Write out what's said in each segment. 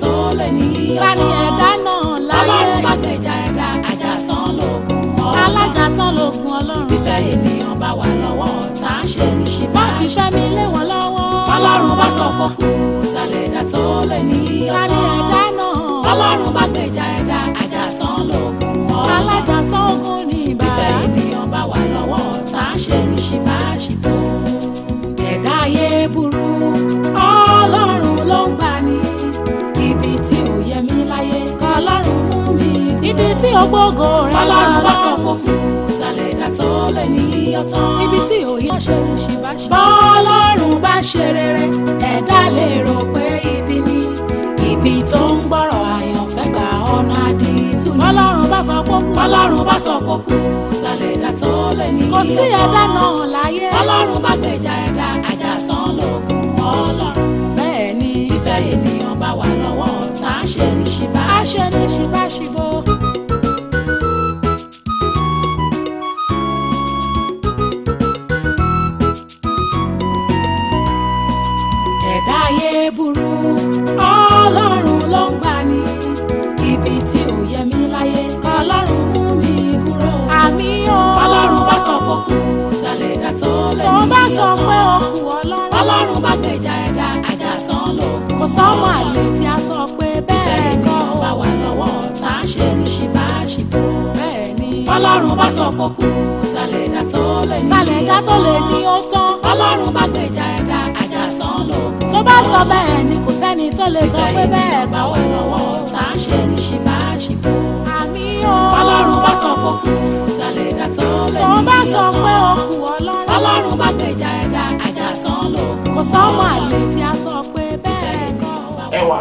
tán lè ní ọ̀tán. Tani ẹ̀dá náà láyé. Ọlọ́run má gbèjà ẹ̀dá ajá tán lóògùn ọlọ́run. Alájà tán lóògùn ọlọ́run. Fífẹ́ ènìyàn bá wà lọ́wọ́ ọ̀tá ṣe ní ṣe bá. Má fi ṣẹ́ mi lé wọn lọ́wọ́. Ọlọ́run bá sọ fọ́kù talẹ̀ ẹ̀dá tán lè ní ọ̀tán. Tani ẹ̀dá náà. Ọlọ́run má gbèjà ẹ̀dá ajá tán lóògùn ọlọ́run. Alájà tán ogun ní ìbá. Fífẹ́ ènìyàn bá wà lọ́wọ́ ọ̀tá ṣe ní ṣe bá ṣe bó. Ẹ̀dá ayé burú. ibi tí ògbógo rẹ̀ ọlọ́run bá sọ kó kú talẹ̀ dàtọ́ lè ní ibi tí òye ọ̀ṣẹ́ ń ṣì bá ṣe. bọ́ọ̀lọ́run bá ṣe rere ẹ̀dá lè rò pé ibi ni ibi tó ń gbọ́rọ̀ àyànfẹ́ gba ọ̀nà àdì tún. bọ́ọ̀lọ́run bá sọ kó kú bọ́ọ̀lọ́run bá sọ kó kú talẹ̀ dàtọ́ lè ní kò sí ẹ̀dá náà láyé bọ́ọ̀lọ́run bá gbèjà ẹ̀dá ajá tán lókun ni ìfẹ́ ènìyàn bá wà lọ́wọ́ ọ̀tá ṣe ní kò sọ́mọ àlè tí a sọ pé bẹ́ẹ̀ kọ́ ó bá wà lọ́wọ́ tá a ṣe ní ṣe bá a ṣe bọ́ bẹ́ẹ̀ ni ọlọ́run bá sọ kó kú talẹ̀ dá tó lè ní talẹ̀ dá lè ní ó ọlọ́run bá gbèjà ẹ̀dá ajá tán lò tó bá sọ bẹ́ẹ̀ ni kò sẹ́ni tó lè sọ pé bẹ́ẹ̀ bá wà lọ́wọ́ tá a ṣe ní ṣe bá a ṣe bọ́ àmì ó ọlọ́run bá sọ kó kú talẹ̀ dá lè ní ó tó bá sọ pé ó ẹwà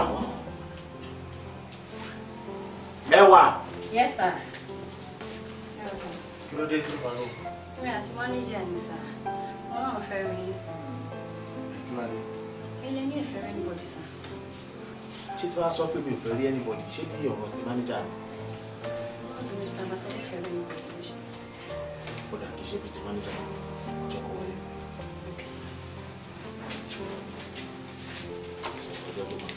ẹwà. yes sir. kí ló dé tí mo lò. mi àti mọ́níjà ni sà wọn náà fẹ́ rí i. kí ló dé. ilé anybody sà. ṣé tí wàá sọ pé mi ò fẹ́ rí anybody ṣé bí ọ̀rọ̀ ti mọ́níjà ni. ọ̀dọ̀ mi sábà tó fẹ́ rí anybody. ó dà kí ṣe bí ti mọ́níjà ni jẹ́ kó wọlé. ok sir. Thank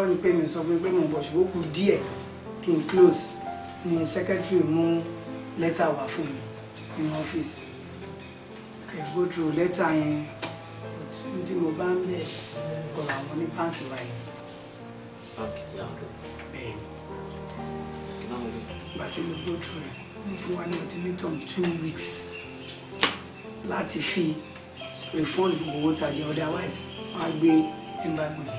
sọ́ọ̀nì pé mi sọ fún mi pé mo ń bọ̀ ṣùgbọ́n kù díẹ̀ kí n close ni secretary mú lẹ́tà wá fún mi nínú ọ́fíìsì ẹ̀ go through lẹ́tà yẹn tí mo bá ń bẹ̀ ọ̀rọ̀ àwọn ní báńkì báyìí. báńkì tí a lò. bẹ́ẹ̀ ni ìgbà tí go through ẹ̀ mo fún wa ní ultimatum two weeks láti fi refund owó tàbí otherwise wọ́n á gbé embargo ni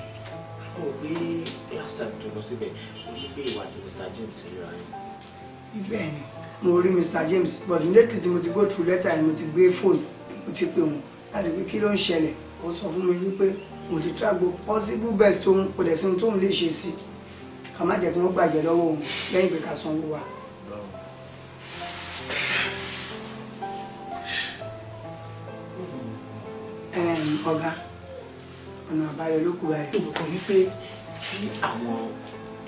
o rò pé last time tó lọ síbẹ̀ o ní pé ìwà àti Mr. James ríra yín. ibẹ̀ ni mo rí Mr. James but lately tí mo ti go through letter ni mo ti gbé fóònù mo ti pè wọ́n láti pé kí ló ń ṣẹlẹ̀ ó sọ fún mi wípé mo ti try go possible best tóun kò dẹ̀ sí ohun tóun lè ṣe sí ká má jẹ́ kí wọ́n gbàjẹ́ lọ́wọ́ òun lẹ́yìn pé ká sanwó wa. ọ̀gá. Um, ọ̀nà àbáyọ ló kù báyìí. olùkọ́ ní pé tí àwọn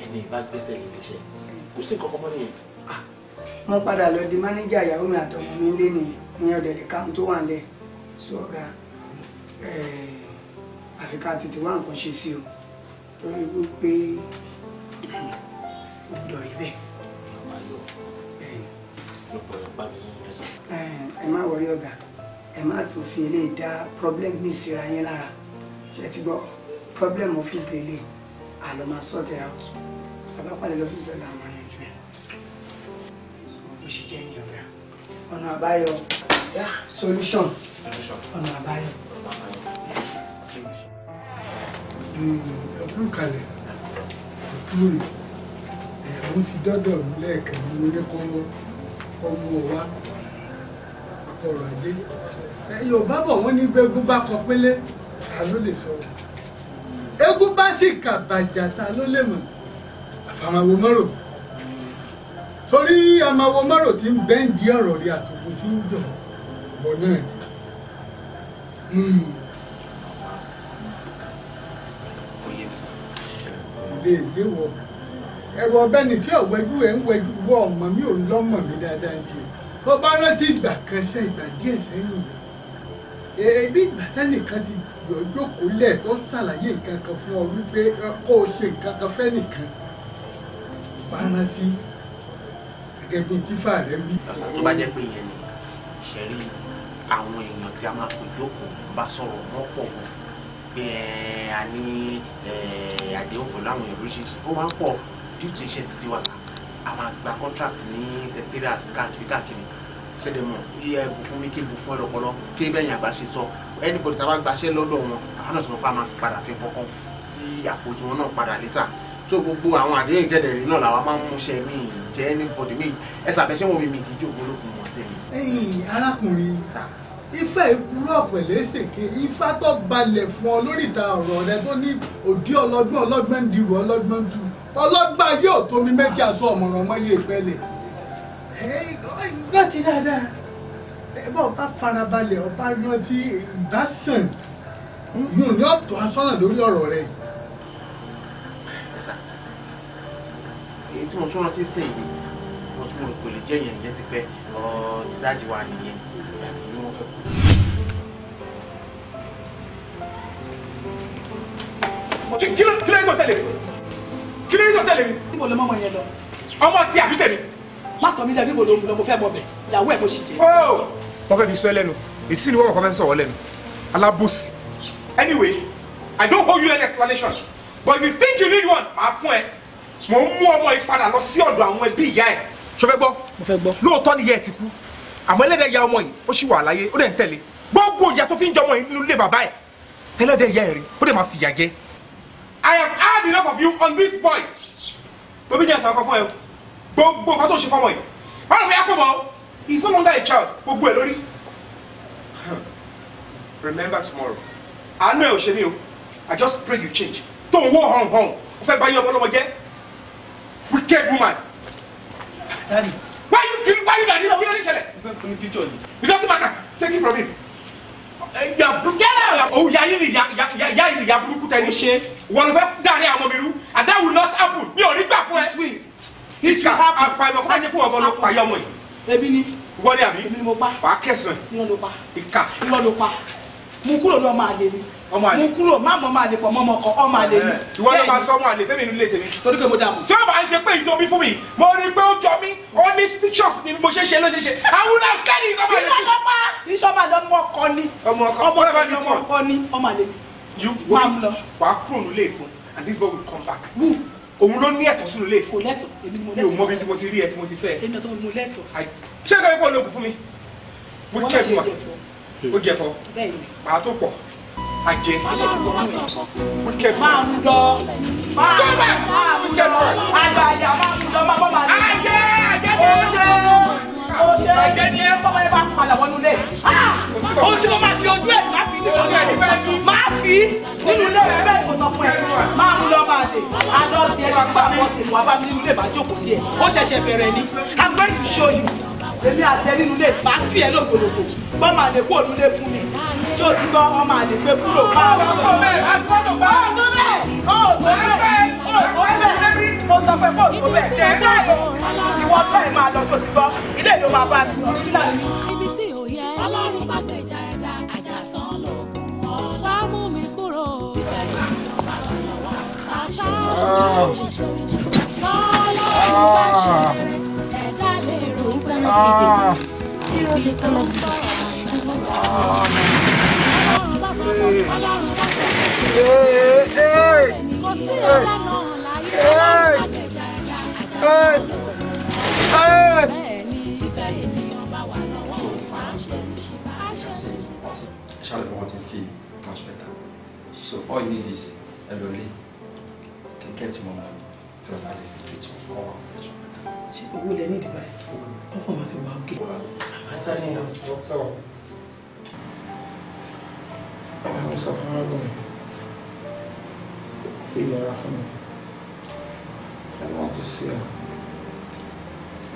ẹni ìbá gbẹ́sẹ̀ lè ṣe kò sí nǹkan kọ́kọ́ nìyẹn. Ah, mo padà lọ di mánéjà ìyàwó mi àtọmọ mi lé ní ìyẹn ọ̀dẹ̀dẹ̀ kan tó wà nílẹ̀ sọ ọ̀gá eh, àfi ká tètè wá nǹkan ṣe sí o torí wípé hmm, ó gbọ́dọ̀ rí bẹ́ẹ̀. àbáyọ lọ́pọ̀ ẹ̀ bá mi eh, ẹ má wọrí ọ̀gá ẹ má tún fi eléyìí dá problem mi síra yín lára ṣe ti gbọ́ problem office lélẹ̀ àlọ́ máa sort it out abápalẹ̀ lọ́fíìsì lọ́la àwọn àyànjú ẹ̀ so bó ṣe jẹ́ ní ọ̀gá ọ̀nà àbáyọ solution ọ̀nà àbáyọ. ẹ̀kú kalẹ̀ ìtúrò ẹ̀yàwó ti dọ́dọ̀ mi lẹ́ẹ̀kan ní oníkọ́wọ́ ọmọ wa ọrọ̀ ajé yorùbá bọ̀ wọ́n ní gbẹ́gun bá kọ pélé ta ló lè sọ̀rọ̀ egun bá sì kà bàjà ta ló lè mọ̀ àfàmàwò mọ́rò torí àmàwò mọ́rò tí ń bẹ́ǹdì ọ̀rọ̀ rí àtòkùn tí ń dùn ọ̀bọ̀ náà ni. Hmm. lè yé wọ ẹrù ọbẹ ní tí ọwẹjú ẹ ń wẹjú wọ ọmọ mi ò lọmọ mi dáadáa ti bó bá rántí ìgbà kan sẹ ìgbà díẹ̀ sẹ́yìn èébí ìgbà tẹnìkan ti bí yọ jókòó lẹ̀ tó ń ṣàlàyé nǹkan kan fún ọ wípé kó o ṣe nǹkan kan fẹ́ nìkan bá rántí gẹ́gẹ́ bí tífà rẹ wí. lọ́sàn tó bá jẹ́ pé yẹn ni ṣẹ̀rí àwọn èèyàn tí a máa pè jókòó bá sọ̀rọ̀ wọ́n pọ̀ pé a ní àdéhùn pẹ̀lú àwọn èèyàn lóṣìṣẹ́ ó máa ń pọ̀ bí ó ti ṣe títí wàsà a máa gba contract ní secretariat káàkiri káàkiri ṣẹlẹ̀ mọ̀ yíya ibù fún mi kí ibù fún ọlọpọlọ kí bẹ́yìn àgbà ṣe sọ anybody tá a bá gbaṣẹ́ lọ́dọ̀ wọn àwọn náà tí wọ́n pa máa padà fi kankan sí àpótí wọn náà padà létà so gbogbo àwọn àdéhùn gẹ́dẹ̀rẹ́ náà làwa máa ń múṣẹ́ mi jẹ́ anybody mi ẹ sàbẹ̀ṣẹ́ wọn mi mi kì í jòkó lókun wọn tẹ̀lé. ẹ̀yin arákùnrin ifá ìwúrọ̀ pẹ̀lẹ́sẹ̀kẹ́ ifá tó balẹ̀ fún ọ lórí ìta ọ̀rọ̀ rẹ tó ní òdí ọlọ́gbọ́n ọlọ́gbọ́n ń dirò ọlọ́gbọ́n jù ọlọ́gbọ́n ayé òtómi méjì aṣọ ọ̀mọ̀ràn ọmọ yé ìpẹ́lẹ̀ láti dáadáa ẹgbẹ́ ọba farabalẹ̀ ọba rántí ìbásàn yóò ní ọ̀tọ̀ asọ́nà lórí ọ̀rọ̀ rẹ̀. ẹ̀sà èyí tí mo tún rántí sí èyí mo tún rò pé lè jẹ́ yẹn ìyẹn ti pẹ́ ọ̀ ti dájú wa nìyẹn ìgbà tí wọ́n fẹ́ kú. kí ló kí ló ń tọ́ tẹ̀lé kí ló ń tọ́ tẹ̀lé mi. níbo ló mọ́ ọmọ yẹn lọ. ọmọ ti àbí tèmi má sọ mi lẹ́nu ìbò ló ń one mo fẹ́ mọ bẹ̀ ìyàwó ẹ̀ mo oh! lẹ́nu èsì ni anyway i don't owe you any explanation but if you think you need one màá fún ẹ mò ń mú ọmọ ìpadà lọ sí ọ̀dọ̀ àwọn ẹbí ìyá ẹ̀. ṣo fẹ́ gbọ́ mo fẹ́ gbọ́ lóòótọ́ ni ìyá ẹ̀ ti kú àmọ́ ẹlẹ́dẹ̀ ya ọmọ yìí ó sì wà láyé ó dẹ̀ ń tẹ̀lé gbogbo ìyá tó fi ń jẹ ọmọ yìí nínú ilé bàbá ẹ̀ ẹlẹ́dẹ̀ ya ẹ̀rín ó dẹ̀ máa fìyà jẹ. i have had enough of you on this boy. tóbi jẹ́ sàkọ́ fún ẹ o gbogbo nǹkan tó ṣe fọmọ yìí báwo ni akọ̀bọ̀ he is no longer a child gbogbo ẹ̀ lórí hmm. remember tomorrow àánú ẹ̀ ò ṣe mí o i just pray you change tó ń wó hàn hàn o fẹ́ bá yín ọmọlọ́mọ jẹ́ wicked woman. Daddy. why you kill why you daddy no kill ṣẹlẹ̀. it doesn't matter take it from him. Oh, yeah, yeah, yeah, yeah, yeah, yeah, burúkú tẹni ṣe. Wọ́n fẹ́ dárí àwọn ọmọ mi rú and that will not happen. Mi ò ní gbà fún ẹ ìka àfàìmọ̀ kó bá jẹ́ fún ọ̀gá ló pa ìyá ọmọ yìí. ebi ni wọ́n ní àbí ebi ni mo pa wàá kẹsàn-án irọ́ ló pa ìka irọ́ ló pa mo kúrò ní ọmọ àlè mi mo kúrò má mọ ọmọ àlè pọ̀ mọ́ ọmọ kan ọmọ àlè mi. ìwọ náà máa sọ ọmọ àlè fẹ́mi nílé tèmi. torí pé mo dà mọ́. tí wọ́n bá ń ṣe pé ìtòbí fún mi mo rí i pé ó jọ mí ó ní pictures ni mo ṣe ṣe ló ṣe ṣe àwùjọ sẹ́ni ìsọmọ àlè. ìsọmọ àlè ọmọ ọkọ ni ọmọ ọkọ ni ọmọ àlè mi. you wọ́n wàá kúrò nílé ìfún and this boy will come back. Woo òun ló ní ẹ̀tọ́ sínú ilé kò lẹ́tọ̀ èmi ni mo lẹ́tọ̀ mi ò mọ bí tí mo ti rí ẹ tí mo ti fẹ́ èmi àtọmọ mi mo lẹ́tọ̀ ṣé kí ọ̀pọ̀ olóògùn fún mi mo kẹ́ fún wa ó jẹ fọ màá tó pọ̀ àjẹ mo kẹ́ fún wa. máa ń dọ máa ń máa ń dọ àgbàyà máa ń dọ máa bọ́ máa ń dọ àjẹ àjẹ tó ń ṣe ẹ̀jẹ̀ ni ẹ tọ́wọ́ ẹ bá padà wọnú lẹ̀. ohun tí mo máa fi ojú ẹ̀ má fi nítorí ẹni bẹ́ẹ̀ sí. máa fi nínú ilé rẹ bẹ́ẹ̀ kò sọ fún ẹ. máa mú lọ bá a lè. adọ́sí ẹ ti gbà wọ́n tèmọ́ I'm going to show you. èmi àti ẹ nínú ilé bá fi ẹ lọ́gbọ̀lọ́gbò bọ́ máa lè kó òdúlé fún mi. tí o ti mo sọ pé bóòlù kò bẹ̀ tẹ́ káàyè ìwọ sọ ẹ̀ máa lọ tó ti gbọ́ ilé ìlú máa bá mi. ibi tí ò yẹ ọlọ́run bá gbèjà ẹ̀dá ajá tán lókun ọ̀ wá mú mi kúrò ibẹ̀ yìí ọba tó lọ́wọ́ ṣáṣá lọ́lọ́run bá ṣe ẹ̀dá lè rò ó pẹ́ lọ́kìkì tí ó ti tán bọ̀ ọlọ́run bá fọwọ́ ọlọ́run bá sọ̀rọ̀ kò sí ọ̀la náà. Charles wants a fee much better. So all you need is a lolly. Can get more money to allow the fee to all much better. Ṣé owó lẹ ní ìdìbà yìí? Ọkọ̀ máa fi wá òkè. Àmà sáré lọ. Àwọn sọ fún arábìnrin. Ó yẹra fún mi. I want to see her.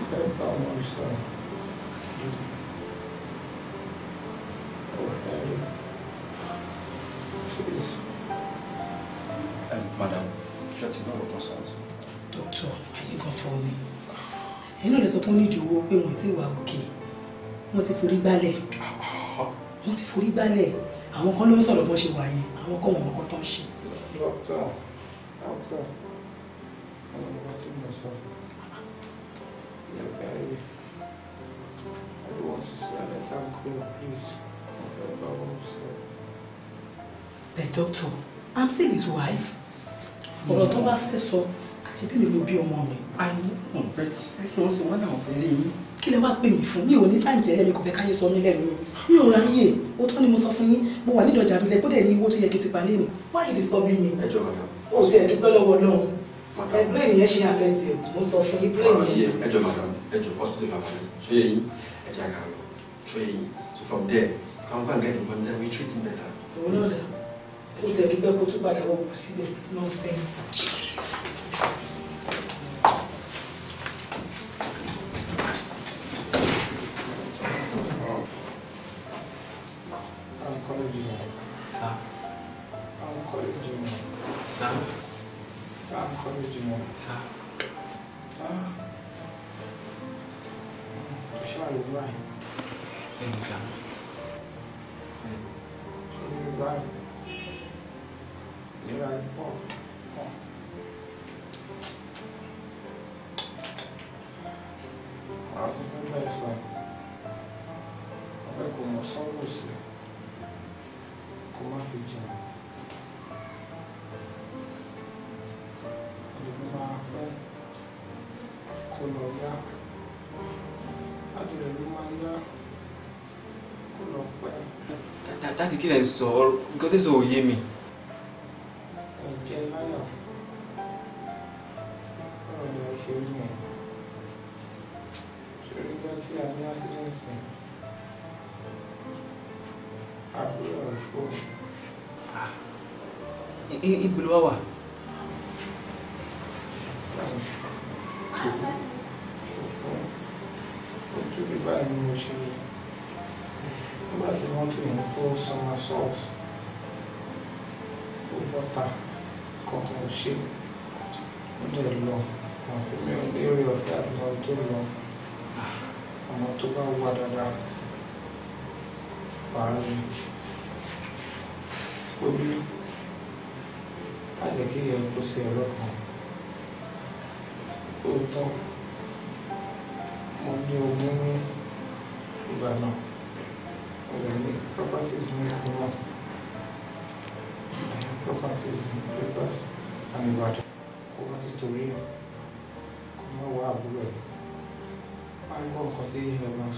Fẹ́ bá wọn sọ̀rọ̀. Ó fẹ́ rí. Please. Um, madam, ṣé ti gbọ́dọ̀ kan sọ̀rọ̀ sí? Dókítà, ayé kan fọ́ mi. Ẹ̀yin náà lè sọ pé ó ní ìdíwọ́ pé wọ́n ti wà òkè. Wọ́n ti forí gbálẹ̀. Wọ́n ti forí gbálẹ̀. Àwọn kan ló ń sọ̀rọ̀ bọ́n ṣe wà yẹn. Àwọn kan wọ̀n mọ́kọ́ Doctor, ṣe. Dókítà, The doctor, I'm seeing his wife. ọ̀rọ̀ tó bá fẹ́ sọ àti bí mi ló bí ọmọ mi. I know but ẹ kí wọ́n sì wọ́n very. Kill rí yín kí me wá pè mí fún mi ò ní táìmù tẹ́lẹ̀ mi kò fẹ́ káyé sọ mí lẹ́nu mi ò ráyè ó tọ́ ni mo sọ fún yín mo wà nídọ̀jà mi lẹ́kọ́dẹ̀ ní owó tó yẹ why you disturbing me. I don't know. Oh, ti ẹ̀ dúpẹ́ lọ́wọ́ Ọlọ́run ẹ brain yẹn ṣe àfẹsẹ̀ mo sọ fún yín brain yẹn. ẹ jọ madam ẹ jọ hospital la wọlé ṣé yẹ yín ẹ jẹ àgàrà lọ ṣé yẹ yín so from there come go and get the money then we treat him better. òun náà sọ kó tẹ̀ dúpẹ́ kó tún padà wọ́pọ̀ síbẹ̀ nonsense. láti kí lẹ́ ń sọ nǹkan tẹ́sán ò yé mi.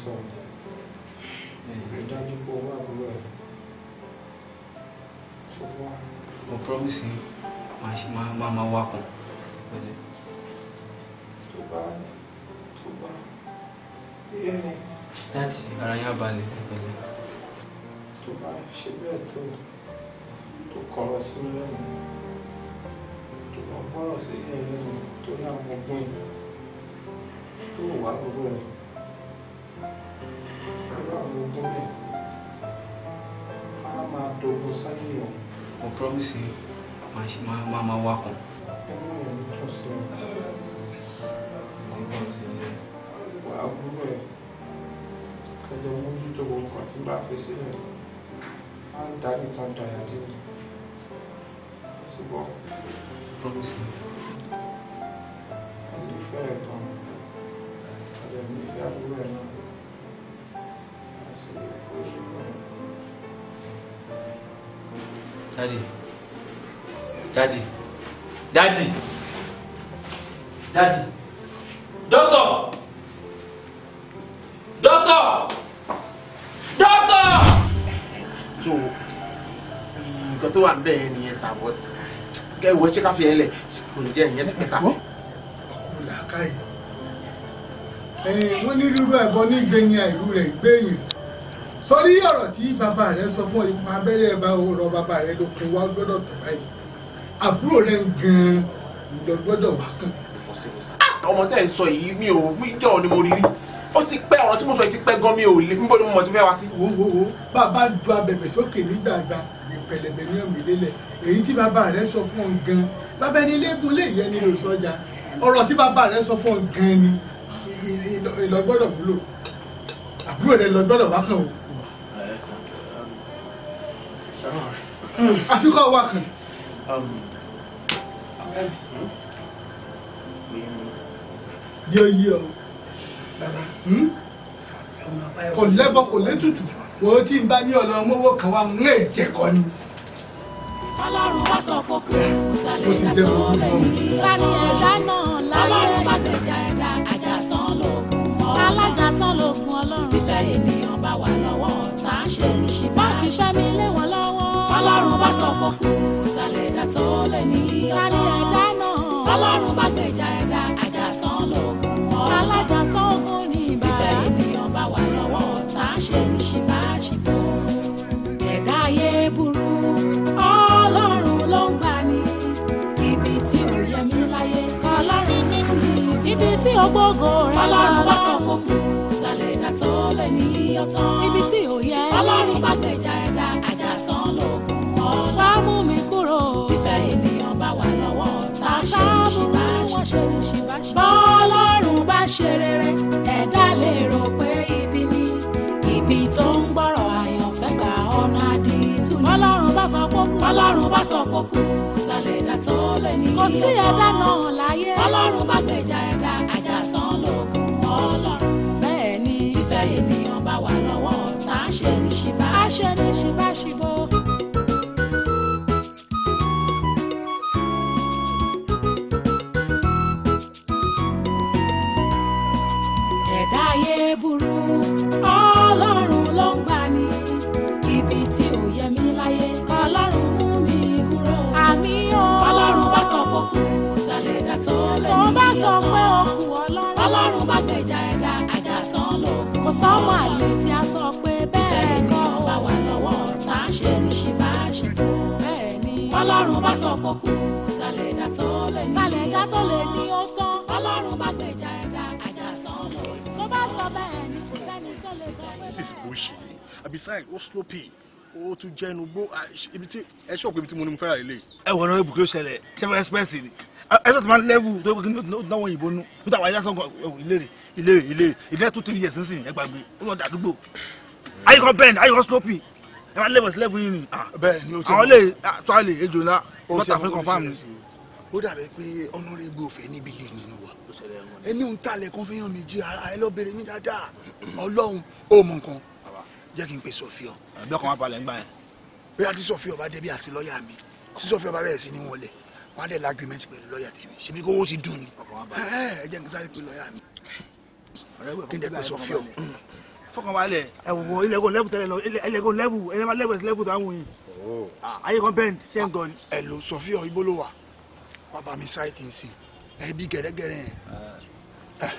sọ̀rọ̀ ẹ dájú pé owó àbúrò ẹ tó wá. mo promise yín máa ṣe máa máa wá kan pẹ̀lẹ́. tó bá tó bá yẹ. láti ara yín abalẹ̀ pẹ̀lẹ́. tó bá ṣe bẹ́ẹ̀ tó tó kọ̀rọ̀ sí mi lẹ́nu tó bá gbọ́rọ̀ sí ẹ lẹ́nu tó ní àwọn ọgbọ́n tó wà lọ́wọ́ ẹ̀. lọ sáyé o. mo promise you máa ṣe máa máa máa wá kan. ẹnu i. promise you. wà á gbúrò ẹ̀ kẹjọ mójútó gbogbo àti bá a fi sílẹ̀ á ń dá nìkan dàyà dé o. ṣùgbọ́n. promise you. ẹ̀ lè fẹ́ ẹ̀ gan-an ẹ̀ fẹ́ àbúrò ẹ̀ náà. Daddy, daddy, daddy, daddy, doctor doctor doctor. so nǹkan tó wà ń bẹ̀ yẹn nìyẹn sàbọ̀tì kẹ́ ìwọ ṣé ká fi yẹn lẹ̀ kò lè jẹ́ ìyẹn ti kẹsà. ọkùnrin làákàyè wọ́n ní rírú ẹ̀bọ ní gbẹ̀yìn àìrú rẹ̀ gbẹ̀yìn ọ̀rọ̀ tí bàbá rẹ sọ fún ipa abẹ́rẹ́ bá rọ bàbá rẹ ló pin wá gbọ́dọ̀ tó báyìí àbúrò rẹ gan-an lọ gbọ́dọ̀ wá kàn. ọmọ tẹ́ ẹ̀ sọ yìí mi ò níjọ́ ni mo rí rí ó ti pẹ́ ọ̀rọ̀ tí mo sọ yìí ti pẹ́ gan mi ò lè níbo ni mo mọ̀ tí fẹ́ wá sí. wo wo wo bàbá du abẹ̀bẹ̀ sókè nígbàgbà ìpẹ̀lẹ̀bẹ̀ ní ọ̀mì lélẹ̀ èyí tí bàbá rẹ sọ fún ọ gan bàbá ẹni lẹ́gùn lè yẹ nílò sọ́jà ọ̀rọ̀ tí bàbá rẹ sọ fún ọ gan ni ìlọgbọ́dọ̀ wúlò àbúrò rẹ lọ wákàn o àfikọ́ wà kan. yẹyẹ o kò lẹ́bọ̀ kò létùtù wò ó tí n bá ní ọ̀nà mọ́wọ́ kan wá ń jẹ́ kọ́ ni. ọlọ́run wá sọ fòkè ta lè dá tán lẹ́yìn ta ẹ̀dá náà láyé ọlọ́run bá gbèjà ẹ̀dá ajá tán lókun alájà tán lókun ọlọ́run ìfẹ́ ènìyàn bá wà lọ́wọ́ ọ̀tá ṣe ní ṣe bá fi ṣẹ́ mi lé wọn lọ́wọ́. ọlọ́run bá sọ fọ́kù talẹ̀ ẹ̀dá tó lè ní ọ̀tán. tani ẹ̀dá náà. ọlọ́run bá gbèjà ẹ̀dá ajá tán lóògùn ọ̀run. alájà tán ogun ní ibà. ìfẹ́ ènìyàn bá wà lọ́wọ́ ọ̀tá ṣe ní ṣe bá ṣe bọ́. ẹ̀dá ayé burú ọlọ́run ló ń gbà ní ibi tí ò yẹ mí láyé. ọlọ́run nínú ibi tí ògbógo rẹ̀ wà lọ́wọ́. ọlọ́run bá sọ fọ́kù tó lè ní ọtán. ibi tí ò yẹ. ọlọ́run bá gbèjà ẹ̀dá ajá tán lókun ọ̀. wá mú mi kúrò. ìfẹ́ ènìyàn bá wà lọ́wọ́ tá a ṣe ìṣìbáṣe. bọ́ọ̀lọ́run bá ṣe rere ẹ̀dá lè rò pé ibi ni ibi tó ń gbọ́rọ̀ àyànfẹ́ gba ọ̀nà àdìtú. bọ́ọ̀lọ́run bá fa kókó. bọ́ọ̀lọ́run bá sọ kókó. ta lè dá tó lè ní ìyẹn tán. kò sí ẹ̀dá náà láyé. bọ́ọ̀lọ́run bá gbèjà ẹ̀dá ajá tán sheni shiba sheni shiba shibo. ẹ̀dá ayé burú ọlọ́run ló ń gbà ní ibi tí ò yẹ mí láyé ọlọ́run mú mi kúrò àmì ò ọlọ́run àlè tí a sọ pé bẹ́ẹ̀ kọ́ ó bá wà lọ́wọ́ tá a ṣe ní ṣe bá a ṣe kọ́ bẹ́ẹ̀ ni ọlọ́run bá sọ fokù ta lè dá tó lè ní ta lè dá tó lè ní ó tán ọlọ́run bá gbèjà ẹ̀dá ajá tán lọ tó bá sọ bẹ́ẹ̀ ni kò sẹ́ni tó lè sọ pé. this is bullshit abisai o sloppy ó tún jẹ́ inú gbó ah, ibi tí ẹ ṣọ́ọ̀pù ibi tí mo ní mo fẹ́ ra ilé. ẹ wọ ọ̀rọ̀ ibùdó ṣẹlẹ̀ ṣẹ́fẹ́ express ni ah, ẹ lọ́sọ̀ máa ń lẹ́wù tó kí ní náwó òyìnbó nú níta àwọn ayé lásán ìlérè ìlérè ìlérè ìlérè tó tó yẹ sínsìn ẹgbàgbé ó lọ́ọ́ dàdúgbò ayé kan bend ayé kan sloppy ẹ máa lẹ́bọ̀ sí lẹ́fún yìí ni. Ah, bẹ́ẹ̀ ni o ti mọ̀ àwọn lè tó a lè ejò ńlá bọ́tà fún confam ni. ó dàbẹ̀ pé honorable òfé ní believe nínú wa ẹni ń talẹ̀ kan fi hàn mí jí ara ẹ lọ́ọ́ bèrè mí dáadáa ọlọ́run ó mọ nǹkan jẹ́ kí n pè sọ́fíọ́. ẹgbẹ́ kan wá balẹ̀ ń gbà yẹn. bí a ti sọ́fíọ́ bá débi àti lọ́ọ̀yà mi sí sọ́fíọ́ bá bẹ̀rẹ̀ sí ní wọlé wọn á dẹ̀ lágrímẹ́ntì pẹ̀lú lọ́ọ̀yà tèmi ṣebí kówó ti dùn ni ẹ jẹ́ kí n sáré pé lọ́ọ̀yà mi kí n dẹ̀ fọkàn balẹ̀. ẹ wò ilẹ̀ kò lẹ́bù lọ ilẹ̀ kò lẹ́bù ilẹ̀ máa lẹ́bù tó àwọn yìí. Oh. ayé kan bend ṣé n gan. ẹ lo sọfíà ibo ló wà bàbá mi sáìtì ń sìn ẹ bí gẹ́rẹ́gẹ́rẹ́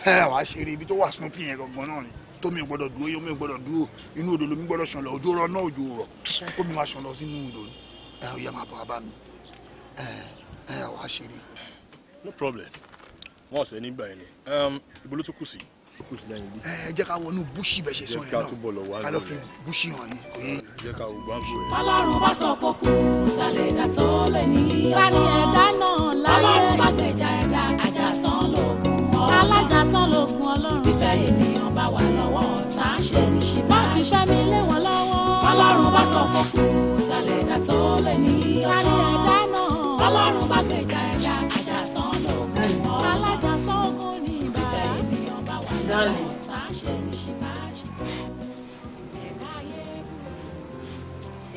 yẹn wàá ṣe eré ibi tó wà snoopy yẹn gangan náà ni tómi gbọ́dọ̀ dúró yóò mi gbọ́dọ̀ dúró inú odò lomi gbọ́dọ̀ ṣàn lọ òjò rọ náà òjò rọ kómi máa ṣàn lọ sínú odò ni ẹ ò yẹ máa bọ̀ bàbá mi ẹ ẹ wàá ṣe eré. no problem wọn ò nígbà yẹn ni um, ibo ló kù sí ẹ jẹ́ ká wọnú búṣì bẹ́ẹ̀ ṣe sọ yẹn náà ká lọ fi búṣì hàn yín ọlọ́run bá sọ fokù sálẹ̀ ẹ̀dá tó lè ní. sálẹ̀ ẹ̀dá náà láyé ọlọ́run bá gbèjà ẹ̀dá ajá tán lókun ọlọ́run alájà tán lókun ọlọ́run fífẹ́ ènìyàn bá wà lọ́wọ́ tá a ṣe ní ṣe má fi ṣẹ́ lé wọn lọ́wọ́. ọlọ́run bá sọ fokù sálẹ̀ ẹ̀dá tó lè ní. sálẹ̀ ẹ̀dá náà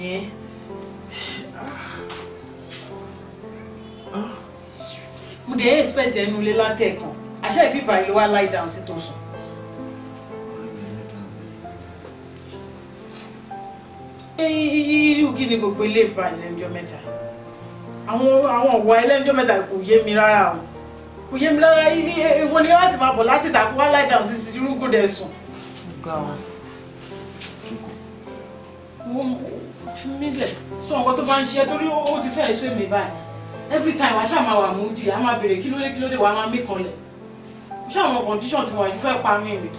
yẹn. mo dé expect ẹnu ilé látẹ̀kàn àṣẹ ìbíbà ilé wa lie down sí tó sùn. irú kí ni gbogbo ilé ìbá ẹlẹ́njọ́ mẹ́ta àwọn àwọn ọ̀wọ́ ẹlẹ́njọ́ mẹ́ta kò yé mi rárá o kò yé mi rárá èwo ni láti máa bọ̀ láti tàkú wá lie down sí ti irú kò dẹ̀ sùn fi mí lẹ̀ sọ nǹkan tó bá ń ṣe torí ó ti fẹ́ èso èmi báyìí every time wàá ṣàmà wà mú di àmà béèrè kí ló dé kí ló dé wàá máa mí kan lẹ̀ ṣé àwọn condition ti wà yìí fẹ́ pa mí rè.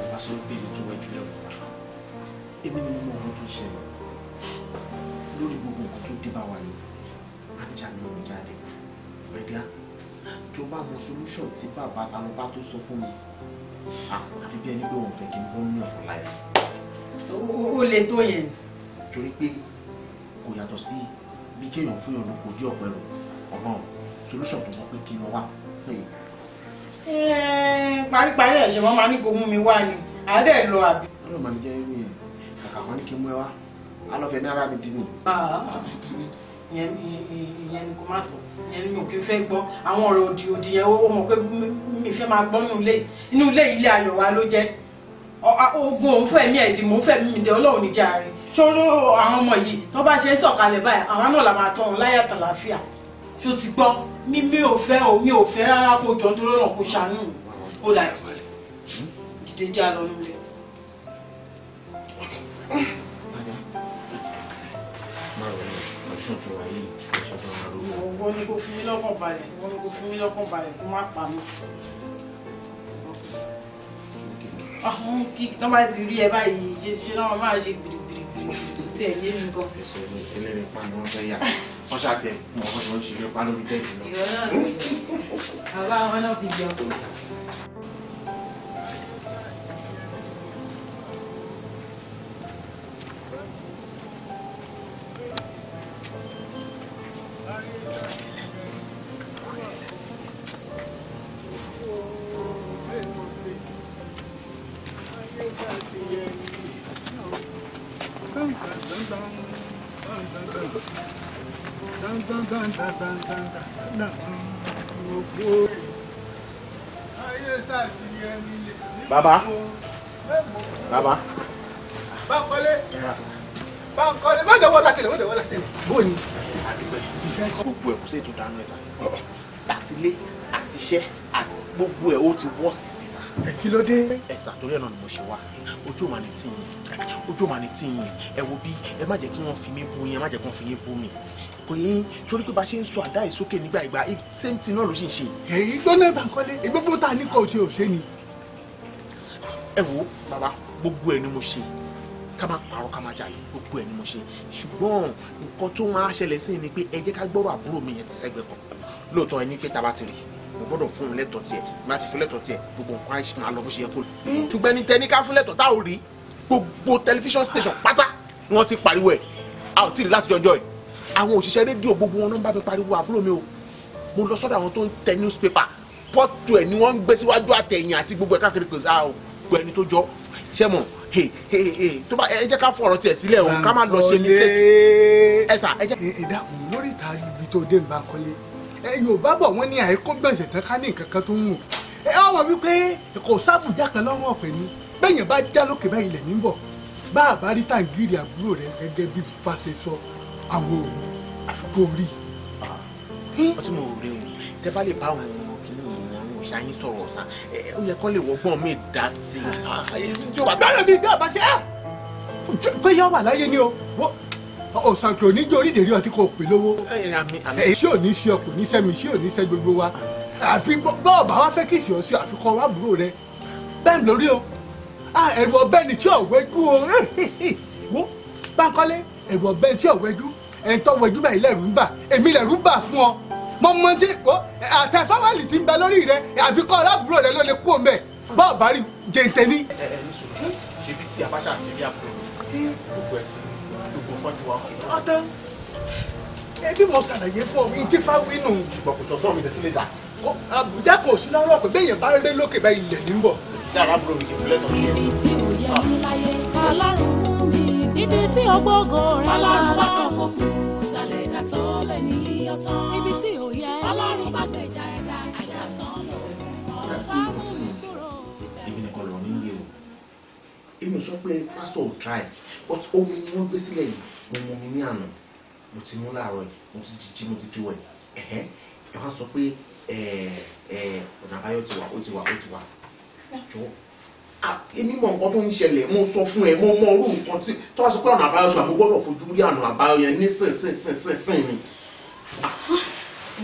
ìgbà sọ pé èmi tó wẹ jù lẹ́wọ̀n èmi ni mo mọ ohun tó ń ṣẹlẹ̀ lórí gbogbo nǹkan tó dé bá wa yìí máníjà mi ò ní jáde gbẹ̀gá tó bá mọ solution tí bàbá ta ló bá tó sọ fún mi àfi bí ẹni pé òun fẹ́ kí n bọ́ ní ọ̀fọ̀ láìsí o lè tó yẹn. torí pé kò yàtọ̀ sí bí kéèyàn fún yàn lóko ojú ọ̀pẹ rò ọ̀nà solution tó mọ̀ pé kí n wá pé. paríparí ẹ̀ṣẹ̀ wọn máa ní kó mú mi wá ni àádẹ́ lọ àbí. ọlọ́run máa ní jẹ́ irú yẹn kàkà wọn ní kí n mú ẹ wá á lọ fẹ́ náírà mi dín ní. Ah, ah, ah. ìyẹn ni kò má sọ ìyẹn ni mi ò kí n fẹ́ gbọ́ àwọn ọ̀rọ̀ òdì òdì yẹn ó mọ̀ pé mi fẹ́ máa gbọ́ nínú ilé ilé ayọ̀ wa ló jẹ́ ogun òun fẹ́ mi ẹ̀dì mò ń fẹ́ mi dẹ ọlọ́run níjà rẹ̀ ṣòro àwọn ọmọ yìí tó bá ṣe ń sọ̀kalẹ̀ báyìí àwọn náà la máa tọ́ wọn láyà tàlàáfíà ṣó ti gbọ́ mi mi ò fẹ́ o mi ò fẹ́ rárá kó jọ nítorí ọ̀nà kó ṣàánú ó là dìde dìde já lọ nílé. ìwọ ni kò fi mí lọ́kàn balẹ̀ ìwọ ni kò fi mí lọ́kàn balẹ̀ kó má pa mí àwọn ah, kíkì tán bá ti rí ẹ báyìí ṣe ṣe náà máa ṣe gbìrìgbìrì tí ẹ yé mi gan. èso ni ẹlẹ́rìí pa ni wọ́n fẹ́ yà wọ́n ṣàtẹ̀ mọ́ wọ́n ṣe ń ṣe nípa lórí bẹ́ẹ̀dì náà. ìwọ náà ló yẹ àbá wọn náà fi jẹun. Thank you. Baba. Baba. Báńkọ́lé. Báńkọ́lé. Má dọ̀wọ́ látẹ̀lẹ̀, má dọ̀wọ́ látẹ̀lẹ̀. Bó ni? Iṣẹ́ gbogbo ẹ̀ kò sí ètò dáná ẹ̀ sá. Látilé àtiṣẹ́ àti gbogbo ẹ̀ ó ti worst sí kí ló dé. ẹ̀sà torí ẹ̀ náà ni mo ṣe wá ojú ò máa ní tì yín ojú ò máa ní tì yín ẹ wo bí ẹ má jẹ́ kí wọ́n fi mí bú yín ẹ má jẹ́ kí wọ́n fi yín bú mi kò yín torí pé bá ṣe ń sọ àdá ìsókè nígbà ìgbà same thing náà ló ṣì ń ṣe. èyí lọ́nà ìbànkọ́lé ìgbógbó tá a ní kò ṣe ò ṣe ni. ẹ wo bàbá gbogbo ẹ ni mo ṣe ká má parọ́ ká má jalè gbogbo ẹ ni mo ṣe ṣùgbọ́n nǹkan tó máa ṣẹlẹ̀ sí ni pé ẹ jẹ́ ká gbọ́rọ̀ àbúrò mi yẹn ti sẹ́gbẹ̀ẹ́ kan lóòótọ́ ẹ ní pé ta bá ti rí i mo gbọ́dọ̀ fún un lẹ́tọ̀ọ́ tiẹ̀ má ti fún lẹ́tọ̀ọ́ tiẹ̀ gbogbo nǹkan àìsàn máa lọ bó ṣe yẹ kó lọ. ṣùgbọ́n ní tẹni ká fún lẹ́tọ̀ọ́ tá ò rí gbogbo tẹlifíṣàn station pátá ni wọ́n ti pariwo ẹ̀ a ò tí ì rí láti jọjọ́ ẹ̀ àwọn òṣìṣẹ́ rédíò gbogbo wọn náà bá fi pariwo àbúrò mi o mo lọ sọ́dọ̀ àwọn tó ń tẹ newspaper pọ́tù ẹ̀ ni wọ́n ń gbé síwájú àtẹ̀yìn yorùbá bọ̀ wọ́n ní àìkó gbọ̀nsẹ̀ tán ká ní nǹkan kan tó ń wò ẹ ọmọ wípé kò sábùjá kan lọ́rùn ọ̀pẹ ni bẹ́yìn bá já lókè bá ilẹ̀ níbọ̀ bá a bá rí tàǹgìrì àbúrò rẹ gẹ́gẹ́ bí fàṣẹ sọ àwọn òun àfikún orí. ọtí mo rè o tẹ bá lè bá àwọn ṣáyín sọ̀rọ̀ ọ̀sán ó yẹ kó lè wọ́gbọ́n mi dá sí i. bẹ́ẹ̀ ni bí àbáṣe bẹ́ẹ̀ yọ wà láyé ni o ọ̀sàkì ò ní jẹ́ orídèrí ọtí kò pè lówó ṣé ò ní ṣe ọkùn ní sẹ́mi ṣé ò ní sẹ́ gbogbo wa àfi bọ́ọ̀bà wa fẹ́ kìsì ọ̀sẹ̀ àfikọ́ wa búrò rẹ bẹ́ẹ̀ lórí o ẹ̀rù ọ̀bẹ ni tí ọ̀wẹ́ jú o wo Bánkọ́lé ẹ̀rù ọ̀bẹ tí ọ̀wẹ́ jú ẹ̀ń tọ́ wẹ́jú báyìí lẹ́rù ń bà èmi lẹ́rù ń bà fún ọ mo mọ tí àtẹ̀fáwálì ti ń bẹ lórí rẹ àfikọ́ wa búrò rẹ ló lè kú òmẹ bọ́ọ̀bà rí jẹ̀ǹtẹ̀ ni. ṣebí tí abáṣà ti rí àbúrò gbogbo ẹ ti nǹkan ti wà òkè. ọ̀tán ẹbí mo ṣàlàyé fún ọ ní tí fáwí nù. ṣùgbọ́n kò sọ fún mi tẹ́tí lè dà. àbújá kò sí lọ́rọ̀ pé bẹ́ẹ̀ yẹn bá rẹ́ lókè bá ilẹ̀ ní bọ̀. ṣé arábúrò mi ti fúlẹ̀ tán. ibi tí mo yẹ ní láyé alárùn mú mi ibi tí ọgbọ́gọ́ rẹ̀ alárùn bá sọ kó kú talẹ̀ ẹ̀dá tó lẹ̀ ní ọ̀tán ibi tí ò yẹ alárùn bá gbèjà ẹ̀dá ẹ̀dá tán lọ ọ̀pá mú mi kúrò. èmi nìkan lọ ní iye o èmi sọ pé pásítọ̀ ò try but omi ni wọ́n gbé sílẹ̀ yìí mo mú mi ní àná mo ti mú láàárọ̀ yìí mo ti jíjí mo ti fi wẹ̀ ẹ̀hẹ́ ẹ wá sọ pé ọ̀nà àbáyọ ti wà ó ti wà ó ti wà jọ èmi mọ nǹkan tó ń ṣẹlẹ̀ mo sọ fún ẹ mo mọ orú nǹkan tí tó wá sọ pé ọ̀nà àbáyọ ti wà mo gbọ́dọ̀ fojú rí ọ̀nà àbáyọ yẹn ní sìn sìn sìn sìn sìn ni.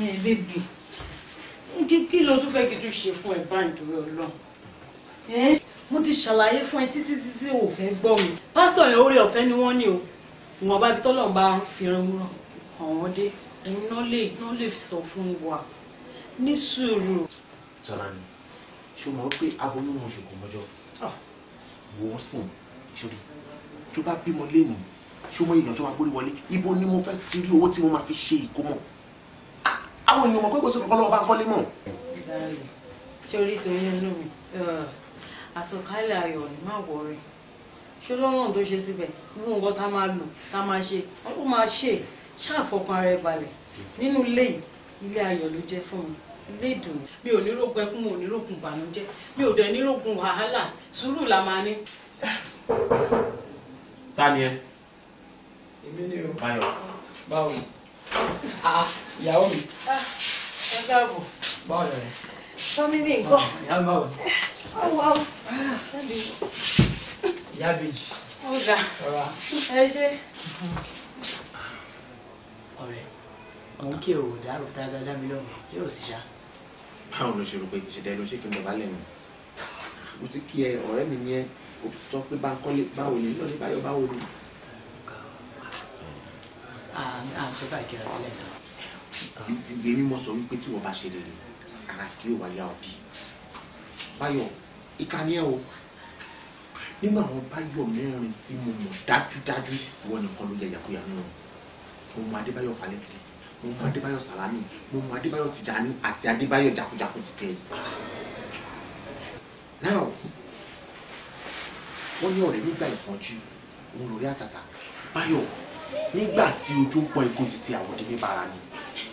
ẹ bèbè kí ló tún fẹ́ kí tún ṣe fún ẹ báyìí torí ọlọ́run mo ti ṣàlàyé fún ẹ títí títí ò gbọ́ mi pásítọ̀ yẹn orí ọ̀fẹ́ ni wọ́n ní o ìwọ̀nba ibi tọ́lọ́run bá fi irun ràn àwọn dé òun náà lè náà lè sọ fún wa ní sùúrù. tọ́lá ni o. mọ̀ pé aboyún oṣù kò mọ́jọ́ ah. wò ó sìn ìṣòrí tó bá bímọ lẹ́nu ṣó mọ èèyàn tó máa gbórí wọlé ibo ni mo fẹ́ ti rí owó tí mo máa fi ṣe ìkómọ ah, àwọn èèyàn mọ̀ pé kò sí kankan lọ́wọ́ bá ń kọ́lé mọ̀. ṣé orí tó yẹn lómi àsọkálẹ̀ ayọ̀ ni má wọrin ṣé lọ́nà tó ṣe síbẹ̀ gbogbo nǹkan tá a máa lò tá a máa ṣe ó máa ṣe ṣáàfọkàn rẹ balẹ̀ nínú ilé yìí ilé ayọ̀ ló jẹ́ fún mi ilé ìdùnnú. mi ò nírògùn ẹkún mi ò nírògùn ìbànújẹ́ mi ò dẹ̀ nírògùn wàhálà sùúrù la máa ní. ta ni ẹ. èmi ni o. báyọ̀. báwo ni ah, ìyàwó mi. Ah, ẹ káàbọ̀. báwo lọ rẹ. sọ mi bí nǹkan. ìyá mi báwo. báwo. Ah ìyá bèjì. ọ̀gá ẹ ṣe. ọ̀rẹ́ òun kí o dárò tá a dá dá mi lọ́wọ́ yóò sì ṣá. báwo ló ṣe rò pé kì í ṣe dẹ́ ló ṣe kí n bàbá lẹ́nu mo ti kí ẹ ọ̀rẹ́ mi yẹn o sọ pé Bánkọ́lé báwo ni lọ́ọ́ ní báyọ̀ báwo ni. à ń sọ báyìí kíra tẹ́lẹ̀ náà. ìgbé mímọ sọ wípé tí wọn bá ṣe rere ara kí yóò wá yá ọ bí báyọ̀ ìkànnì ẹ o nínú àwọn báyọ̀ mẹ́rin tí mo mọ̀ dájúdájú ìwọ nìkan ló yẹ yàkúyà nínú mo mọ adébáyọ̀ falẹ́tì mo mọ adébáyọ̀ sàlámì mo mọ adébáyọ̀ tìjàní àti adébáyọ̀ jakujaku títẹ̀ yìí. now wọ́n ní ọ̀rẹ́ nígbà ìpọ́njú òun lórí àtàtà báyọ̀ nígbà tí ojú ń pọ́n igun títí àwọ̀dé mi bára ni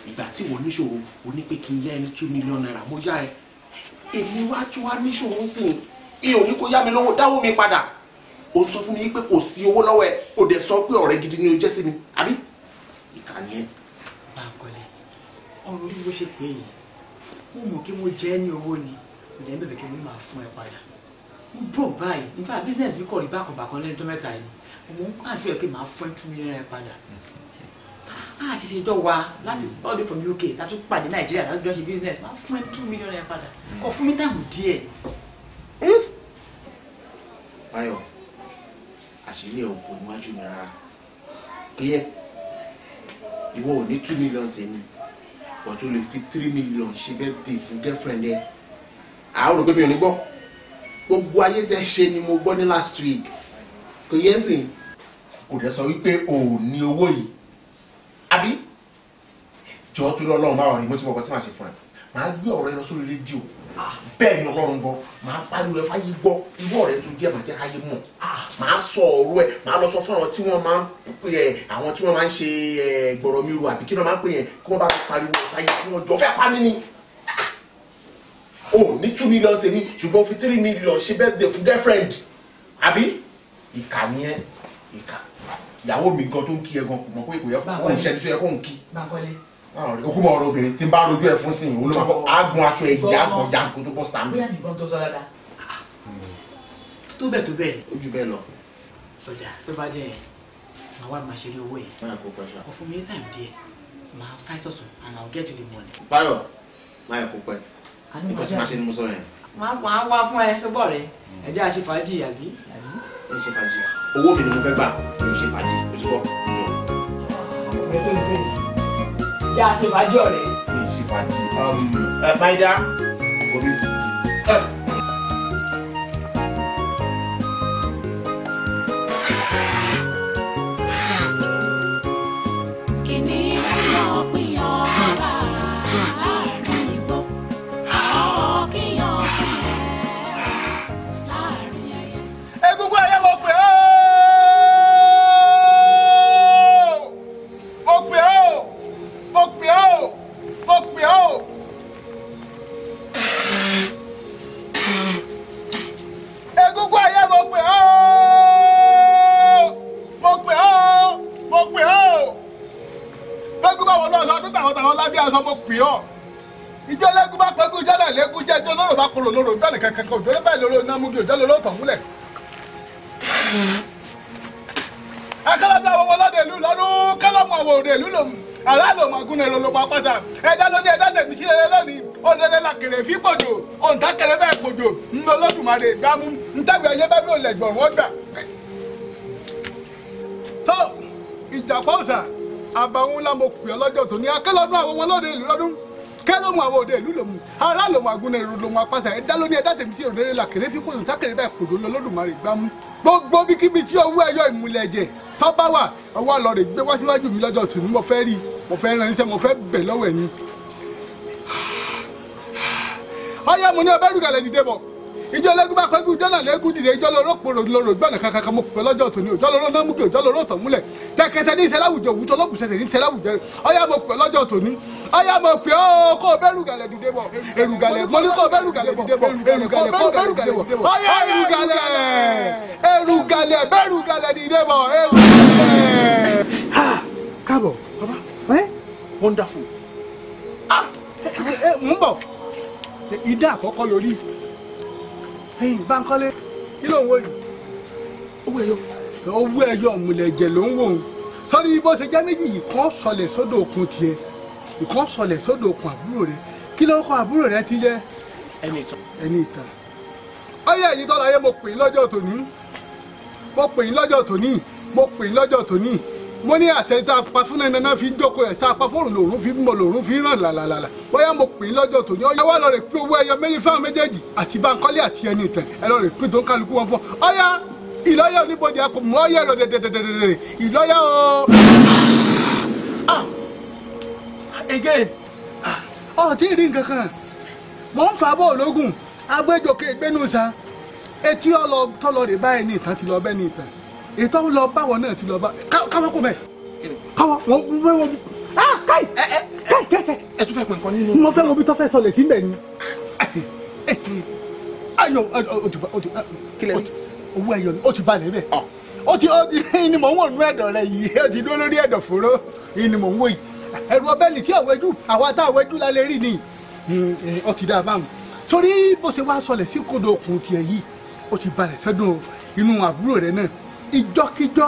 ìgbà tí wọ́n níṣòro onípé kí n yá ẹni two million naira mo yá ẹ èmi wá tún wá níṣòro sí i mi ò ní kó yá mi lówó dáwó mi padà o sọ fún mi pé kò sí owó lọ́wọ́ ẹ o dẹ̀ sọ pé ọ̀rẹ́ gidi ni o jẹ́ sí mi àbí ìkànnì ẹ. Báńkọ́lé ọ̀rọ̀ orí bó ṣe pé yìí mo mọ̀ kí mo jẹ́ ní owó ni kò dẹ̀ ń bẹ̀bẹ̀ kí mo máa fún ẹ padà mo broke báyìí in fact business mi kọ̀ rí bákan bákan lẹ́nu tó mẹ́ta yìí mo ń pàṣẹ ẹ̀ pé màá fún ẹ two million naira padà a ṣe ṣe dọ́ wa láti all the way from UK láti pàdé Nàìjíríà láti jọ ṣe business máa fún ẹ two million naira padà kọ fún mi táàmù díẹ̀. Hmm? báyọ̀ àṣírí ẹ̀ ò bò níwájú mi rárá clear ìwọ ò ní two million tèmi wọ́n tún lè fi three million ṣe birthday fún girlfriend ẹ̀ àá rò pé mi ò ní gbọ́ gbogbo ayé tẹ́ ṣe ni mo gbọ́ ní last week kò yẹ sí kò dẹ̀ sọ wípé o ò ní owó yìí àbí jọ̀ọ́ torí ọlọ́run bá wà rí mo ti mọ̀ ọkọ tí màá ṣe fún ẹ màá gbé ọ̀rọ̀ ẹ lọ sórí rédíò Ah, bẹ́ẹ̀ ni ọlọ́run gbọ́ màá pariwo ẹ fáyé gbọ́ ìwọ rẹ tó jẹ́ màá jẹ́ káyé mọ̀ ah, màá sọ ọ̀rọ̀ ẹ màá lọ sọ fún tí wọ́n máa ẹ àwọn tí wọ́n máa ń ṣe ẹ gbọ̀rọ̀ mi ru àbí kí wọ́n máa ń pè yẹn kí wọ́n bá fi pariwo ẹ sáyé kí wọ́n jọ fẹ́ pa mí ni. Ah, o ní two million tèmi ṣùgbọ́n fi three million ṣe birthday fún girlfriend àbí ìkà ni ẹ ìkà ìyàwó mi gan tó ń kí ẹ gan mọ̀ pé kò yẹ kó ń okú mọ ọ̀rọ̀ obìnrin tí n bá rojú ẹ fún sìn òun ló máa bọ àgbọn aṣọ ẹyìn àgbọn yanko tó bọ sàmì. bóyá nìbọn tó sọ dáadáa tó bẹ́ẹ̀ tó bẹ́ẹ̀. ó ju bẹ́ẹ̀ lọ. ọjà tó bá jẹ yẹn wá máa ṣe eré owó yẹn. kò fún mi ní time díẹ̀ màá ṣáì sọ̀tún and i will get you the money. báyọ̀ báyọ̀ kò pẹ́ nǹkan tí màá ṣe ni mo sọ yẹn. màá wá fún ẹ fẹ́ bọ̀ rẹ ẹ àṣẹ fàájì àbí. ẹ ṣe fàájì owó mi ni mo fẹ́ gbà mi ṣe fàájì òtúbọ̀ jọ. ọmọ ẹ tó yà á ṣe fàájì ọ̀rẹ́. mi ì ṣe fàájì. Um, ẹ̀ máa alábí aṣọ mo pè ìjọ lẹ́gùn bá pẹ́kú ìjọ lẹ́gùn jẹ́ ìjọ lọ́rọ̀ bá kúrò lọ́rọ̀ ìjọ kankan òjò lẹ́bàá lórí oná mú kí òjò lọ́rọ̀ tàn múlẹ̀. akálàbí àwọn ọmọ ìlú lọ́dún kálọ́mù àwọn òde ìlú lòun àrà lòun àgúnlẹ̀ lọ́lọ́pàá pátá ẹ̀dá lóní ẹ̀dá tẹ̀mí sí ẹ̀rẹ́ lónìí ọ̀dẹ̀dẹ̀ la kẹrẹ fi gbòdò ọ̀ǹtà kẹrẹ bẹ́ẹ̀ gbòdò ńlọ lọ́dùmarè gbámú ntàgbé ayé bá bí olè jọ̀rọ̀ wọ́n gbà. tó ìjàpọ̀ ọ̀sà abawun ńlá mo pè ọ lọ́jọ́ tòní akẹ́lọ́dún àwọn ọmọ lóde ìlú lọ́dún kẹ́lọ́mù àwọn òde ìlú lòmù ará lòmù agúnlẹ̀ èrò lòmù apáta ẹ̀dá lóní ẹ̀dá tèmi tí òrèrè là kéré fipò yòó tákèrè bá ìkòdó lọ lódùmarè gbámú gbogbo bíkíbi tí owó ẹyọ ìmùlẹ̀ ẹ̀jẹ̀ tọ́ba wà ọwọ́ lọ rè gbé wá síwájú mi lọ́jọ́ tòní mo fẹ́ rí mo fẹ́ ràn iṣẹ́ mo fẹ́ bẹ̀ lọ́wọ́ ẹ̀yin. ọyá mo ní ọbẹ̀ rúgàlẹ̀ dìde bọ̀ ìjọ lẹ́gùn bá pẹ́gùn ìjọ náà lẹ́gùn dìde ìjọ lọ́rọ́ pòrò lọ́rọ́ gbọ́nà kankan mo pè lọ́jọ́ tòní òjọ́ lọ́rọ́ námúkè òjọ́ lọ́rọ́ tọ̀múlẹ̀ ṣẹ̀kẹ̀ṣẹ̀ ní ìṣẹ̀lẹ̀ àwùjọ òwújọ lọbùṣẹṣẹ ní ìṣẹ̀lẹ̀ àwùjọ ọyá mo pè lọ́jọ́ tòní ọyá mo pè ó kó o bẹ̀rù gàlẹ̀ dìde bọ̀ èrù gàlẹ̀ mo ní kó o bẹ̀rù gàlẹ̀ dìde bọ̀ èrù gàlẹ̀ kó o bẹ̀rù gàlẹ̀ dìde bọ̀ ọyá èrù gàlẹ̀ èrù gàlẹ̀ bẹ̀rù gàlẹ̀ dìde bọ̀ èrù gàlẹ̀. káàbọ̀ baba wonderful ah! mú bọ̀ ìdá àkọ́kọ́ lórí Bánkọ́lé kí ló ń wò yìí ó wẹ̀ owó ẹyọ ọmọlẹjẹ ló ń wò ó sọrí bó ṣe jẹ méjì ìkan sọlẹ̀ sódò òkun tiẹ̀ ìkan sọlẹ̀ sódò òkun àbúrò rẹ̀ kí ló kọ àbúrò rẹ̀ ti yẹ. ẹni ìtàn. ẹni ìtàn. ọyẹ ẹ̀yin tọ́lá yẹ mo pè é lọ́jọ́ tòní mo pè é lọ́jọ́ tòní mo pè é lọ́jọ́ tòní mo ní àṣẹ tá a pa fún ẹni náà fi ń jókòó ẹ̀ sá a pa fóònù lòrùn fi mọ lòrùn fi ràn làlàlà bóyá mo pè é lọ́jọ́ tòní ọyá wa lọ rè pé owó ẹyọ méjì fáwọn méjèèjì àti Bánkọ́lé àti ẹni ìtàn ẹ lọ rè pé tó ń kálukú wọn fọ ọyá anybody? ìlọ́yà oníbodè kò mọ́ yẹ̀rọ dẹ̀dẹ̀dẹ̀dẹ̀ ìlọ́yà Ah. again ọ̀ tí ì rí nǹkan kan mọ̀ ń fa bọ́ ológun agbẹ́jọkè gbẹ́nusa etí ọlọ tọlọ rè báyìí ní ìtàn ti lọ bẹ́ẹ̀ ní ìtàn ètò ń lọ báwọn náà ti lọ bá káwọ́ kò bẹ́ẹ̀ káwọ́ wọ́n wọ́n wọ́n káì káì káì ẹ tún fẹ́ pè nǹkan nínú. mo fẹ́ wo bí tọ́fẹ́ sọlẹ̀ sí mbẹ̀ ni. ayọ̀ ọ̀dùbà ọ̀dùbà kílẹ̀ ọ̀dùbà owó ẹyọ mi ó ti balẹ̀ bẹ́ẹ̀ ah. ó ti ó ti ni mò ń wò nú ẹ̀dọ̀ rẹ yìí ó ti dó lórí ẹ̀dọ̀ fòró ni mò ń wò yìí ẹ̀rù ọbẹ̀lì tí àwẹ̀jú àwa tá àwẹ̀jú la lè rí ni ó ti dáa báwọn torí bó ṣe wá sọlẹ̀ sí kódò òkun tiẹ̀ yìí ó ti balẹ̀ sẹ́dùn inú àbúrò rẹ náà ìjọkíjọ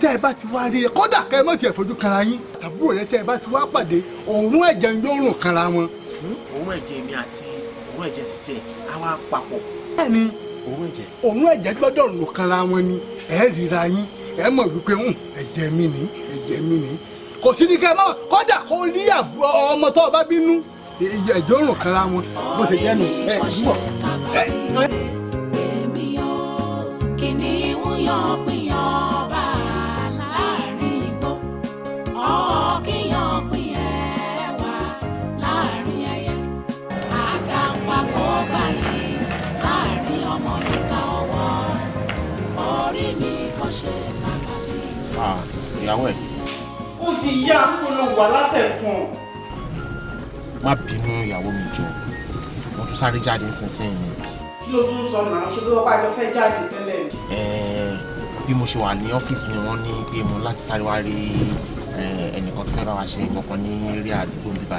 tẹ́ ẹ bá ti wá rí ẹ kódà kẹ́ ẹ mọ̀ tiẹ̀ fojú kanra yín àbúrò rẹ tẹ́ ẹ bá ti wá pàdé òórùn ẹ̀jẹ̀ ń yóò kanra wọn. Hm? òórùn ẹ̀jẹ̀ mi àti òórùn ẹ̀jẹ̀ títí ẹ̀ á wá papọ̀. bẹ́ẹ̀ ni òun ẹ̀jẹ̀ gbọ́dọ̀ lò kanra wọn ni ẹ ríra yín ẹ mọ̀ wípé ń ẹ̀jẹ̀ mi ni ẹ̀jẹ̀ mi ni kò sí ní kẹ́ kọ́dà kó rí ọmọ tó o bá bínú ẹ̀jẹ̀ òrùn kanra wọn bó ṣe jẹ́ nu ẹ̀ yíwọ̀ ẹ̀. orí mi kò ṣe sàkàlì. Ah, ìyàwó ẹ. ó ti yá olówó alátẹ̀kùn. má bínú ìyàwó mi jọ mo tún sáré jáde nísinsìnyí. kí ló tún sọ náà ṣe lọ́pàá àjọ fẹ́ jáde tẹ́lẹ̀. bí mo ṣe wà ní ọ́fíìsì mi wọ́n ní pé mo láti sáré wá rí ẹnìkan tó fẹ́ bá wa ṣe nǹkan ní eré àdúgbò bíbá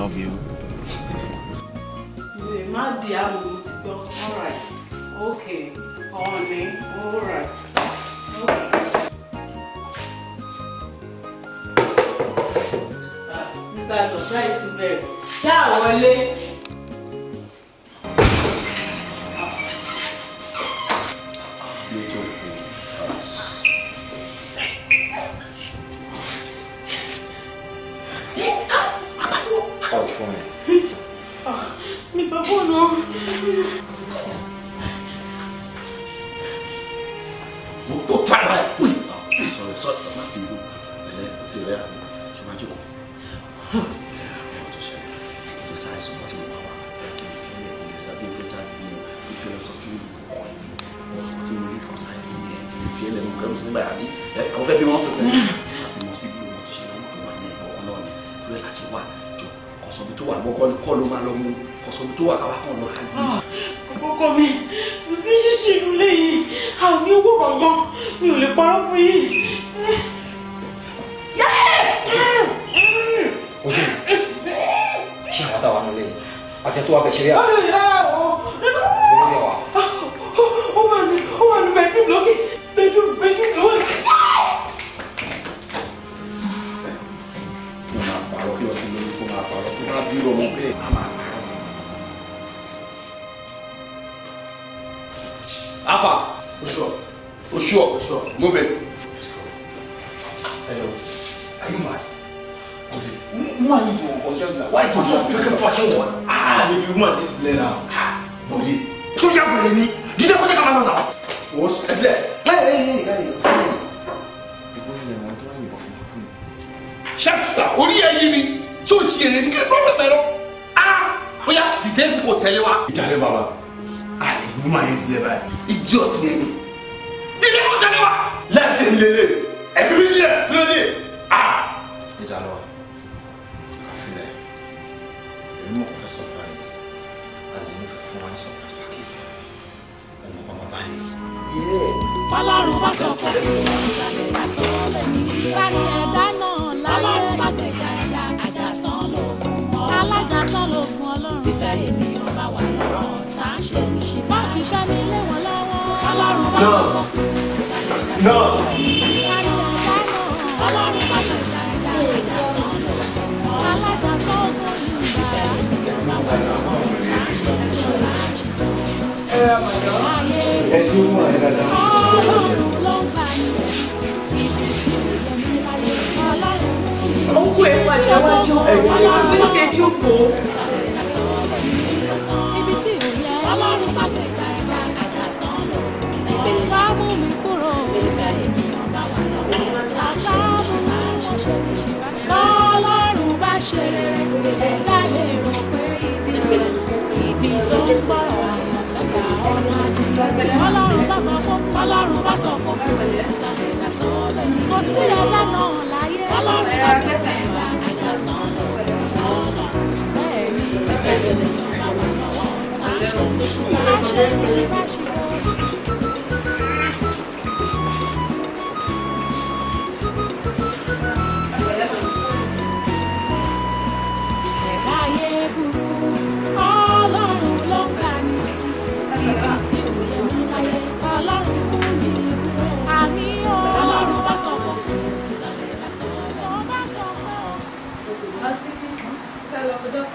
love you. Ìwé má di àmọ́ mo ti gbọ́. All right. Okay. Ọ̀nì. All right. Okay. Mr. Sọ̀tráìsì bẹ̀rẹ̀. Ṣá wọlé.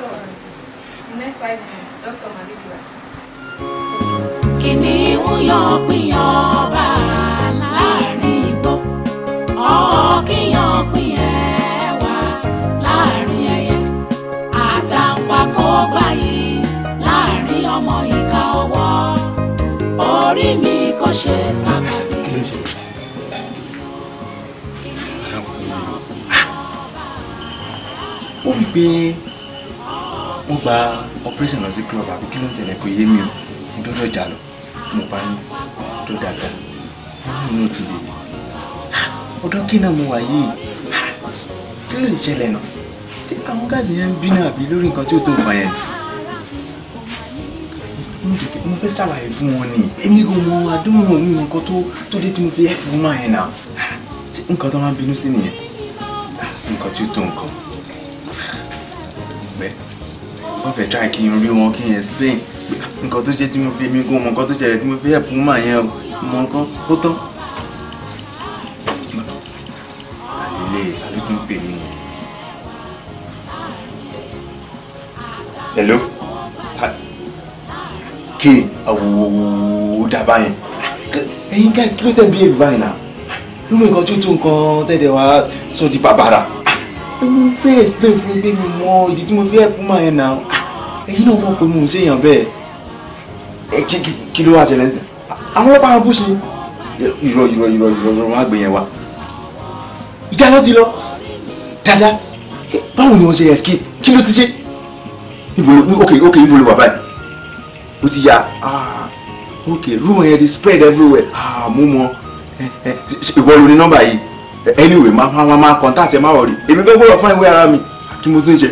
I'm ex-wife Dr. Malibura. Kìnìún yọ pín ọba láàrin igbó, ọ̀kìyàn pín ẹ̀wà láàrin ẹyẹ, àtàǹpàkò wọ́n gba operation lọ sí club àbí kí ló ń ṣẹlẹ̀ kò yé mi o mo dọ́dọ̀ jà lọ mo bá ní tó dàgbà nínú ti lè ọ̀dọ́ kí náà mo wà yìí kí ló ń ṣẹlẹ̀ náà ṣé àwọn gáàsì yẹn ń bínú àbí lórí nǹkan tí ó tó nǹkan yẹn mo fẹ́ ṣàlàyé fún wọn ni èmi kò mọ àdúgbò mi mọ nǹkan tó dé tí mo fi ẹ̀fọ́ máa yẹn náà nǹkan tó máa bínú sí nìyẹn nǹkan tí ó tó nǹkan wọ́n fẹ́ try kí n rí wọn kí n explain nǹkan tó ṣe tí mo fi èmi gan mọ nǹkan tó ṣẹlẹ̀ tí mo fi help woman yẹn o mọ nǹkan ó tán. àlelé alẹ́kùn pè mí. hello kí àwòwò dábàá yẹn ẹ̀yin guys kí ló tẹ̀ ń bí èmi báyìí náà lórí nǹkan tó tó nǹkan tẹ̀dẹ̀ wá sọ di bàbàrà mo fẹ́ explain fún pé mi mọ ìdí tí mo fi help máa yẹn náà ah, ẹ̀yin náà mọ̀ pé mo ń ṣe èèyàn bẹ́ẹ̀ kí ló wà ṣẹlẹ̀ ń sìn àwọn ọlọ́pàá bó ṣe irọ́ irọ́ irọ́ irọ́ irọ́ wọn á gbé yẹn wá ìjà ló ti lọ dáadáa báwo ni wọ́n ṣe escape kí ló ti ṣe ìbòlò ok ok ìbòlò wà báyìí ó ti yá ah, ok rumor yẹn ti spread everywhere ah mo mọ ìwọ ló ní nọ́mbà yìí anyway ma ma ma ma, contact ẹ máa wọrí èmi gbogbo rọ fún ìwé ara mi kí mo tún ṣe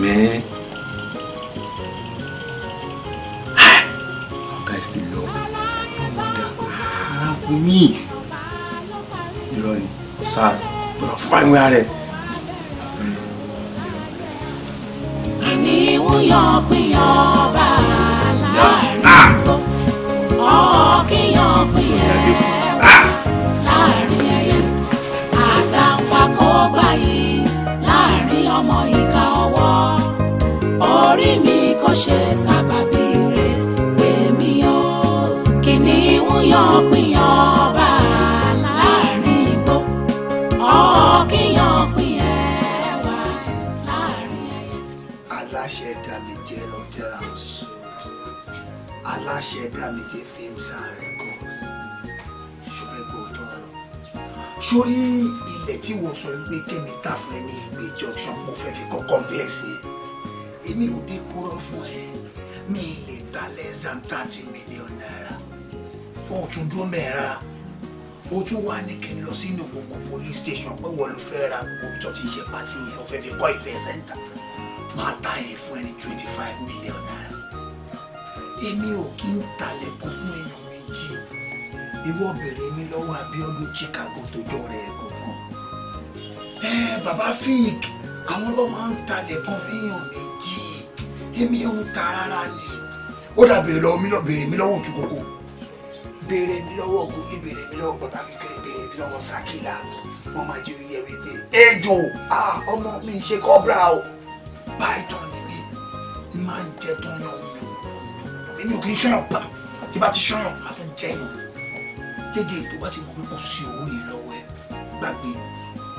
mẹ́ẹ́ ọ̀gá ẹ̀ sì lọ ọ̀dà ara fún mi irọ́ ni sars gbọ́dọ̀ fún ìwé ara ẹ̀. kìnìún yọ pín ọba láàrin orí mi kò ṣe sábàbí rẹ̀ èmi o kìnnìún yọ pìyàn ọba láàrin igbó ọkìyàn pìyàn ẹwà láàrin ẹyẹ. aláṣẹ dàmíjẹ rọtẹrà ń sùn aláṣẹ dàmíjẹ fíìmù rẹ kọ ṣọfẹ gbọdọ sórí ilẹ̀ tí wọ́n sọ gbé kémi ta fún ẹ ní ìgbẹ́jọ́ ṣọ́pọ̀ fẹ́ fi kọ́kọ́ bẹ́ẹ̀ èmi ò dé kúrò fún ẹ mi lè ta less than thirty million naira ó tún dúró mẹ́ra ó tún wà ní kí n lọ sínú gbogbo police station pé wọ́n ló fẹ́ ra gbogbo tó ti ṣe pàtì yẹn ó fẹ́ fi kọ́ ìfẹ́ sẹ́ńtà máa ta yẹn fún ẹni twenty five million naira èmi ò kí ń talẹ̀ kó fún èèyàn méjì ìwọ bèrè mi lọ́wọ́ Abíọ́dún Chicago tó jọ rẹ̀ gbọ̀ngàn ẹ bàbá fíìkì àwọn ló máa ń talẹ̀ kan fẹ́yàn méjì èmi ò ń ta rárá ni. ó dà béèrè lọ́wọ́ mi lọ béèrè mi lọ́wọ́ òtún kòkó béèrè mi lọ́wọ́ ògúnlé béèrè mi lọ́wọ́ bàbá kékeré béèrè mi lọ́wọ́ sákìlà wọ́n máa jẹ́ oyè wípé ejò ọmọ mi ń ṣe kọ́bra o python ni mi ni máa ń jẹ tó yan èmi ò kì í ṣọyàn pa tí bá ti ṣọyàn máa tún jẹyàn jẹjẹ ètò bá ti mọ pé kò sí owó yẹn lọ́wọ́ ẹ gbàgbé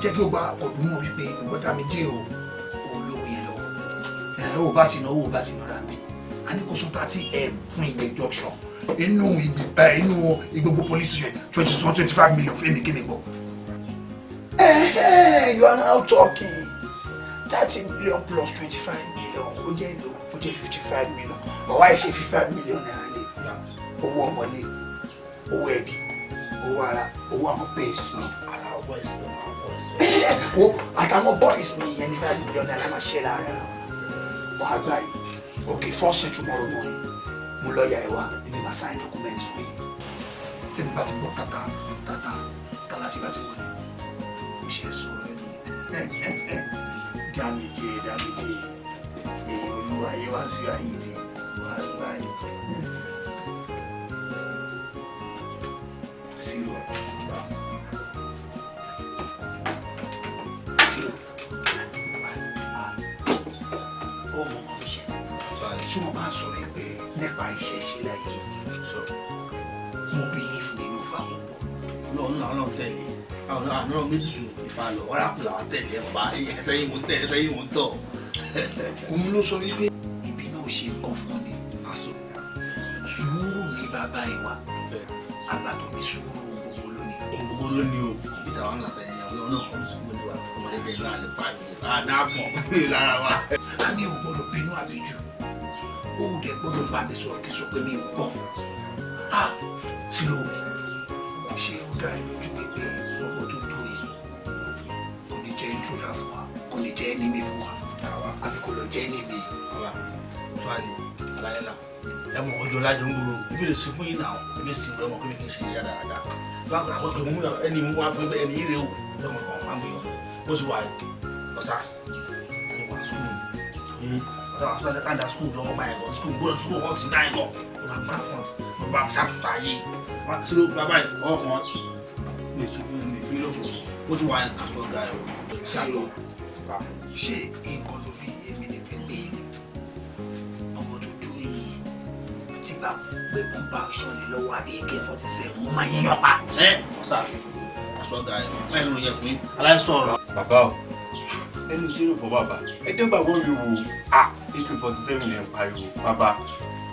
jẹ́ kí o gba ọ̀dùn mọ̀ wípé ìwọ mi dé o olówó yẹn lọ ẹ ò bá ti náwó bá ti nọra mi a ní kó sún thirty m fún ìgbẹ́ junction inú inú ìgbogbo police station twenty one twenty five million fún èmi kémi gbọ́. ẹ ẹ you are now talking thirty million plus twenty five million ó jẹ́ ìlú ó jẹ́ fifty five million ọ̀wá ẹ̀ ṣe fifty five million náírà lé owó ọmọlé owó ẹbí owó ara owó àwọn pèsè ara ọgbọ́n ìsinmi wo àtàwọn boys ni ìyẹn ní fẹ́ràn ìjọ ní alámàṣe láàrin ara wọn wàá gbà yìí òkè fọ́ọ̀sì tomorrow morning mo lọ yà ẹ wá èmi máa sign document fún yìí tí mo bá ti gbọ́ Tata. kàtà kàtà tí bá ti wọlé mo ṣe é sọ̀rọ̀ ẹ̀ ní dámidé dámidé èyí olúwa yìí wá sí ayé dé wàá gbà yìí. zero. tí wọ́n bá ń sọ̀rọ̀ ẹgbẹ́ nípa ìṣẹ̀ṣe láyé sọ̀rọ̀ mo bí yín fún inú fa gbogbo. lọ́run náà lọ́run tẹ̀lé àwọn àná méjì ju ìfà lọ ọ̀rákùn làwọn tẹ̀lé ọba ẹsẹ̀ yìí mò ń ẹsẹ̀ yìí mò tọ̀. òun ló sọ wípé ibi náà ṣe nǹkan fún mi sùúrù ní bàbá ìwà àbàtò mi sùúrù gbogbo lónìí. gbogbo lónìí o ibi táwọn náà fẹ́ yẹn ọlọ́run náà kọ́ sùúrù ní wa ọmọdé bẹ́ẹ̀ lọ́ọ́ àlè pariwo àdàpọ̀ lára wa. a ní ògbọ́dọ̀ bínú àbíjù ó wù dẹ̀ gbọ́dọ̀ bá mi sọ̀rọ̀ kí n sọ pé mi ò gbọ́ fún a sí lóore ṣé ó dá ẹ lójú pé lọ́wọ́ tó dúró yìí kò ní jẹ́ ìtura fún wa kò ní jẹ́ ẹnìmí fún wa àfi kò lọ jẹ́ ẹnìmí. fúlàní aláyẹlá ẹmọ ọjọ́ lájọ ń gbòòrò ibi lè ṣe fún yín náà ibi lè sìn lọmọ kébì kì í ṣe yíyá dáadáa lágbàá wọn kò mú ẹni mú wá fún ẹni yìí rè o lọmọ kan máa mú yọ bó ṣe wà ọ̀sás ẹni wà sùn ní so that time that school lọ́wọ́ báyìí lọ school gbọ́dọ̀ school hall ti báyìí lọ ló máa gbá front ló máa ṣàtúntò ayé wọn ti ló gba báyìí ọkàn mi ti fi mi fi lófo ó ti wà aṣọ ọgá ẹ ṣàlọ. ṣé nǹkan tó fi èmi ní fi pé ọmọ dúdú yìí ti bá pé mo bá aṣọ ni lọ́wọ́ àbí ak forty seven máa yẹn yọpa. ẹ ọ̀sà aṣọ ọgá ẹ máa ń lò yẹ fún yín aláìsàn ọ̀rọ̀. bàbá o ẹnu ṣeré fún bàbá ẹ̀ẹ́dẹ́gbàgbọ́ mi wò ak ah, forty seven lè pariwo bàbá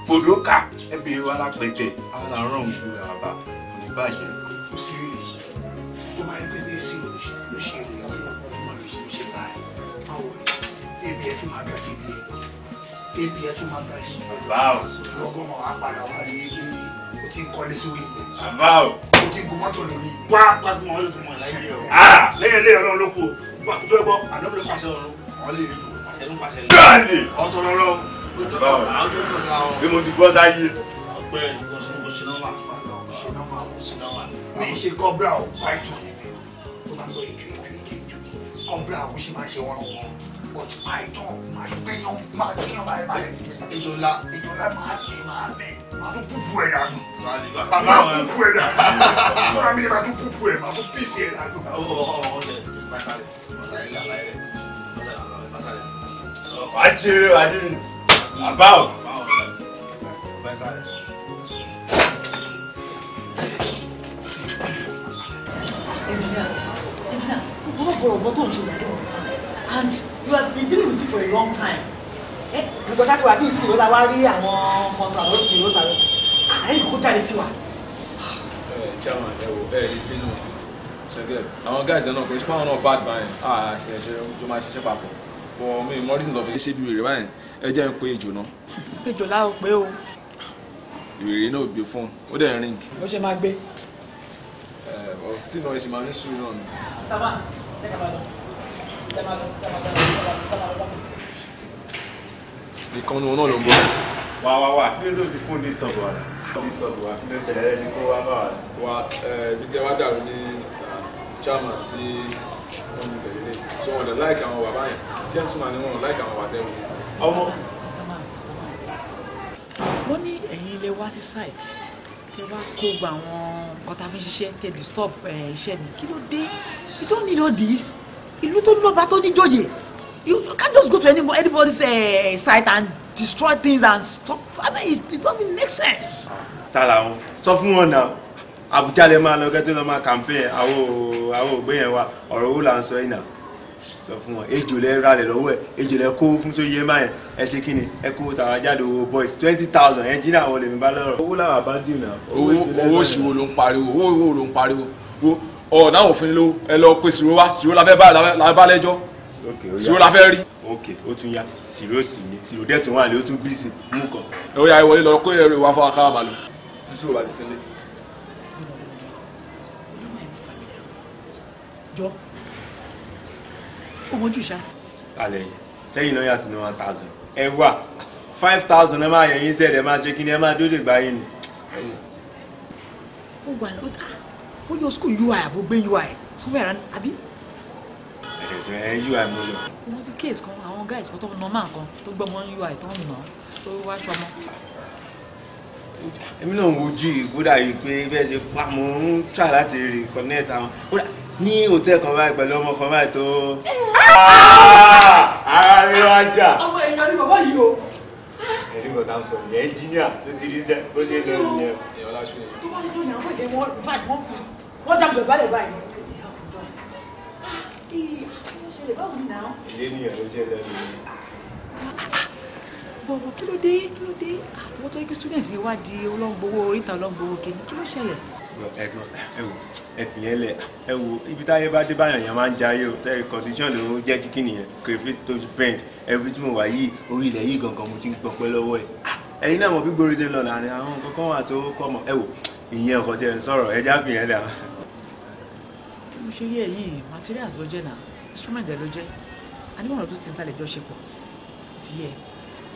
fòdókà ẹ wa lápẹtẹ àwọn àrùn òun bàbá kò ní bàjẹ́. kò sí rírì tó bá yẹ pé bí èsì ló ṣe rí ọyọ tó máa fi ṣe báyìí máa wọ ebi ẹ tún máa ga débi ẹ ebi ẹ tún máa ga débi ẹ báwo lọgọ máa wá padà wá ebi o ti kọ́lé sórí ilẹ̀ báwo o ti gun mọ́tò lórí ilẹ̀ wá pàtó mọ́ ọlọ́tún mọ́ láyé ọ̀ ah! lẹ́yìn lẹ́yìn ọlọ́run ló kù o bá tó ẹ gbọ́ àdókòlè pàṣẹ ọ̀run àwọn lè dùn pàṣẹ ló pàṣẹ lọ. bẹ́ẹ̀ni ṣe nọ́mà ṣe mi ṣe gọ́bra ò python ni mi tó bá gbọ́ ìjọ ìjọ ìjọ ìjọ gọ́bra ò ṣe máa ṣe wọ́n wọn but python máa gbé yan máa gbé yan báyìí báyìí ètò ńlá ètò ńlá máa lè máa lè máa tún púpù ẹ̀ dànù máa púpù ẹ̀ dànù fúnra mi ni máa tún púpù ẹ̀ máa tún pèsè ẹ̀ dànù wàá jèrè wàá jèrè àbá and you have been dealing with it for a long time. Eh, because that wàá bí ìsìn ìwọ́n ta wá rí àwọn ọmọ sàrò sí ìwọ́n sàrò àárín kò jáde sí wa. ẹ jáwọn ẹ wò ẹ rí bínú ṣẹgẹt àwọn guys náà kò ṣe fáwọn náà bad man ah ṣẹṣẹ jọ máa ṣiṣẹ́ papọ̀ bọ mi mọ reason tó fi ṣe bí rèé báyìí ẹ jẹ́ ń pe ìjò náà. ìjò láò pé o. ìrèé náà gbé fún un ó dẹ̀ ring. ó ṣe máa gbé. ẹ eh, ọ still náà ṣe máa ní sùúrù náà ni. sábà ẹ kà máa lọ ẹ máa lọ ẹ máa lọ ẹ máa lọ. ìkànnì wọn náà ló ń bọ̀. wà wà wà kí ló tó fi fún disturb wa disturb wa kí ló tẹ̀lé ẹni kó wá bá wa. wa eh, ẹ ibi tẹ wá dàrú ní chairman sí wọn ní tẹ̀lé so wọn dẹ̀ láìka àwọn bàbá yẹn gentleman ni wọn láìka àwọn bàtẹ́ wọn. ọmọ. wọ́n ní ẹ̀yin ilé wá sí site tẹ wá kó gba àwọn kọta fi ṣiṣẹ́ tẹ disturb iṣẹ́ mi kí ló dé you don't need all this ìlú tó lọ́ba tó níjòyè you you can't just go to anybody, anybody's uh, site and destroy things and stop I mean it, it doesn't make sense. tala o sọ fún wọn náà. Àbújá lẹ máa lọ kẹ́tọ́ lọ máa campaign àwọn àwọn ògbé yẹn wa ọ̀rọ̀ owó là ń sọ yìí nà sọ fún wọn ejò lẹ ra lẹ lọ́wọ́ ẹ ejò lẹ kó fún sóyè má yẹn ẹ ṣe kí ni ẹ kó tàwa jáde owó boys twenty thousand ẹ jí náà mi bá lọ́rọ̀ owó làwọn bá dì náà. owó owó ṣìwò ló ń pariwo owó ìwò ló ń pariwo ọ̀ náà òfin ló ẹ lọ pé sìrò wá sìrò la fẹ́ bá lẹ́jọ́ sìrò la fẹ́ rí. ok ó tún ya sìrò sì ni sìrò dẹ́tun wà lé ó tún bísí mú kàn. ó yà wọlé lọ kó èrè wá fún akáwà bàlù tí sìrò bàlù sílé. jọ ó mojú ṣá. alẹ́ sẹ́yìn náà yàtọ̀ ní one thousand ẹ five thousand ẹ máa yẹ yín sẹ́ẹ̀dẹ̀ máa ṣe kí ni ẹ máa dúró dègbà yín ni. ó wà ló dá ah, ó yọ school ui àbò gbé ui somewhere around àbí. ẹ̀rẹ̀ tó ẹ ui mo lọ. wọ́n ti kéèsì kan guys kan tó nọ́ọ̀mà kan tó gbọ́ mọ́ ui tó ń nà tó wá aṣọ ọmọ èmi náà ń wojú ìgbódà yìí pé bẹ́ẹ̀ ṣe pa mo ń tà láti reconnect àwọn ní hòtẹ́ẹ̀lì kan báyìí pẹ̀lú ọmọ kan báyìí tó. Ah! ara mi wá jà. ọmọ èèyàn ni bàbá yìí o. ẹ̀rí bọ̀dá ń sọ ìyẹn engineer ló ti rí sẹ́ bó ṣe lọ ìyẹn. ìyẹn ọlá ṣe. tó bá ní tó àwọn ìṣe wọn wọn jà bẹ̀rẹ̀ báyìí ah, báyìí. ilé ni ìyàwó jẹ́ lẹ́nu bọ̀wọ̀ kí ló dé kí ló dé àwọn ah, tó yẹ kí student yìí wá di olóńgbòwò oríta olóńgbòwò kìíní kí ló ṣẹlẹ̀. ẹ̀gbọ́n ẹ wo ẹ fìyẹn lẹ ẹ wo ibi táyé bá dé báyọ̀ yẹn máa ń jayé o sẹ́yìn condition ló jẹ́ kíkí nìyẹn crayfish tó bend ẹbí tí mo wà yìí orí ilẹ̀ yìí gangan mo ti ń gbọpẹ́ lọ́wọ́ ẹ̀ ẹ̀yin náà mo bí gbórí ṣe ń lọ láàrin àwọn kankan wà tó kọ́ mọ́ ẹ wo ìyẹn ọkọ tẹ ń sọ̀rọ̀ ẹ já fìyẹn lẹ. tí mo ṣe rí ẹ yìí materials ló jẹ́ náà instrument ẹ ló jẹ́ anímọ̀ràn tó ti ń sálẹ̀ jọ ṣe pọ̀ ti yẹ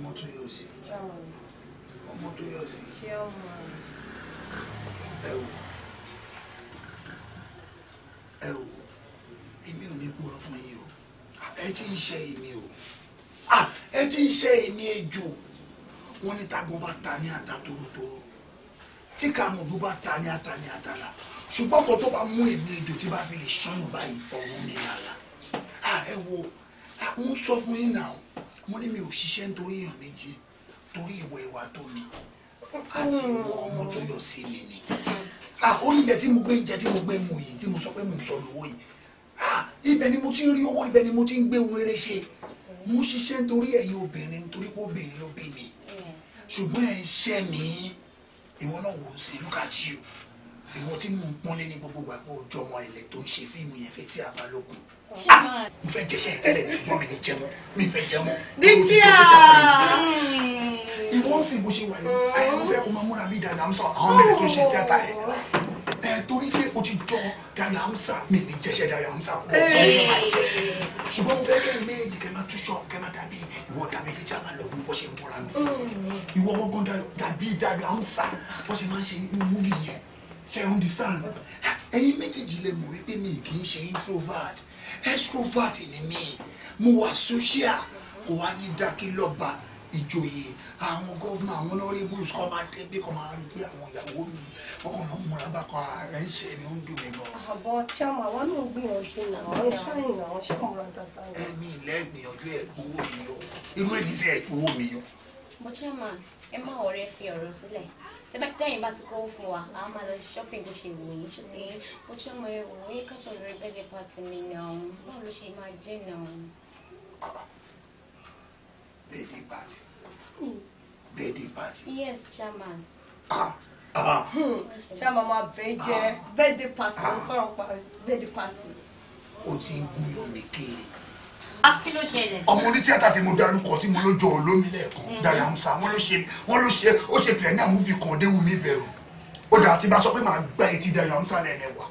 Ọmọ́tóyọ̀sí Ọmọ́tóyọ̀sí ẹ wò ẹ wò èmi ò ní gbúra fún yín o ẹ ti ń ṣe èmi o ẹ ti ń ṣe èmi ejò wọn ní tagbo bá ta ní ata torotoro tí kàmùdú bá ta ní ata ní atala ṣùgbọ́n kan tó bá mú èmi ejò tí bá fi lè ṣọ́yún báyìí ọ̀run ní ara ẹ wò ń sọ fún yín náà mo ní mi ò ṣiṣẹ́ nítorí èèyàn méjì torí ìwọ ìwà tó mi àti hmm. ìwọ ọmọ tó yọ sí mi ni oúnjẹ tí mo gbé jẹ tí mo gbé mu yìí tí mo sọ pé mo sọ lówó yìí ibẹ̀ ni mo ti ń rí owó ibẹ̀ ni mo ti ń gbé wéré ṣe mo ṣiṣẹ́ nítorí ẹ̀yin obìnrin nítorí pé obìnrin ló bí mi ṣùgbọ́n ẹ̀ ń ṣẹ́ mi ìwọ náà wò ó sí look at you ìwọ tí mò ń pọ́nlé ní gbogbo ìgbà pé ojú ọmọ ilẹ̀ tó ń ṣe fíìmù yẹn fẹ́ tí a ah! bá lókun. mo fẹ́ jẹ́sẹ̀ tẹ́lẹ̀ ní ṣùgbọ́n mi ní jẹ́mọ́ mi fẹ́ jẹ́mọ́. dídíà ìwọ ń sìn bó ṣe wà yìí ayé mo fẹ́ kó máa múra bí dàdà ń sọ àwọn mẹ́rin tó ṣe tíátà yẹn torí pé o ti jọ dàdà ń mi ní jẹ́sẹ̀ dàdà ń sà kó o máa jẹ ṣùgbọ́n mo fẹ́ kẹ́yìn méjì kẹ́ máa túṣọ kẹ́ máa dàbí ìwọ dàbí fi jàmbá lọ bó ṣe ń múra mi mm. ìwọ wọ́n dàbí dàdà ń sà ṣe máa ń ṣe múvì yẹn ṣe understand ẹ̀yin méjèèjì lè mọ̀ wípé mi kì í ṣe introvert extrovert ni mi mo wà social kò wá ní dákìlọ́ba ìjòyè àwọn gọ́vnà àwọn honourables kọ́ máa dé bí kò máa rí pé àwọn ìyàwó mi ọkàn náà múra bá kọ ààrẹ ń ṣe mi ó ń dùn mí lọ. àbọ̀ tí a máa wá náà gbìyànjú náà àwọn iṣẹ́ ìrìn àwọn ṣe múra dáadáa. ẹ̀mí ilẹ̀ gbìyànjú ẹ̀ gbowó mi yọ inú ẹ̀ ní sẹ́ ẹ̀ gbowó mi yọ. mo chairman ẹ má ọ̀rẹ́ fi ọ̀rọ̀ sílẹ̀ tẹ́yìn bá ti kó fún wa a máa lọ shopping bó ṣe wù yín ṣó ti mo tún mọ ewu yín kásán lórí birthday party mi náà báwo ló ṣe máa jẹ́ náà. birthday party birthday party. yes chairman. ah ah. chairman máa bẹ́ẹ̀ jẹ́ birthday party ló sọ̀rọ̀ pa birthday party. o ti ń gbúyọ̀ mi Ah, kí ló ṣẹlẹ̀. ọmọ orí tíátà tí mo darúkọ tí mo lójó olómi lẹ́ẹ̀kan mm-hmm. Dare Amusa wọ́n ló ṣe wọ́n ló ṣe ó ṣe pẹ̀lẹ́ àmúfi kan Adéwùmí Ìbẹ̀rù ó dà tí bá sọ pé màá gba etí Dare Amusa lẹ́ẹ̀mẹ́wàá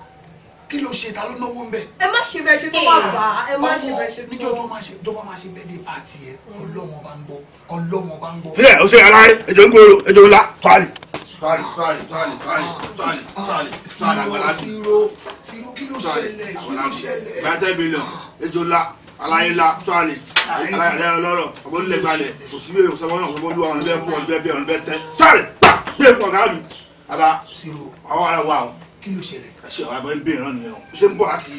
kí ló ṣe ta ló náwó ń bẹ. ẹ má ṣe bẹ ṣe tó bá fà á ẹ má ṣe bẹ ṣe tó. níjọ́ tó máa ṣe tó bá máa ṣe bẹ́ẹ̀dẹ̀ pàtì ẹ mm. ọlọ́wọ́n bá ń gbọ́ ọlọ́wọ́n bá ń gbọ́. ilé ọ̀sẹ̀ ara ẹ ẹjọ́ ń gbòòrò ẹjọ́ ńlá tọ́lì. tọ́lì tọ́lì tọ́lì tọ́lì tọ́lì tọ́lì sàrà wàlásì. siro siro kí ló ṣẹlẹ̀ kí ló ṣẹlẹ̀. gbàtẹ́ mílíọ̀nù ẹjọ́ ńlá alaye la tó a lè alaye rẹ lọrọ ọmọ nílẹ̀ gbalẹ̀ kò sí bẹ́ẹ̀ sọmọ náà sọmọ olúwa ọ̀nà bẹ́ẹ̀ bọ̀ ọ̀nà bẹ́ẹ̀ bẹ́ẹ̀ ọ̀nà bẹ́ẹ̀ tẹ́ sọ́ọ̀rì pa bẹ́ẹ̀ fọ̀ gàá mi. àbá sírò àwọn ará wa o kí ló ṣẹlẹ̀. ẹ ṣe àwọn ẹbí ìran nìyẹn o ṣé ń bọ̀ láti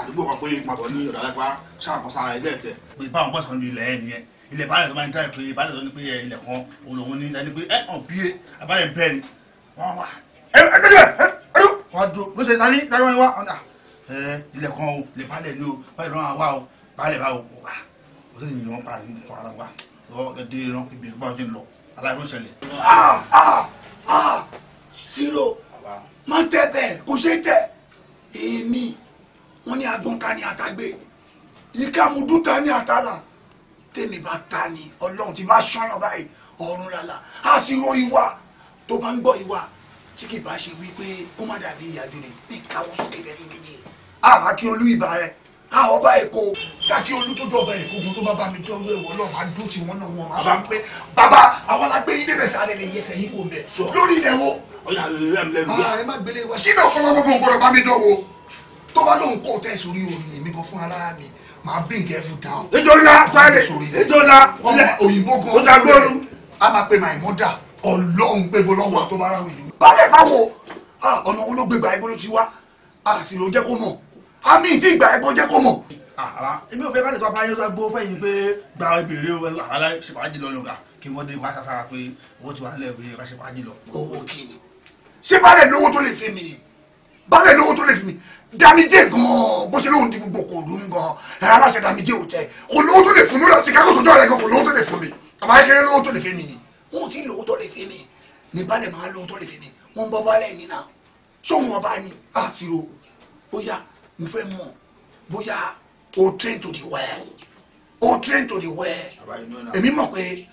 àdúgbò kan pé màbọ̀ ní ọ̀dà lápá ṣàkóso ara ẹgbẹ́ tẹ. pé báwọn bọ̀ sọ ní ilẹ̀ ẹ nìyẹn ilẹ̀ bá lẹ̀tọ́ máa ń dá ìpè bá lẹ̀tọ́ ní pé ilẹ̀ kan olóhùn ní ẹni pé ẹ hàn bí ẹ abáyẹ bẹ́ẹ̀ ni wọ́n wà. ẹ ẹ gbẹ́dẹ̀ ẹ ẹ wọ́n dúró bó ṣe tani tani o ilẹ̀ bá lẹ̀ o báyìí lọ́wọ́ baálé bá wò wá o sì yàn án parí fara wa lọ ẹdínlẹ náà ibi ìgbà ọdún lọ aláìkú ṣẹlẹ̀. zero máa ń tẹ bẹ́ẹ̀ kò ṣeé tẹ èmi wọn ní agbọn ta ni àtàgbé ìka mudu ta ni àtàlà tèmi bá ta ni Ọlọ́run ti bá ṣọyàn báyìí ọrùn lala a sì ro ìwà tó bá ń gbọ́ ìwà tí kì bá ṣe wípé kó má dàbí ìyàjú ni ní káwọ́ sókè bẹ́ẹ̀ ní méjì àrà ah, kí olú ìbá rẹ̀ àwọn ọba èkó káàkiri olùtọ́jú ọba èkó gun tó bá bá mi jọ ọwọ́ ẹ̀wọ̀ náà máa dún tiwọn náà wọn máa bá ń pẹ́ bàbá àwọn alágbé yín débẹ̀ sáré lè yẹsẹ̀ yín wò mẹ́ lórí ilẹ̀ wo. ọ̀yà lẹ́nu lẹ́nu ah, ẹ má gbélé wa sínú ọ̀pọ̀lọpọ̀ gbogbo nǹkan ọba mi dánwò tó bá lóun kó tẹ̀ sórí omi èmi kan fún ara mi máa bring every down. ìjọba sáré ìjọba òyìnbó gan. ó ta gbóòrú. a máa pe my mother ọlọ́run pé bó lọ́wọ́ àmì ìsí ìgbà ẹ̀kọ́ jẹ́ kó mọ̀. Ah, ah, ah. èmi ò fẹ́ káàdì tó apá gbó fẹ́yìn pé gba ìbéèrè o àlá ṣèwádìí lọ lọ́gà kí wọ́n dé wáṣà sára pé owó ti wà nílẹ̀ pé ká ṣèwádìí lọ. owó kí ni ṣé baálẹ̀ lówó tó lè fi mi ni baálẹ̀ lówó tó lè fi mi damije gan bó ṣe lóhun ti gbogbo kò lóhun gan ẹ̀rọ aláṣẹ damije ò tẹ kò lówó tó lè fún mi lọ́dọ̀ chicago tó jọ kò lówó tó lè fún mi àmọ́ ayékéré lówó tó lè fi mi ni wọn ò tí lówó tó lè fi mi ni baálẹ̀ máa lówó tó lè fi mi wọn bọ́ baálẹ̀ nínà ṣóhun ọba ni àtirò ó yá mo fẹ́ mọ̀ bóyá o train to the well o train to the well èmi mọ̀ pé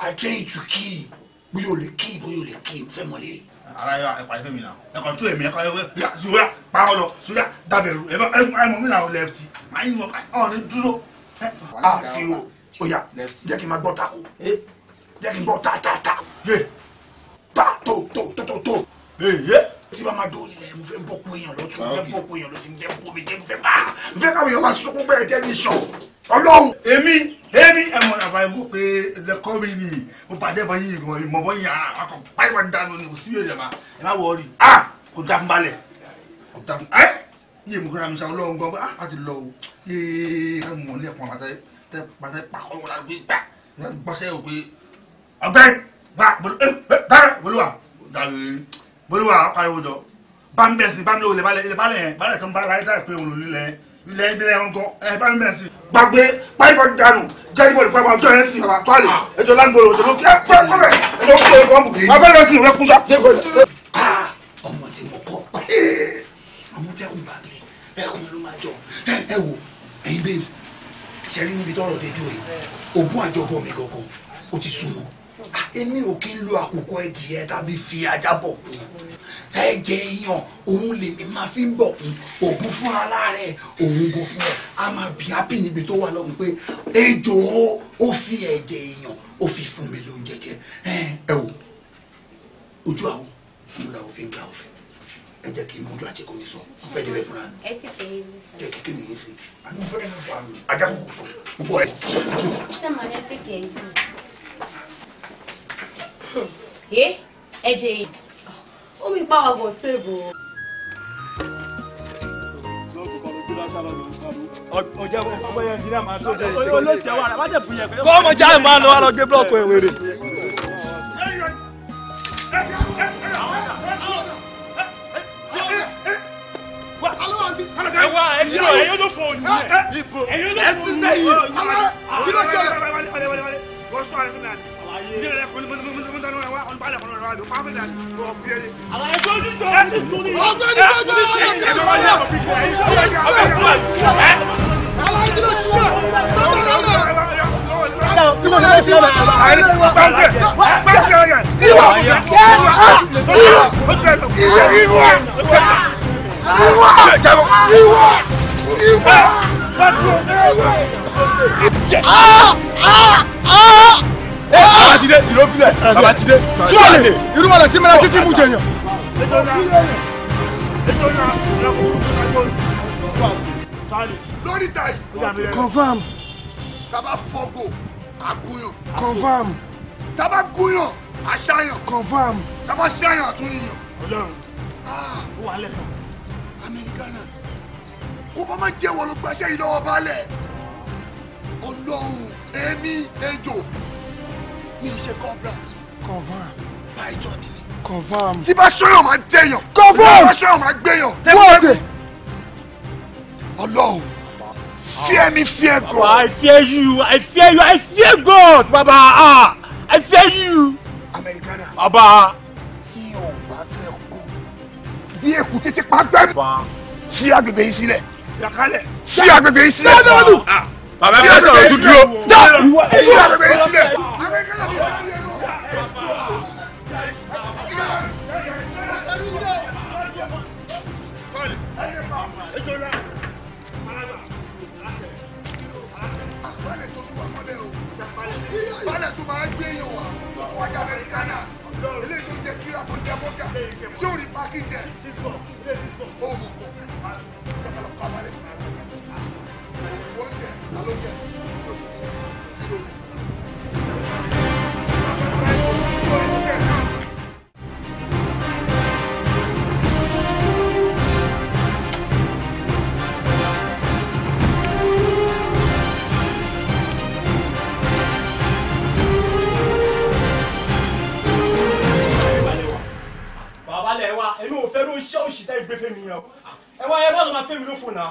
i train you to kill bóyá o lè kill bóyá o lè kill mo fẹ́ mọ̀ lé. ara yọ ẹ̀kọ́ ẹ̀fẹ́ mi náà ẹ̀kọ́ tó èmi ẹ̀kọ́ ẹ̀kọ́ ṣùgbọ́n pa ọ lọ ṣùgbọ́n dàbẹ̀rù ẹ̀mọ́ mi náà left máa ń yọ ọ̀rẹ́ dúró. a ah, zero oya jẹ́ kí n máa gbọ́ tako jẹ́ kí n gbọ́ ta ta ta ta to to to to to tí bá máa dóòlì lẹ̀ mo fẹ́ bọ́kú èèyàn lọ́tún mo fẹ́ bọ́kú èèyàn lọ́sí mo fẹ́ bọ́ mi jẹ́ mo fẹ́ bá mo fẹ́ káwọn èèyàn máa sunkún bẹ́ẹ̀ jẹ́ ní sọ ọlọ́run èmi èmi ẹ mọ àbá ẹ mọ pé ẹlẹkọ mi ni mo pàdé ẹ bá yín ìgbọ̀n mi mọ bọ́ yín akọ páìpọ̀ dànù ni kò sí ìrẹ̀lẹ̀ ma ẹ má wọ rí a ah, kò dá fún balẹ̀ kò dá fún ẹ yìí mo kọ́ra mi sa ọlọ́run gan a ah, a ti lọ o yéé ká mọ̀ ní ẹ̀kọ́ pàtẹ pàtẹ pàkọ́ wọn láti gbà gbọ́sẹ̀ o pé ọgbẹ́ gbà bọ́lúwa dàrú bolúwa àwọn pariwo jọ bá ń bẹ̀ sí bá ń lò ilẹ̀ balẹ̀ ilẹ̀ balẹ̀ yẹn balẹ̀ tó ń bá ara yẹn láì pé òun lò lulẹ̀ ilẹ̀ ìbílẹ̀ ẹ̀rọ gan ẹ̀ bá ń bẹ̀ sí. gbàgbé pálíbọ̀ dànù jẹ́nibọ̀ ìpàgbọ́ ọjọ́ yẹn sì bàbá tó àlè ẹjọ́ lágbóró òjò ló kí ẹ pẹ́ kọ́bẹ̀ ẹjọ́ kí ẹ bọ́ọ̀mù kì í. abẹ́rẹ́ sì rẹ kúṣà. ọmọ tí mo kọ́ pa amútẹ́kùn bàbí ẹkùn ló máa jọ ẹ wò ẹ̀yin babes ṣẹ́rí níbi tọ́rọ̀ dé dúró yìí ogún àjọbọ̀ mi gangan ó ti sún mọ́ èmi ò kí ń lo àkókò ẹdìyẹ tàbí fi ajá bọ̀ ẹ̀jẹ̀ èèyàn òun lèmi máa fi ń bọ̀ kún ògùn fúnra láàárẹ̀ òun gan fún ẹ̀ a máa bí happy níbi tó wà lọ́hùn pé ejò ó fi ẹ̀jẹ̀ èèyàn ó fi fún mi lóúnjẹ jẹ ẹ wò ojú àwọn múra òfin gbà òfin ẹ jẹ́ kí n mójú àti kò ní sọ mo fẹ́ débẹ̀ fúnra mi. ẹ ti kì í yí sí. ẹ kì í fúnra mi ajá kò kò fún mi ẹ ẹ jẹ yìí omi pàwọ̀ gan ṣèbò. ọjà ọmọ yẹn jìnnà máa jáde máa lọ wá lọ gé búlọ̀kù ẹ̀ wèrè. ẹ wá ẹ kúrò ẹ yóò lọ fọ òní ẹ yóò lọ fọ òní. ẹ sísẹ yìí Ah! Ah! Ah! Babatide siro filẹ Babatide. Tuwale irumọlẹ ti mẹrẹ títí mu jẹyàn. Lórí ta yìí. Confam. Taba fọ́gò àgúyàn. Confam. Taba gúyàn àṣàyàn. Confam. Taba ṣàyàn àtúnyìyàn. Ọlọ́run. Ah. Ó wà lẹ́kàn. Amẹ́ríkánà kó bá má jẹ́ wọn ló gbaṣẹ́ yìí lọ́wọ́ balẹ̀. Ọlọ́run èmi ejò mi ò ṣe corporal. confam. ni mi. confam. tí bá sọyàn máa jẹyàn. confam. tí bá sọyàn máa gbẹyàn. wọ́ọ̀dẹ̀. ọlọ́run fear me fear God. Baba, I fear you I fear you I fear God baba ah I fear you. Americana. baba. tí o bá fẹ́ kú bí èkú tètè pa gbẹ́rù. fi agbègbè yìí sílẹ̀. yàkálẹ̀. fi agbègbè yìí sílẹ̀. lọ́dọọdún bàbá mi sọ̀rọ̀ dúdú o. mi ò fẹ́ ló ṣẹ́ òṣìṣẹ́ ìgbé fẹ́ mi yẹn o ẹ wá ẹ bá lọ máa fẹ́ mi ló fò náà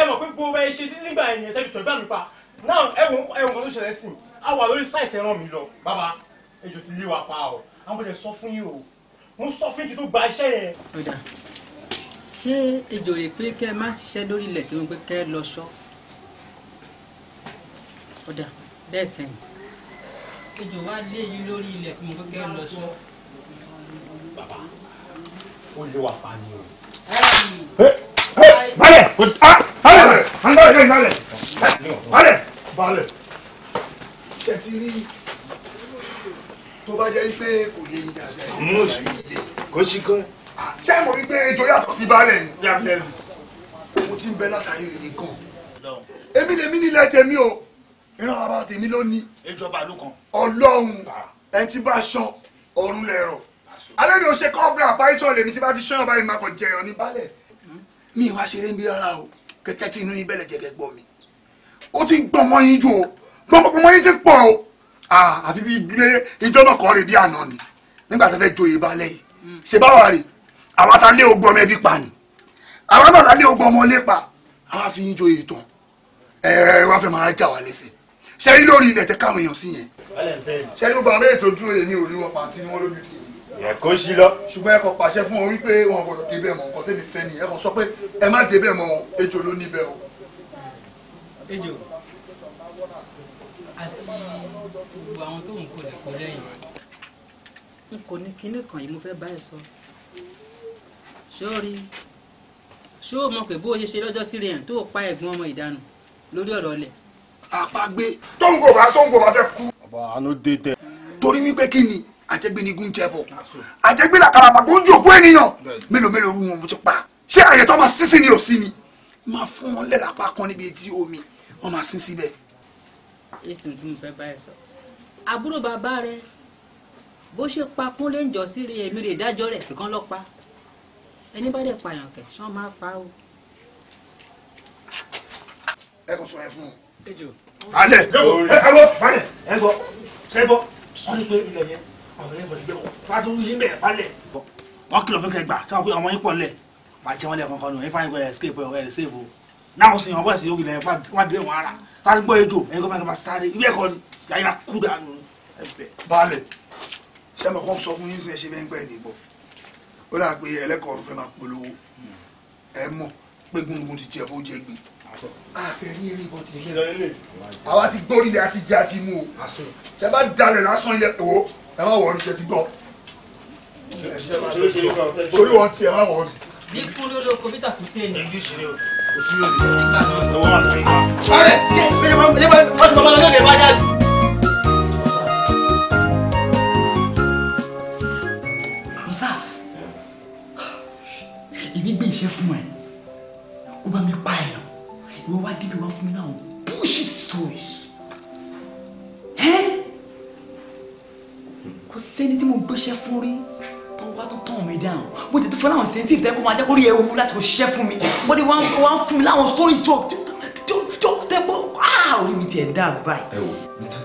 ẹ mọ̀ pé gbogbo ẹ ṣe nígbà yẹn ẹ tẹ́lẹ̀ tọ́ ẹ bá mi pa náà ẹ wò ẹ wò ló ṣẹlẹ̀ sí i a wà lórí sáìtì ẹran mi lọ bàbá ejò ti lé wa pa o àwọn ọmọdé sọ fún yìí o mo sọ fún yìí tó gba iṣẹ́ yẹn. ọ̀dà ṣé ejò rè pé kẹ́ ẹ má ṣiṣẹ́ lórí ilẹ̀ tí mo pé kẹ́ ẹ lọ ṣọ́ ọ̀dà bẹ́ẹ̀ sẹ́yìn ejò wá lé yín lórí ilẹ̀ tí mo pé kẹ́ ẹ lọ ṣọ́. bàbá ó lé wa pa ni o. Ah, balẹ̀ balẹ̀ balẹ̀ vale. Vale, vale. ṣe ti rí Vale, vale. jẹ́ pé kò lè yin dàda yìí kò sí kọ́. Ah, ṣé mo rí pé ètò yàtọ̀ sí balẹ̀ ni mo ti ń bẹ látàrí òye gan èmi lèmi nílẹ̀ o ìran ara tèmi ló ní. ìjọba ló kan. ọlọ́run ah. ẹni tí alẹ́ mi ò ṣe kọ́bùrà python lèmi tí bá ti sọ́yàn báyìí máa kàn jẹyàn ní balẹ̀ mi ìwà ṣeré ń bí rárá o kẹtẹ tí inú yín bẹ̀rẹ̀ jẹ́gẹ́ gbọ́ mi ó ti gbọ́n mọ́ yín jù o gbọ́ngbọ́n mọ́ yín ti pọ̀ o àfi bí gbé ijó náà kọ́ rè bí àná ni nígbà tó fẹ́ joyè balẹ̀ yìí ṣe báwa rè àwa ta lé ogun ọmọ ẹbí pa ni àwa náà ta lé ogun ọmọ ilé pa àwa fi yín joyè tán ẹ ẹ wá fẹ́ máa já wa lẹ́sẹ̀ ṣẹ́yìn lórí ilẹ̀ tẹ́ káwọn èèyàn sí yẹn ṣẹ́yìn gbọ́n bẹ́ẹ̀ tó dúró èmi ò rí wọn pàǹtí ni wọ́n lójú kì í yẹ kó sí lọ. ṣùgbọ́n ẹ kò pàṣẹ fún wọn wípé wọn gbọdọ̀ débẹ̀ mọ́ nǹkan tẹ́mi fẹ́ nìyẹn kò sọ pé ẹ má débẹ̀ mọ́ ejò ló níbẹ̀ o. ejò àti gbogbo àwọn tó ń kó lẹ́kọ̀ọ́ lẹ́yìn. n kò ní kinní kan yìí mo fẹ́ bá ẹ sọ ṣé o rí ṣé o mọ̀ pé bó o ṣe ṣe lọ́jọ́ sí rèèyàn tó pa ẹ̀gbọ́n ọmọ ìdánù lórí ọ̀rọ̀ ọ̀lẹ̀. àpagbé tóńgò bá fẹ́ kú. bàbá àánú dé tẹ. torí wípé kí ni àjẹgbé ni gúnjẹ bọ àjẹgbé làkàrà màgbó ojú òkú ènìyàn mélòó mélòó rú wọn mo ti pa ṣé àyè tó máa sín sí ni ni máa fún wọn lẹ́la pa kan níbi etí omi wọn máa sín síbẹ̀. ìsìn tí mo fẹ́ bá ẹ sọ àbúrò bàbá rẹ bó ṣe pa kúnlé ń jọ sí rí èmi rè dájọ́ rẹ̀ kíkan lọ pa ẹni bá dẹ̀ pààyàn kẹ̀ ṣé wọ́n máa pa o. ẹ kò sọ ẹ fún un. alẹ ẹ wọ balẹ ẹ bọ ṣẹ bọ wọn ní pé ilẹ̀ yẹn ọ̀dọ̀ yín kò ní gbẹ̀wọ̀ tó bá tún yín bẹ̀rẹ̀ balẹ̀. wọ́n kìlọ̀ fún kẹgbà tí wọ́n pé ọmọ yín pọ̀ lẹ̀ máa jẹ́ wọn lẹ́ẹ̀kan nù yín fáyín ẹ̀ save o náà sì yàn bọ́ sí orí lẹ́yìn wọ́n a ń gbọ́ ejò ẹ̀yin gómìnà máa sáré ilé ẹ̀kọ́ ni yàrá kú dànù ẹ̀fẹ̀. balẹ̀ ṣé mo kọ́ sọ fún yín sẹ́ ṣe bẹ́ẹ̀ ń pẹ́ ní ìbọ̀ ó dà pé ẹlẹ́kọ̀ọ́ ọ̀rùn fẹ́ máa polówó ẹ mọ̀ pé gúngun ti jẹ bó jẹ gbé àfẹ̀rí everybody ilé lọ ilé àwa ti gbórí ilẹ̀ àti jẹ àti mú o ṣe bá dalẹ̀ lásán ilẹ̀ tó ẹ má wọrí ṣe ti gbọ́ torí wọn ti ẹ má wọrí. ní kúrò ló kọ́mítà kò tẹ̀ ní ìlú ìṣeré o kò sí òde. ọ̀rẹ́ ṣe ṣe máa ṣe máa ṣe máa lọ́dọ̀ ìbájá. musas èmi gbé iṣẹ́ fún ẹ kó bá mi pa ẹ̀yàn ìwọ wá débi wá fún mi náà bullshit stories. kò sẹ́ni tí mo gbéṣẹ́ fún rí tó wá tó tán mi dáhùn mo tètè fún láwọn incentive tẹ́ máa jẹ́ rí ewu láti ṣiṣẹ́ fún mi wọ́n dé wá ń fún mi láwọn stories tó tó tẹ́ kó áà ah, orí mi tiẹ̀ dáàbò báyìí. ẹ wo mr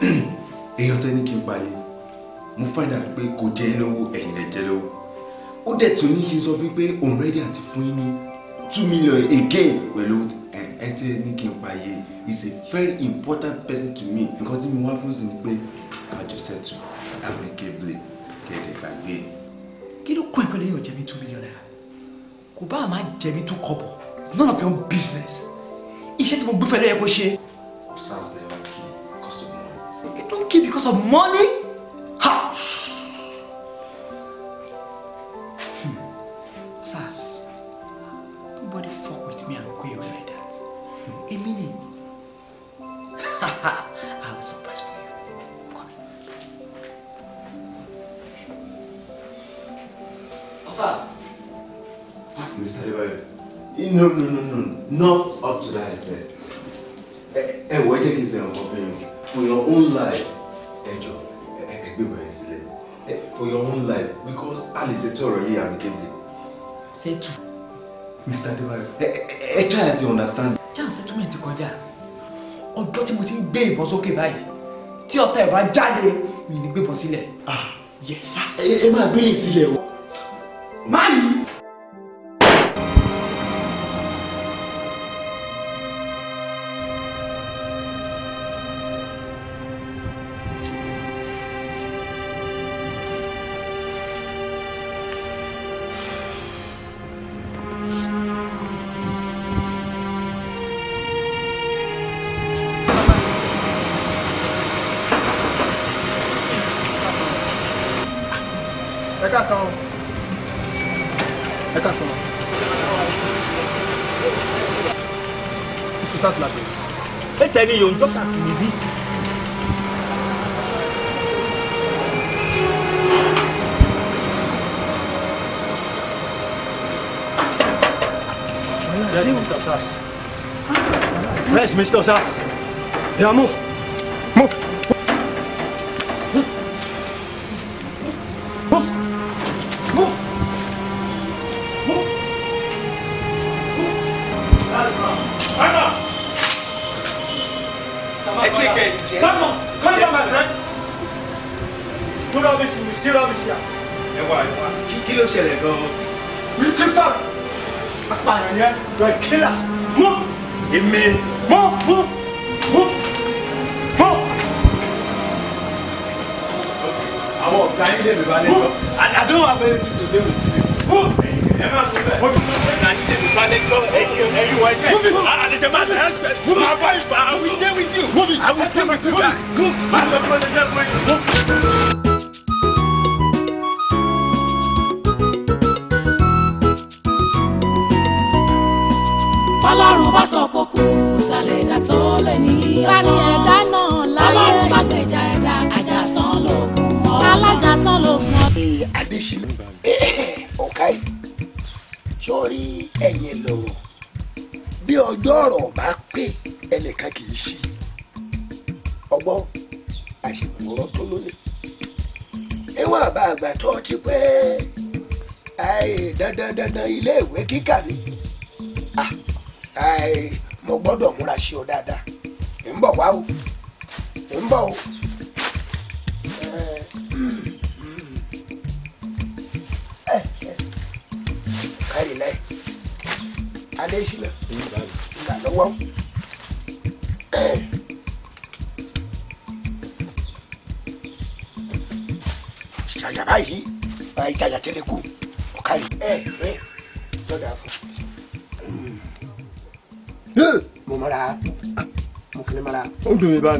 Divine, èèyàn tẹ́ ní kí n pa yín mo find out pé kò jẹ́ lówó ẹ̀yìn lè jẹ́ lówó ó dẹ̀ tún ní kí n sọ fún pé òun rẹ́dí àti fún yín ní two million again pẹ̀lú ẹ tẹ́ ní kí n pa yín is a very important person to me nǹkan tí mo wá fún sí ni pé àjọṣẹ́tù amicably kẹ̀dẹ̀ gbàgbé. kí ló kọ́ ìpínlẹ̀ yóò jẹ́ mi two million naira kò bá a máa jẹ́ mi two kọ́bọ̀ none of your business iṣẹ́ tí mo gbé fẹ́lẹ́ yẹ kó ṣe. osas never kill because of money. you don't kill because of money. ha. Hmm. nobody fuck with me and queer like that. èmi ni. ha ha. SARS. Ah, Mr. Ibayo, no, no, no, no, not up to that extent. Ẹ why ẹjẹ́ kí n sẹ̀rọ̀ kan For your own life, ẹ jọ ẹ gbé bẹ̀rẹ̀ sílẹ̀. For your own life, because a lè ṣètò ọ̀rọ̀ yìí amicably. Ṣètò. Mr. Adebayo, ẹ try to understand. Jan settlement kọjá. Ọjọ́ tí got him ń gbé ìbọn sókè báyìí, tí ọ̀tá ẹ̀ bá jáde, mi ò ní gbébọn Ah, Yes. Ah, ẹ máa gbélé sílẹ̀ o. Mas Let's jọ́ka sí níbí. Yes, Mr. Sass. Yes, Mr. Sass. Yeah, move.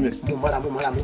lẹ̀. mo mọ́ra mo mọ́ra mo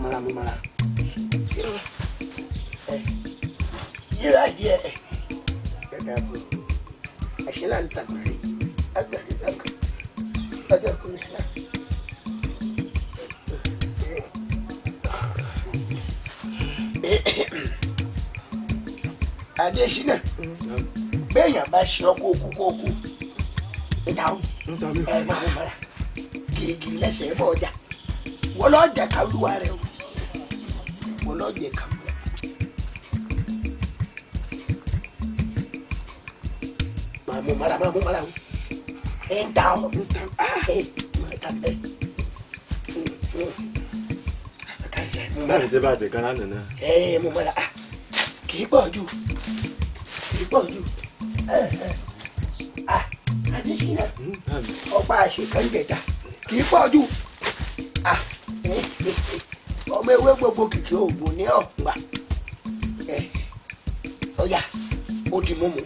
àti kan lánàá náà. ẹ ẹ mo mọ̀ra kì í pọ̀ jù kì í pọ̀ jù adesina hmm, ọba àṣekẹ́ńdẹ̀ta kì í pọ̀ jù ọmọ ewé gbogbo kìkì òògùn ní ọ̀gbà ọ̀yà ó di mímu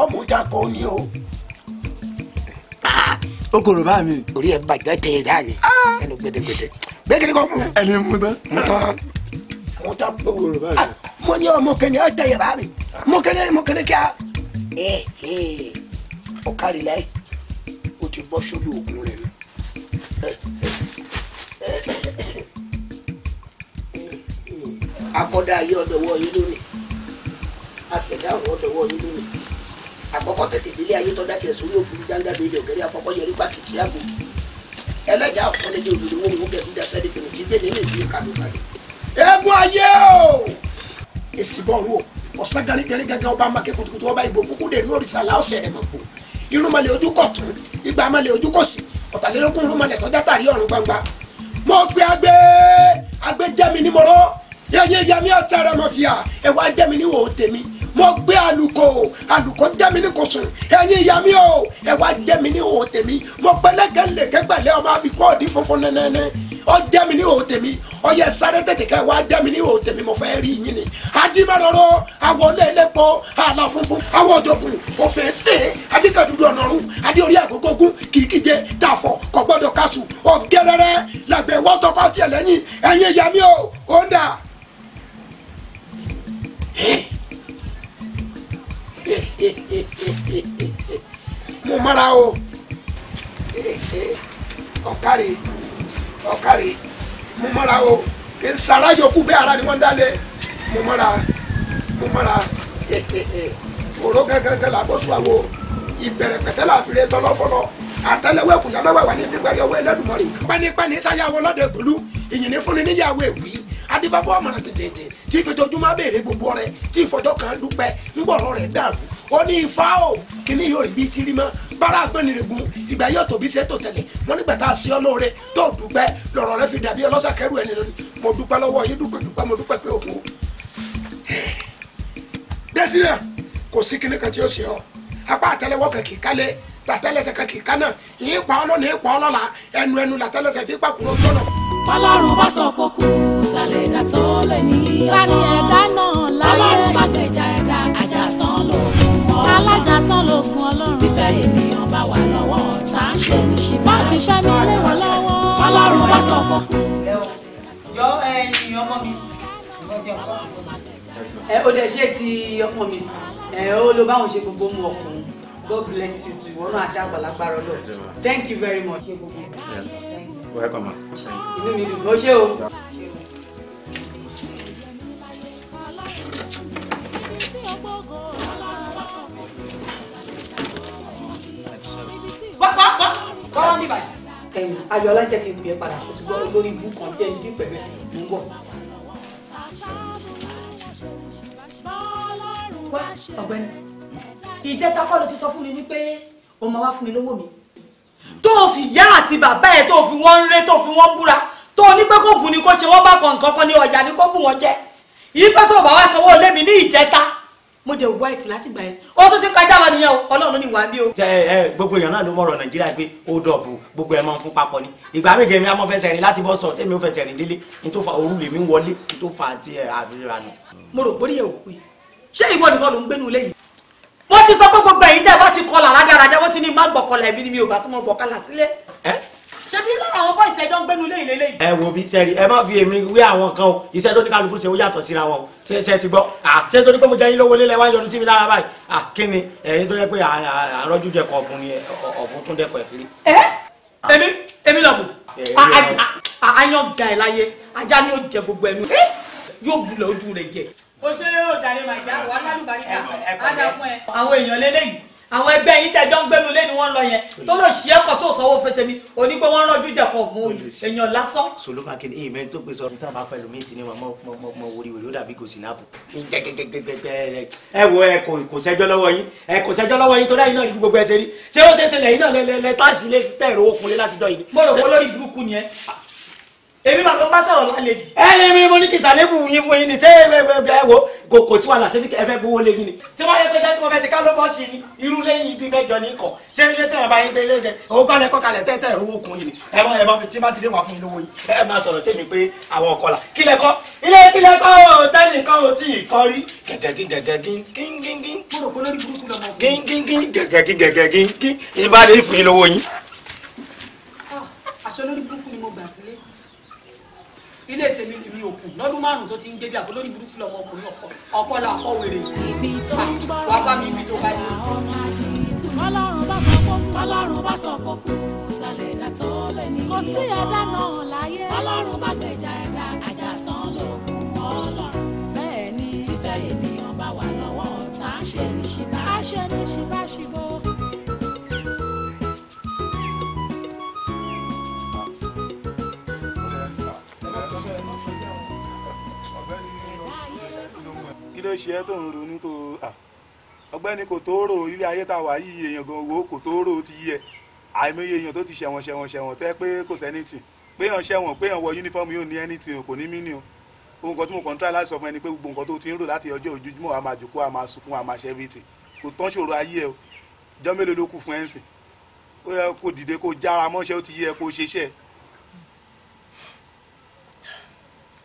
ọ̀mù jákòó ni o. ó kòrò bá mi. orí ẹ bàjẹ́ tẹ̀ ẹ́ dáa ni ẹnu gbẹdẹgbẹdẹ pé kí ni kò mú. ẹni mú tán. mú tán. mú tán gbogbo rẹ báyìí. mo ní ọmọ kẹne ọjà yẹ bá mi mo kẹne mo kẹne kí a. ọ̀kadì láyé o ti bọ́ sódò ògùn rẹ̀ nù. akọ́dá ayé ọ̀dọ̀wọ́ yín lónìí àṣẹ̀dá àkọ́kọ́ tètè délé ayé tọ́jà tiẹ̀ sórí òfurufú jáńgá lórí ọ̀gẹ́rẹ́ àfọkọ́ yẹrí pàkìtì àgbò ẹlẹ́jà ọ̀fọ́nẹ́dẹ́ òdodo ẹsẹ̀ ní tòun ti dé nílé ìdí kàdúkàdú. egun ayé o èsì bọ̀ wò ọ̀sán garigari gàgà ọba amákẹ́ kutukutu ọba ìbò kúkú dé ní òrìṣà láọ̀sẹ̀ rẹ̀ mọ̀ fún irun malẹ̀ ojú kọ̀ tún igba malẹ̀ ojú kọ̀ sí ọ̀tàlélógún irun malẹ̀ tọ́jà tàrí ọ̀run gbangba. mo pe agbe agbe jẹ́mi ní mọ́rọ́ yẹ́nyẹ́ yẹ́mi ọ̀tẹ̀ rẹ̀ mọ̀ fìyà ẹ̀wá jẹ́mi ní wò ó tèmi mo gbé alùkò alùkò dẹ́mi ní kòsùn ẹ̀yin ìyá mi o ẹ̀ wá dẹ́mi ní òun tèmi mo pẹ́ lẹ́kẹ̀lẹ́kẹ̀ gbẹ̀lẹ́ ọmọ abikọ́ ọ̀dí funfun nẹ́nẹ́nẹ́ ọ jẹ́ mi ní òun tèmi ọyẹ sáré tètè ká wá jẹ́ mi ní òun tèmi mo fẹ́ rí yín ni adimọ̀rọ̀rọ̀ àwọ̀ lẹ́lẹ́pọ̀ àlà funfun àwọ̀ òdòkùn òfẹ́fẹ́ adíkàdúdú ọ̀nàrún adé orí àgógógún kìkìjẹ tàfọ̀ kò gbọ́dọ̀ kásù ọ̀gẹ́rẹ́rẹ́ làgbẹ̀ wọ́tọ́kọ́ tiẹ̀ lẹ́yìn ẹ̀yin ìyá mi ò ó ń dà. mo mara o ọ̀kárẹ̀ ọ̀kàrí mo mọ́ra o kì í sara yòókù bẹ́ẹ̀ ara ni wọ́n dálé mo mọ́ra mo mọ́ra òró gángan la bọ́ sùn àwo ìbẹ̀rẹ̀ pẹ̀tẹ́ la fi lé tọ́lọ́ fọlọ́ àtẹlẹwẹ kùyà mẹwàá wà ní fífẹ́ ọwọ́ ẹlẹ́dùnmọ́rì pẹ́nipẹ́ni sáyàwó lọ́dẹ gbòlú ìyìnlẹ fúnni níyàwó èwì adífáfọ́ ọmọràn tètè tí ìfẹjọjúmọ́ béèrè gbogbo rẹ tí ìfọjọ́ kan dúpẹ́ ńgbọ̀rọ̀ rẹ̀ dàrú ó ní ifá o kíní yóò ibi tiri mọ́ bára agbẹ́niregun ìgbà yóò tóbi ṣe tó tẹ̀lé wọn nígbà tá a ṣe ọ lóore tó dúpẹ́ lọ́rọ̀ rẹ fi dàbí ọlọ́sà kẹrù ẹni lónìí mo dúpẹ́ lọ́wọ́ yín dúpẹ́ dúpẹ́ mo dúpẹ́ pé òkú. dẹ́sí náà kò sí kíní kan tí ó ṣe ọ apá àtẹ́lẹwọ́ kan kì í kálẹ̀ tàtẹ́lẹsẹ̀ kan kì í kánà yìí pa ọlọ́nà ọlọ́la ẹnu ẹnu làtẹ́lẹsẹ̀ fi pàkúrò tọ́nà. ọlọ́run bá sọ fokùn sálẹ̀ dàtọ́ lẹ́ni ọ̀tọ̀ ọlọ́run bá gbèjà ẹ̀ alájà tán ọlọ́run. fífẹ́ ènìyàn bá wà lọ́wọ́ ọ̀tá. má fi fẹ́ mi lé wọn lọ́wọ́. ọlọ́run bá sọ fún. yọ ẹyin ọmọ mi ẹ o dẹ ṣe ti ọmọ mi ẹ o ló báwọn ṣe gbogbo mu ọkùnrin God bless you too ìwọ náà dàgbà lágbára Ọlọ́run thank you very much. welcome inú mi dùn kó ṣe o. wá wá wá wá wá níbàyí. ẹ̀yìn ayọ̀lá jẹ́ kí n pè é padà sọ ti gbọ́ lórí ibú kan jẹ́ ìdí pẹ̀lẹ́ mú bọ̀. wá ọ̀gbẹ́ni ìjẹta kọ́ ló ti sọ fún mi wípé o máa wá fún mi lówó mi tó o fi yá àti bàbá ẹ̀ tó o fi wọ́n ń ré tó o fi wọ́n búra tó o ní pé kó gùn ni kó ṣe wọ́n bá kan nǹkan kan ní ọjà ni kó bù wọ́n jẹ́ ìyípẹ́ tó o bá wá sanwó lé mi ní ìjẹta mo dẹ̀ wá ìtì láti gbà yẹn ó tún ti kọjá wa nìyẹn o ọlọ́run ni wà mí o. ẹ ẹ gbogbo èèyàn náà ló mọ̀rọ̀ nàìjíríà pé ó dọ̀bù gbogbo ẹ̀ máa ń fún papọ̀ ni ìgbà mi gẹ̀mí àmọ́ fẹsẹ̀ rìn láti bọ́ sọ tẹ́mi ó fẹsẹ̀ rìn délé ní tó fa òru lèmi wọlé ní tó fa àti àfihàn nù. mo rò bórí ẹ ò pé ṣé ìwọ nìkan ló ń gbénu ilé yìí. mo ti sọ pé gbogbo ẹ̀yin tẹ́ ni mi ò bá tún mọ gbọ̀kọlà sílẹ̀ ṣé bí lára àwọn bọ́ọ̀sì ẹjọ́ ń gbénu lé ìlélé yìí. ẹ wo bí sẹ́ẹ̀rì ẹ má fi èmi wé àwọn kan o iṣẹ́ tó ní kálukú ṣe ó yàtọ̀ síra wọn o ṣe ṣe ti gbọ́ àṣẹ tó ní pé mo jẹ́ yín lówó lélẹ̀ wáyé ọdún sí mi lára báyìí àkíni ẹ̀yin tó yẹ pé àrọ́jú jẹ kọ̀ ọ̀bùn ni ọ̀bùn tún dẹ́kọ̀ ẹ̀kiri. ẹ èmi èmi lọ bù àyàn ga ẹ̀ láyé ajá ni ó jẹ gbogbo ẹnu yóò bulẹ̀ ojú rẹ̀ jẹ àwọn ẹgbẹ́ yín tẹ́jọ́ ń gbénu lé ni wọ́n lọ yẹn tó lọ sí ẹ̀kọ́ tó sọ́wọ́ fètè mi òní pé wọ́n rọ́jú jẹ̀kọ̀ mú olè lásán. solo makin eyi mẹ́rin tó gbé sọ. níta bá pẹ̀lú mi sí ni mo mo wòri wòri ó dàbí kò sí náàbò. ẹ wo ẹ kò kò sẹ́jọ́ lọ́wọ́ yín ẹ kò sẹ́jọ́ lọ́wọ́ yín tó dáyìn náà ní gbogbo ẹsẹ̀ rí ṣé ó ṣeéṣe lẹ́yìn náà lẹ́lẹ́ táàsì lé tẹ̀rọ okun lé látijọ́ èmi màá tó bá sọ̀rọ̀ lálejì. ẹ ẹ mi mo ní kìsàlébù yín fún yín ní sẹ́yìn ẹ wo kò kò sí wàhálà ṣebí ẹ fẹ́ gbowó lé yín ni tí wọ́n yẹ pé sẹ́ni mo fẹ́ ti ká ló bọ́ sí ni irú lẹ́yìn ibi mẹ́jọ ní kọ̀ ṣé ilé tẹ̀ ẹ̀ gbé ilé jẹ òun gbọ́n lẹ́kọ́ kalẹ̀ tẹ́tẹ́ ìrówó kun yìí ni ẹ bá ẹ bá tí bá ti lé wà fún ilé wo yìí ẹ máa sọ̀rọ̀ sí pé àwọn ọkọ la kílẹ̀ kọ́ ilé kílẹ̀ kọ́ o tẹ́lẹ̀ kọ́ o tí ì kọ́ ilé tèmi mi ò kù lọ́dún márùn tó ti ń gbé bí àpò lórí burúkú lọ́mọ ọkùnrin ọkọ là ọkọ wèrè wà bá mi ibi tó bá dé. ọlọ́run bá sọ fún ọlọ́run bá sọ fún kú talẹ̀ ẹ̀dá tó ní ìyẹn tán kò sí ẹ̀dá náà ọlọ́run bá gbèjà ẹ̀dá ajá tán ló kún ọlọ́run bẹ́ẹ̀ ni ìfẹ́ ènìyàn bá wà lọ́wọ́ ọ̀tá ṣe ní ṣe bá ṣe ní ló ṣe ẹ́ tó ń ronú tó ọ̀gbẹ́ni kò tó rò ilé ayé tá a wà yìí èèyàn gan wo kò tó rò ti yẹ àìmọye èèyàn tó ti ṣẹ̀wọ̀n ṣẹ̀wọ̀n ṣẹ̀wọ̀n tẹ́ pé kò sẹ́ni tì pé èèyàn ṣẹ̀wọ̀n pé èèyàn wọ yúnífọ́ọ̀mù yóò ní ẹni tì kò ní mí ni o ohun kan tí mo kàn ń try láti sọ fún ẹni pé gbogbo nǹkan tó ti ń rò láti ọjọ́ ojoojúmọ́ a máa jòkó sunkún a máa kò tán ṣòro ayé ẹ o jọ́ mélòó ló kù fún ẹ̀ ń sìn ó yẹ kó dìde kó jára mọ́ṣẹ́ ó ti yẹ kó ṣeṣẹ́.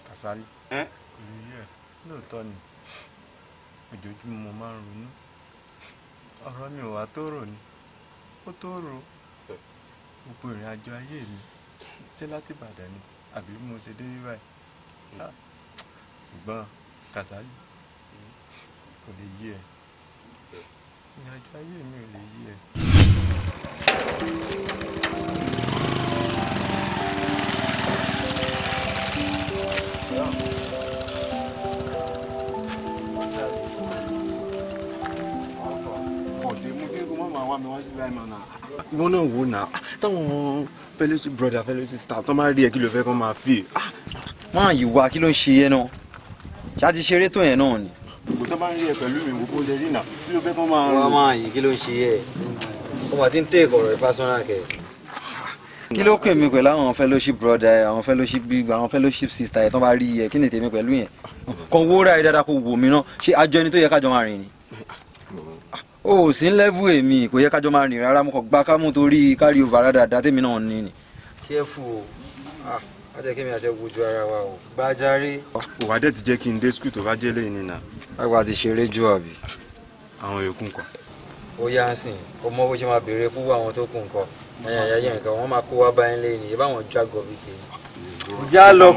Kasali. ẹ lóòótọ́ ni ojoojúmọ́ mo máa ń ronú ọ̀rọ̀ mi ò tó rò ni ó tó rò gbogbo ìrìn àjò ayé mi ṣé láti Ìbàdàn ni àbí mo ṣe dé báyìí ah, ṣùgbọ́n Kàsálí kò lè yí ẹ ìrìn àjò ayé mi ò lè yí ẹ. máa wá mi wá sí láì máa nà. ìwọ náà wò ná táwọn fellowship brother fellowship star tó máa rí ẹ kí ló fẹ́ kó máa fi. Ah! máa yìí wá kí ló ń ṣe yẹn náà ṣáà ti ṣeré tó yẹn náà ni. gbogbo tó bá ń rí ẹ pẹ̀lú mi gbogbo lè rí nà kí ló fẹ́ kó pẹ̀lú àwọn fellowship brother àwọn fellowship big àwọn fellowship sister ẹ̀ tó bá rí ẹ kí ni tèmi pẹ̀lú yẹn kàn wó ra ẹ dáadáa kó wò mí náà ṣé àjọ ẹni tó yẹ kájọ máa rìn ni o ò sí lẹ́fù èmi kò yẹ kájọ máa rìn rárá mo kàn gbá kámú torí kárí o bàrà dáadáa tèmi náà ní ni. kẹ́fù o a ah, jẹ́ kí mi àti ẹ̀kú ju ara wa o gbájáre. o wá dẹ̀ ti jẹ́ kí n dé skul tó bá jẹ́ lẹ́yìn nínà. àgbà ti ṣeré jù àbí. àwọn yòókù nǹkan. ó yá ń sìn ó mọ bó ṣe máa béèrè kú àwọn tó kù nǹkan ẹ̀yà ẹ̀yà nǹkan wọ́n máa kó wá báyìí lẹ́yìn nìyẹn báwọn já lọ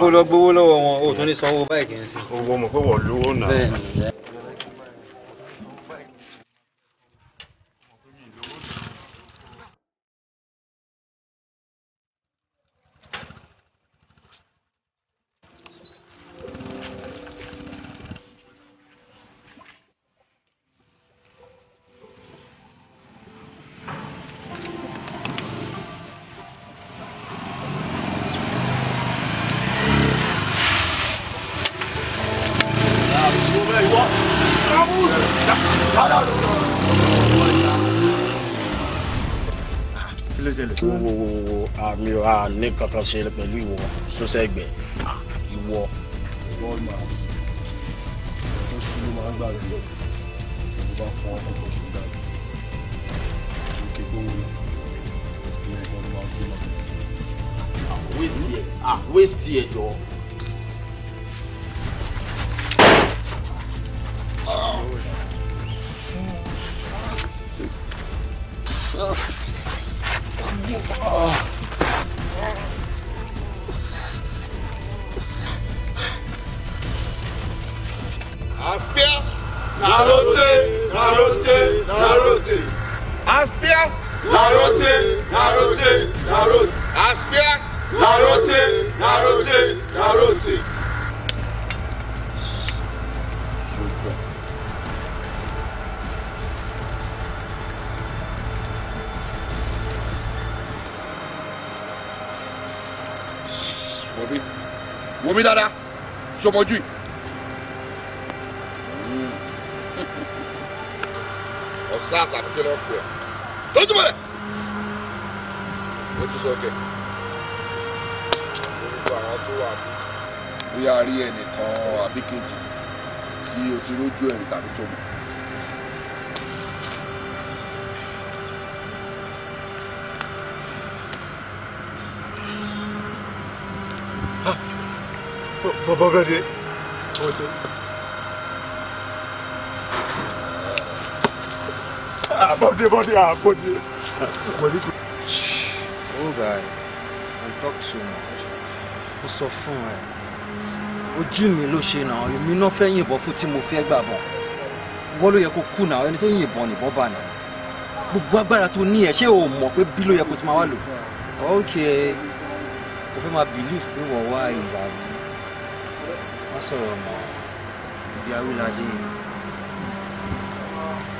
nǹkan kan ṣe pẹ̀lú ìwọ sọ́sẹ̀gbẹ̀ ìwọ. god man ó ṣubú máa ń gbàgbé ìlú bá pọn ọkọ tó kí n gbàgbé ìlú kékeré ìlú ìbọn máa ń gbé lọ. waste yẹ ah waste yẹ jọ. Oh. Narote, narote, narote. Aspia. Narote, narote, narote. Aspia. Narote, narote, narote. Wo mi dada, ṣọmọjú yìí. sars àti kí ló ń pè ọ́ tó túbọ̀ rẹ̀ bóyá rí ẹnìkan àbí kejì tí o ti rójú ẹ̀rí tàbí tó mọ̀. Baba bẹ́ẹ̀ ni, ọjọ́. Bode, bode, ah, Shh, old guy, don't talk too much. Ó sọ fún ẹ. Ojú mi ló ṣe o èmi náà fẹ́ yìnbọn fún tí mo fẹ́ gbà bọ̀. Wọ́n ló yẹ kó kú náà, ẹni tó yìnbọn nìbọn bá náà. Gbogbo agbára tó ní ẹ̀ ṣé o mọ̀ pé bí ló yẹ kó ti máa wá lò? Okay, o fẹ́ máa believe pé wọ́n wá ìzàbí. Wọ́n sọ̀rọ̀ mọ́ ibi awíládé yìí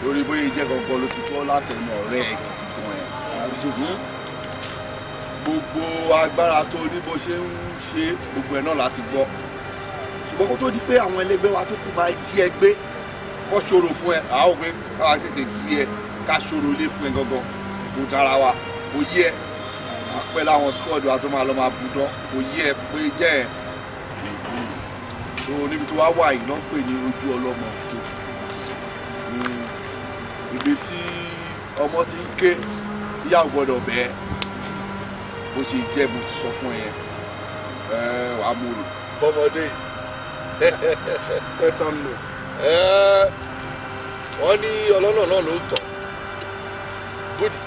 lórí bóyá ìjẹ́ kankan ló ti kọ́ láti ẹnu ọ̀rẹ́ ẹ̀ kìkan ẹ̀ ṣùgbọ́n gbogbo agbára tó ní bó ṣe ń ṣe gbogbo ẹ̀ náà láti gbọ́ ṣùgbọ́n kó tó di pé àwọn ẹlẹgbẹ́ wa tó kù máa jí ẹ gbé kọ́ ṣòro fún ẹ àá ò pé káwa tètè kí ẹ ká ṣòro lé fún ẹ gangan kò dára wa kò yí ẹ àpẹ láwọn skọọdù wa tó máa lọ kò yí ẹ pé jẹ́ ẹ níbi tó wá wà yìí náà pè ní ojú ọlọ́mọ ibi tí ọmọ ti ń ké tíyàwó gbọ́dọ̀ bẹ́ẹ̀ bó ṣe jẹ́ mo ti sọ fún ẹ ẹ wàá mú rò bọ́mọdé tẹ́tàn lò wọ́n ní ọlọ́nà náà ló tọ̀ bódì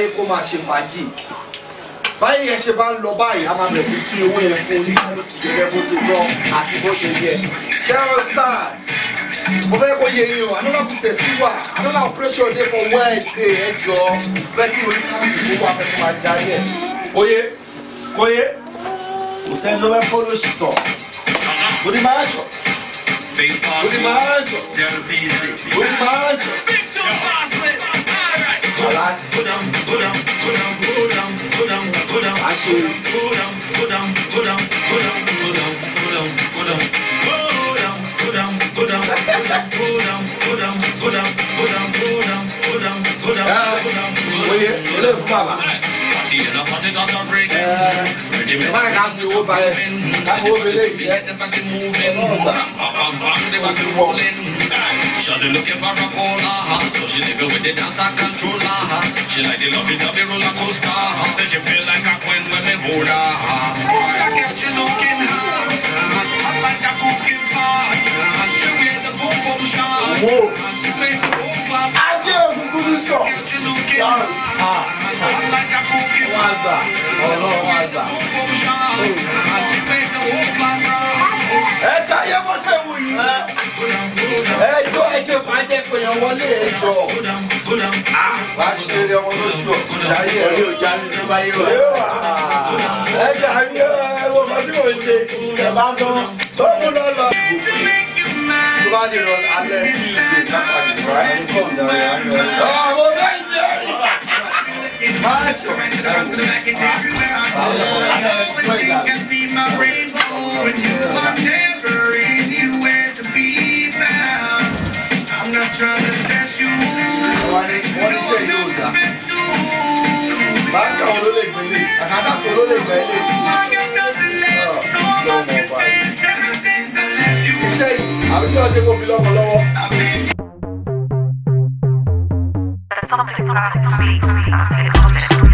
sáyé kó máa ṣe fàájì báyìí yẹn ṣe bá ń lọ báyìí a máa bẹ̀rẹ̀ sí pín owó yẹn fún yín gẹ́gẹ́ bó ti lọ àti bó ṣe yẹ ṣẹ́rọ̀ sáà mo fẹ́ kó yẹ yín o another process wà another operation dey for wednesday ẹjọ́ fẹ́ kí orí ká ìlú wa fẹ́ kó máa já yẹ. kóyé kóyé kò sẹ́ni ló fẹ́ fọ́lọ́ ṣìtọ̀ kò ní máa ṣọ̀ kò ní máa ṣọ̀ kò ní máa ṣọ̀. I Alright? Go down, go down, go down, go down, go down, go down. I see. Go down, go down, go down, go down, go down, go down, go down. Go down, go down, go down, go down, go down, go down, go down, go down, go down, go down, go down. Oye, ilé ìfúnpamà. Má kà fi owó balẹ̀, ká fi owó belé yìí. Ọlọ́run ta. Shawty looking for a polar So she living with the dancer controller She like the lovey-dovey roller coaster Say she feel like a queen when me hold her I got you looking hot I like a cooking pot She wear the boom-boom shot She make the whole club I got you looking hot I like a cooking pot oh, She wear the boom-boom shot She make the whole club rock Ẹ ta yẹ bó ṣe wù yìí. Ẹ tó. ṣe máa jẹ́ pé yan wọlé ẹjọ́. bá a ṣe lè wọn lóṣù I see my rainbow when you are there. Wọ́n ní wọ́n ní sẹ́yìn yóò dá. Báńkà wo ló lè gbélé? Àkàtà tó ló lè gbélé? Lọ́wọ́ ọba yìí. Iṣẹ́ yìí, àbíkí ọdẹ kò fi lọ́wọ́ lọ́wọ́. Something, something, something, something, something, something.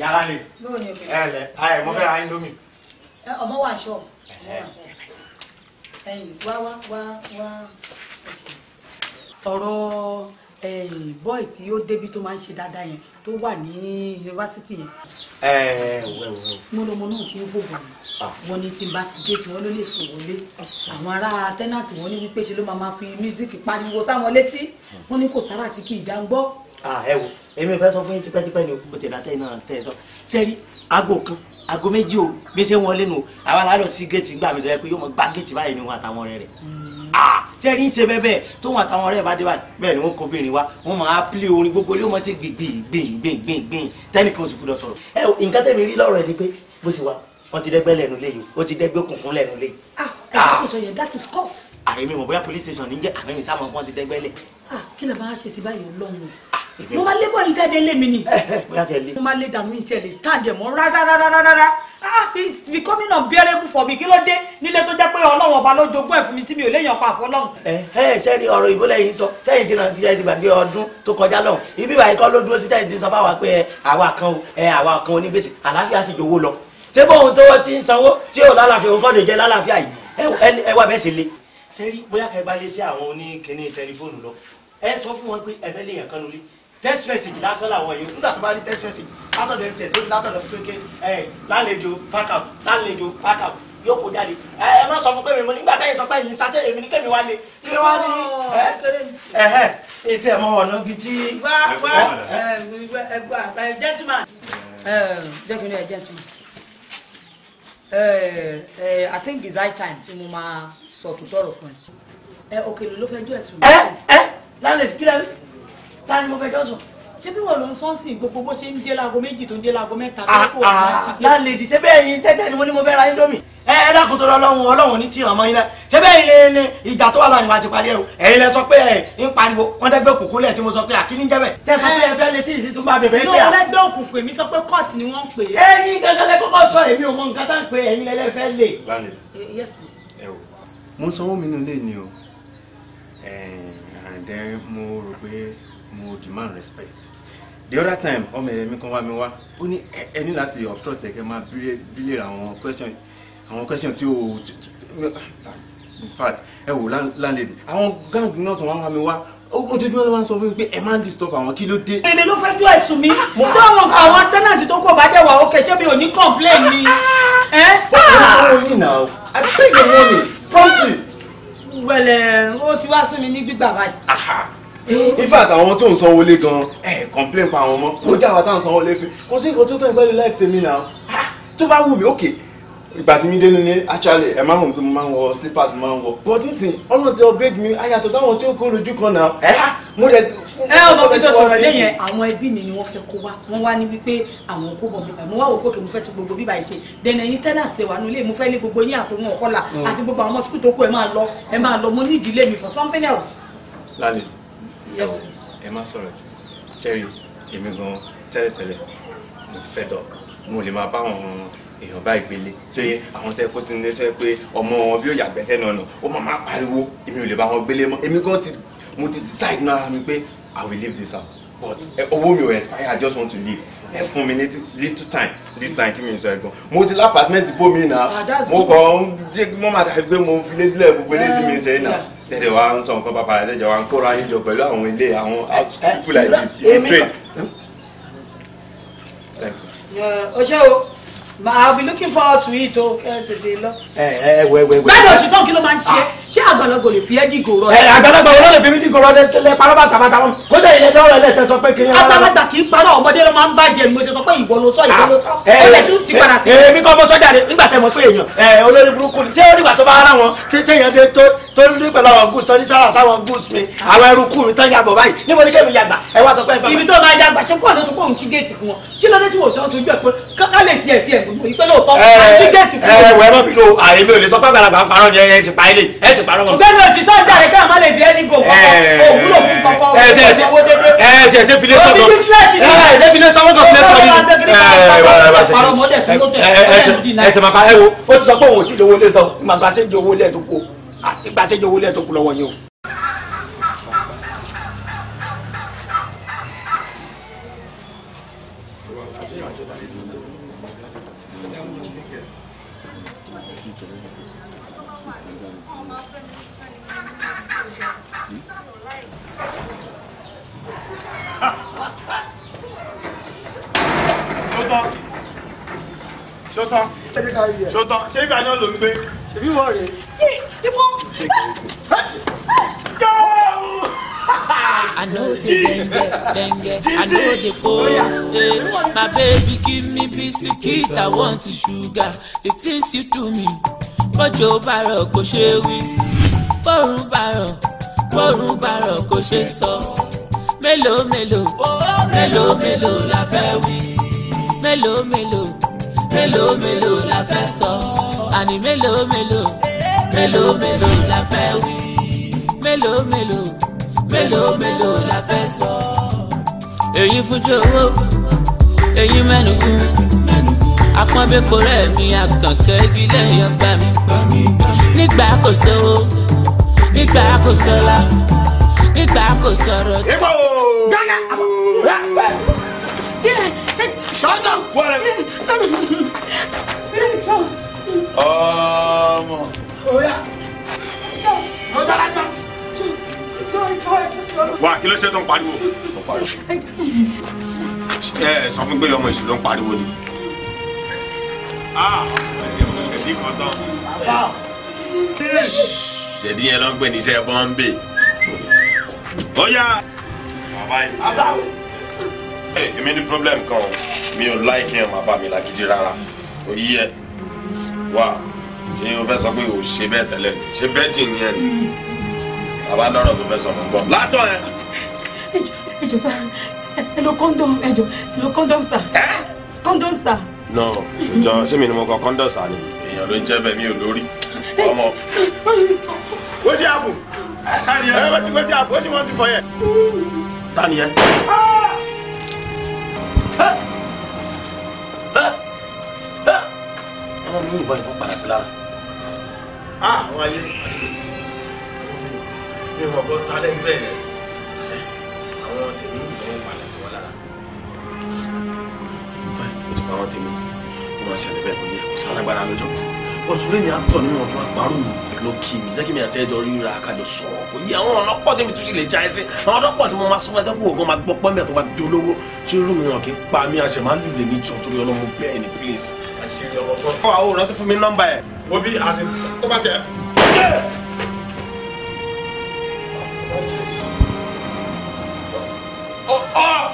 yàrá ni ẹ lẹ ayẹ mo fẹ́ ra indomi. ọmọ wa aṣọ ẹyìn wá wá wá wá. ọ̀rọ̀ bọ́ì tí ó débi tó máa ń ṣe dáadáa yẹn tó wà ní yunifásitì yẹn. ẹ ẹ wẹ wẹ. mo lọ mo náà ti ń fò bọ̀ mí ah. wọn ní tí n bá ti gé tí wọn ló lè fò wọlé àwọn ará tẹ́nàtì wọn ní wípé ṣe ló máa fi mísíkì pariwo sáwọn létí hmm. wọn ní kò sára tí kì í dá ń gbọ́. Ah, ẹ wo èmi fẹ́ sọ fún yín tipẹ́tipẹ́ ni o tẹ̀lé àtẹ̀yìn náà tẹ̀ sọ sẹ́rí aago kan aago méjì o bí ṣe ń wọlé nu àwa la lọ sí géètì ńgbà mi lọ pé yóò mọ gbá géètì báyìí ni wọn àtàwọn ọ̀rẹ́ rẹ̀ sẹ́rí ń ṣe bẹ́ẹ̀ bẹ́ẹ̀ tóun àtàwọn ọ̀rẹ́ bá dé báyìí bẹ́ẹ̀ ni wọ́n kó obìnrin wa wọ́n máa pílé orin gbogbo yóò mọ̀ sí gbìngbìngbìngbìngbìn tẹ́nìkan oṣù kúndọ̀ sọ̀rọ̀ ẹ nǹkan tẹ̀mí rí lọ́rọ̀ ẹ ni pé bó ṣe wà wọ́n ti dẹ́gbẹ́ lẹ́nu léyìí ó ti dẹ́gbẹ́ ẹ kò sọ yẹn that is court. àyèmí ah, mọ̀ bóyá police station ní jẹ́ àmì mi sáwọn kan ti dẹ́gbẹ́lẹ̀. Ah, kí ló máa ṣe sí báyìí ọlọ́run ah, mo máa lé bọ́ yìí dáadé lé mi ni. Eh, eh, bóyá kẹ́ lé. mo máa lé dànù mi tiẹ̀ lè stand ẹ̀ mọ́ rárá rárá rárá ah it's becoming unbearable for me kí ló dé nílé tó jẹ́ pé ọlọ́run ọba ló jogún ẹ̀ fún mi tí mi ò léèyàn pa àfọlọ́run. Eh, ẹ ẹ sẹ́ni ọ̀rọ̀ ìbò lẹ́yìn sọ sẹ́yìn tí náà ti ti gbàgbé ọdún tó kọjá lọ́hùn ibi ìbàyí kọ́ ló dúró sí sẹ́yìn tí sọ fáwa pé àwa kan àwa kan onígbèsè àlàáfíà sì jọ̀wọ́ lọ. ṣé bóun tó ti ń sanwó tí ò lálàáfíà òun kọ́ lè jẹ́ lálàáfíà yìí e wá bẹ́ẹ̀ sì le ṣe rí bóyá kẹ bá lé sí àwọn oníkíní tẹlifóònù lọ ẹ sọ fún wọn pé ẹ fẹ́ lè yàn kan lórí text message lásán làwọn yìí nígbà tó bá rí text message látọ̀dọ̀ mtn tó látọ̀dọ̀ ẹ lálejò out lálejò out yóò kó jáde ẹ má sọ fún pé mi mo nígbà sọ pé yìí sátẹ èmi wá lé wá ẹ ẹ etí ẹ mọ ọ̀nà eh eh I think it's high time tí mo máa sọ òtútù ọ̀rọ̀ fún ẹ. Eh, òkèlè ló fẹjọ́ ẹ̀sùn mi. Ẹ Ẹ eh, lálẹ́ eh, kí lẹ́rìí? Ta ni mo fẹjọ́ sùn? ṣé bí wọ́n ló ń sọ́n sìn gbogbo bó ṣe ń dé láago méjì tó ń dé láago mẹ́ta tó ah, kò wá ah, ṣé bẹ́ẹ̀ yín tẹ́tẹ́ ni mo ní mo fẹ́ ra indomie ẹ ẹ dákun tó lọ́wọ́ ọlọ́wọ́ ní tí ìrànmọ́ yín náà ṣé bẹ́ẹ̀ ilé ilé ìjà tó wà lọ́wọ́ ni wàá ti parí ẹ̀ o ẹ̀yin lẹ sọ pé ẹ̀ ń pariwo wọ́n dẹ́gbẹ́ òkùnkùn lẹ̀ tí mo sọ pé àkíní jẹ́ bẹ́ẹ̀ tẹ́ sọ pé ẹ fẹ́ létí ìsìn tó bá mi sọ pé ni wọ́n ń pè é. ẹ̀yin gangan lẹ kọ́kọ́ sọ èmi ò mọ nǹkan tá à ń pè ẹ̀yin eh, yes please. mo sanwó mi nílé ni o mo rò mo demand respect the other time ọmọ ẹ̀yẹ mi kan wá mi wá ó ní ẹni láti obstruct ẹ̀kẹ́ máa bílẹ̀ àwọn question àwọn question tí ó ah, in fact ẹ wò landlady àwọn gang náà tó wá wá mi wá ojoojúmọ́ ló máa ń sọ fún mi pé ẹ máa ń disturb àwọn kí ló dé. èlé ló fẹ́ ju ẹ̀sùn mi ah, ah, tó àwọn àwọn tẹ́nàtì tó kọ̀ bá dẹ̀ wà ókè ṣé mi ò ní complain I money ni. pẹ̀lẹ́ o ti wá sún mi ní gbígbà báyìí in fact àwọn tó ń sanwó lé gan ẹ complain pa àwọn ọmọ ó jà wá táwọn sanwó lé fi kò sí nǹkan tó kàn pẹ̀lú life tèmi náà ah, tó bá wù mí okay ìgbà tí mi dé nílé actually ẹ máa ń wò pé mo máa ń wọ slippers mo máa ń wọ but nísìnyí ọlọ́run ti upgrade mi ayàtọ̀ sáwọn tí ó kó lójú kan náà ẹ mo dẹ̀. ẹ ọ bọ pẹtọ sọ̀rọ̀ dé yẹn àwọn ẹbí mi ni wọ́n fẹ́ kó wá wọ́n wá ní wípé àwọn kó bọ bíbá mo wá wò pé kí mo fẹ́ tún gbogbo bíbá yìí ṣe dẹnẹ yín tẹ́lẹ̀ àti ẹwà nílé mo fẹ́ lé gbogbo yín àtòwọn ọkọlà hmm. àti gbogbo àwọn mọsíkù tó kù ẹ máa lọ ẹ máa lọ mo ní ìdílé mi for something else. lálejò yes please. ẹ má sọ̀rọ̀ jù ṣẹ́rí èmi gan tẹ́lẹ̀tẹ́lẹ̀ mo ti fẹ́ dọ̀ mo lè máa bá àwọn èèyàn bá ìgbélé ṣé àwọn tẹ́ kó sí ilé tẹ́ pé ọmọ wọn bí ó yàgbẹ́ sẹ́nu ọ̀nà ó máa máa pariwo èmi ò lè bá wọn gbélé mọ́ èmi gan ti mo ti decide náà mi pé i will leave this house but owó mi ò expire i just want to leave ẹ fún mi little time little time kí mi sọ ẹ̀gbọ́n mo ti lápàtmẹ́ǹtì bómi náà ah, mo kàn ń jẹ́ mọ́ màdà gbé mo fi lé sílẹ̀ gbogbo eléyìí mi ṣe é náà tẹ́lẹ̀ wa ń sọ nǹkan pàpà ẹ̀jẹ̀ wa ń kóra yín jọ pẹ̀lú àwọn ilé àwọn people like this you trade. ọ̀ṣẹ́ o. I'll be looking forward to it o oh. tètè lọ. ẹ ẹ wẹ wẹ wẹ. gbẹ́dọ̀ òṣìṣẹ́ òkè ló máa ń ṣe ah. ṣé àgbàlagbà lè fi ẹ́ dìgò rọ. ẹ àgbàlagbà wo ló lè fi mí dìgò rọ lẹ parọ́ bá tabataba mu kó sẹ́yìn lẹ́tọ́ rẹ lẹ́tẹ̀ sọ pé kiri. àgbàlagbà kì í parọ́ ọmọdé ló máa ń bàjẹ́ ni mo ṣe sọ pé ìwọ ló sọ ìwọ ló sọ. Ah, ẹ ẹ ẹ èmi kọ́ mọ sọ́jà rẹ nígbà tẹ́ mọ̀ pé èèyàn ẹ olórí burúkú ni ṣé ó nígbà tó bá ara wọn téèyàn dé tó tó ní pẹ̀lú àwọn gúúsù tó ní sára sáwọn gúúsù mi àwọn ẹrúkú mi tó ń yàgbọ̀ báyìí níbo ni kémi yàgbà ẹ wá sọ pé. ibi tó máa yàgbà ṣé kó àṣẹ tó pọ̀ òun ti géètì fún wọn kí ló dé tí wò ó sọ ọ́ sójú ẹ̀ pé ká lè tiẹ̀ tiẹ̀ ìpè lóòótọ́ àti gẹ̀ẹ́tì fún mi. ẹ wẹ mọ bínú àyèmí ò lè sọ pé àgbàlagbà ń parọ́ ni ẹ sì pa ilé ẹ sì parọ́ mọ́. ṣùgbọ́n mi ò sì sọ ìjà rẹ̀ káà má lè fi ẹni gò kọ́kọ́ òwúlò fún kọ́kọ́ owó dédé. ẹ ẹ tiẹ̀ tiẹ̀ file sọ́kọ̀ ẹ tiẹ̀ file sọ́kọ̀ kan file sọ́kọ̀ ni. ẹ ẹ ṣe máa pa ẹ wo ó ti sọ pé òun ò tí ì lówó lé tán ìgbà ṣe ń jẹ owó lẹ́ẹ̀dókò sọ́tán sọ́tán ṣé ibà náà ló ń gbé. ṣèbí wọ rèé. ibo. I know the dengue, dengue. I know the post. Eh. My baby give me biscuit, I want sugar. The things you do me, bọ́jọ́ bàrọ̀ kò ṣe wí. Bọ́rùn bàrọ̀, bọ́rùn bàrọ̀ kò ṣe sọ. Mélòó mélòó, mélòó mélòó la fẹ́ wí. Mélòó mélòó mélòó mélòó la fẹ́ sọ àní mélòó mélòó mélòó mélòó la fẹ́ wí mélòó mélòó mélòó mélòó la fẹ́ sọ. èyí fújó owó èyí mẹ́nukú apọ́nbẹ́pọ̀ rẹ̀ mi àkànkẹ́ igi lẹ́yìn ọgbà mi nígbà kò sówó nígbà kò sọ́lá nígbà kò sọ̀rọ̀. ìgbà wo. gánà àbọ̀. kí ló ṣe tó ń pariwo. ẹ sọ fún pé ọmọ èṣù ló ń pariwo ni. Ah, jẹ̀dí yẹn ló ń pè ní iṣẹ́ bọ́ńbè. ó yá. bàbá yìí ti rà ó èmi ní problem kan mi ò láìkí ẹ̀ máa bá mi làgídí rárá kò yí ẹ wá ṣé o fẹ́ sọ pé o ṣe bẹ́ẹ̀ tẹ́lẹ̀ ṣe bẹ́ẹ̀ tì ní ẹ̀ ní bàbá lọ́rọ̀ tó fẹ́ sọ fún gbọ́ látọ̀ ẹ̀ ẹjọ sá ẹ lo kọ́ńdọ̀m ẹjọ ẹ lo kọ́ńdọ̀m sá. kọ́ńdọ̀m sá. no jọ ṣé mi ni mo kọ kọ́ńdọ̀m sá ni. èèyàn ló ń jẹ́ bẹ́ẹ̀ mi ò lórí ọmọ. ó jẹ́ àbò ẹ wọ́n ti wọ́n ti àbò ó ti wọ́n ti fọ yẹ. ta ni ẹ. ọmọ mi yìnbọn ìbọn padà sí lára. àwọn ayé mi ò mọ̀ bọ́ tálẹ̀ ń bẹ̀ yẹn àwọn tèmi ìyẹn ń palẹ̀ sí wọn lára fine mo ti pa àwọn tèmi mo máa ṣẹlẹ̀ bẹ́ẹ̀ kò yẹ kò sálágbára lọ́jọ́ bó ti rí mi àtọ̀ nínú ọ̀tún àpárò mi ló kí mi jẹ́ kí mi àti ẹjọ́ ríra kájọ sọ̀rọ̀ kò yẹ àwọn ọlọ́pọ̀ tèmi tún sì lè já ẹ sí àwọn ọlọ́pọ̀ tí mo máa sọ mẹ́tẹ́kù ògùn máa gbọ́ pọ́ńbẹ́ tó máa di olówó tí irú mi hàn kí pa mi àṣẹ máa lùlẹ̀ mi jọ torí ọlọ́mọ bẹ́ẹ̀ ni please. àṣírí ọmọ gbọ́. àwọn òòrùn ti fún mi nọ́mbà ẹ̀. mo bí àṣẹ tó bá tẹ̀. or oh!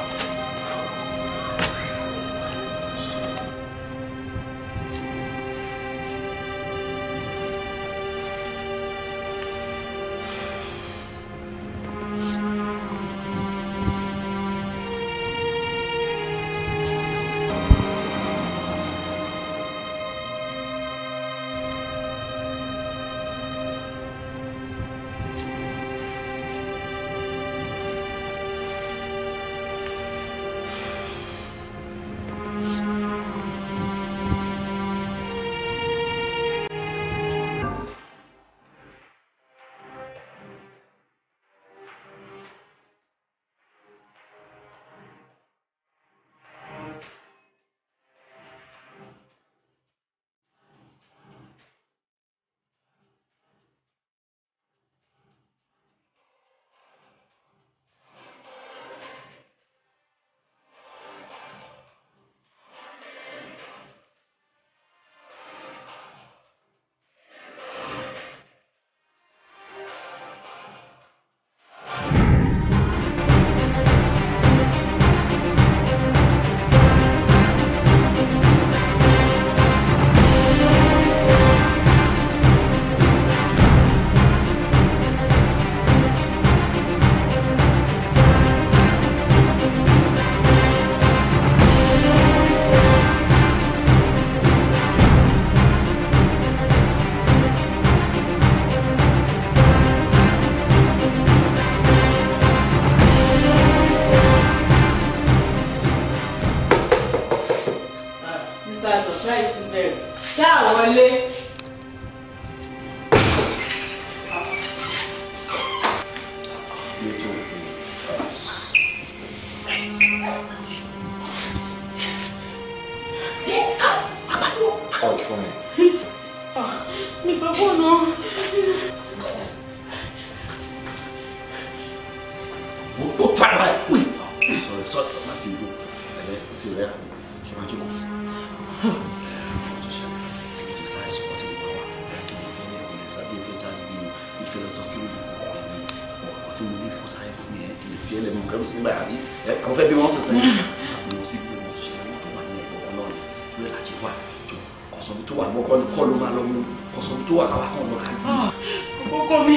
Mi perdono. Ó fara balẹ̀. Sọ̀rọ̀ sọ̀rọ̀ ọ̀gá kì í lò ẹ̀rẹ́ tí rẹ̀ àmì ṣọ́ra jù ọ̀sán tó wà káwá kan lọ́ka ní. ọkọ mi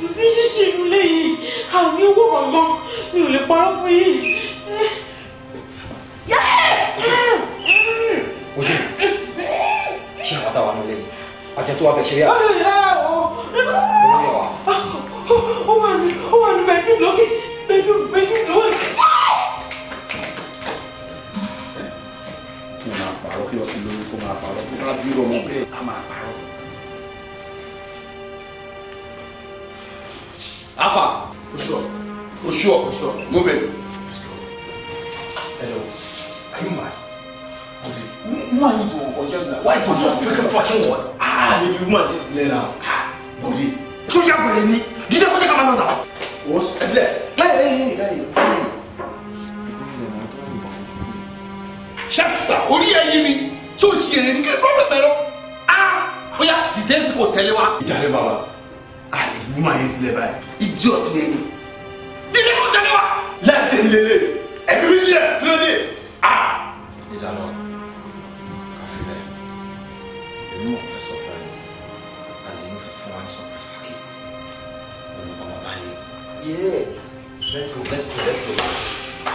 mo fi ṣíṣe inú lẹ́yìn àmì owó kankan mi ò lè parọ́ fún yìí. ojú ṣé àwọn táwa nílé yìí àti tó wà bẹ̀ ṣeré àwọn. ó wà ní ó wà ní bẹ́ẹ̀dù lókè bẹ́ẹ̀dù bẹ́ẹ̀dù lókè. mo máa pààrọ̀ kí ọtí lórí kó máa pààrọ̀ kó máa bí ọmọ bẹ́ẹ̀ á máa pààrọ̀. sure. Move it. Let's go. Hello. Are you mad? Budi, why you to or just now? Why to just freaking fucking what? Ah, the woman is now. Ah, Budi. So you have any? Did you take a man now? What? Hey, hey, hey, hey. Shut up! What are you doing? So she ain't get problem, man. Ah, oya, oh, the dance for tell you what. Tell you, Baba. Ah, the woman is nearby. Idiot, man. C'est ah. télé. Et puis, Ah Et alors, Il nous, on fait surprise. une surprise à On va parler. Yes. Let's go, let's go, let's go.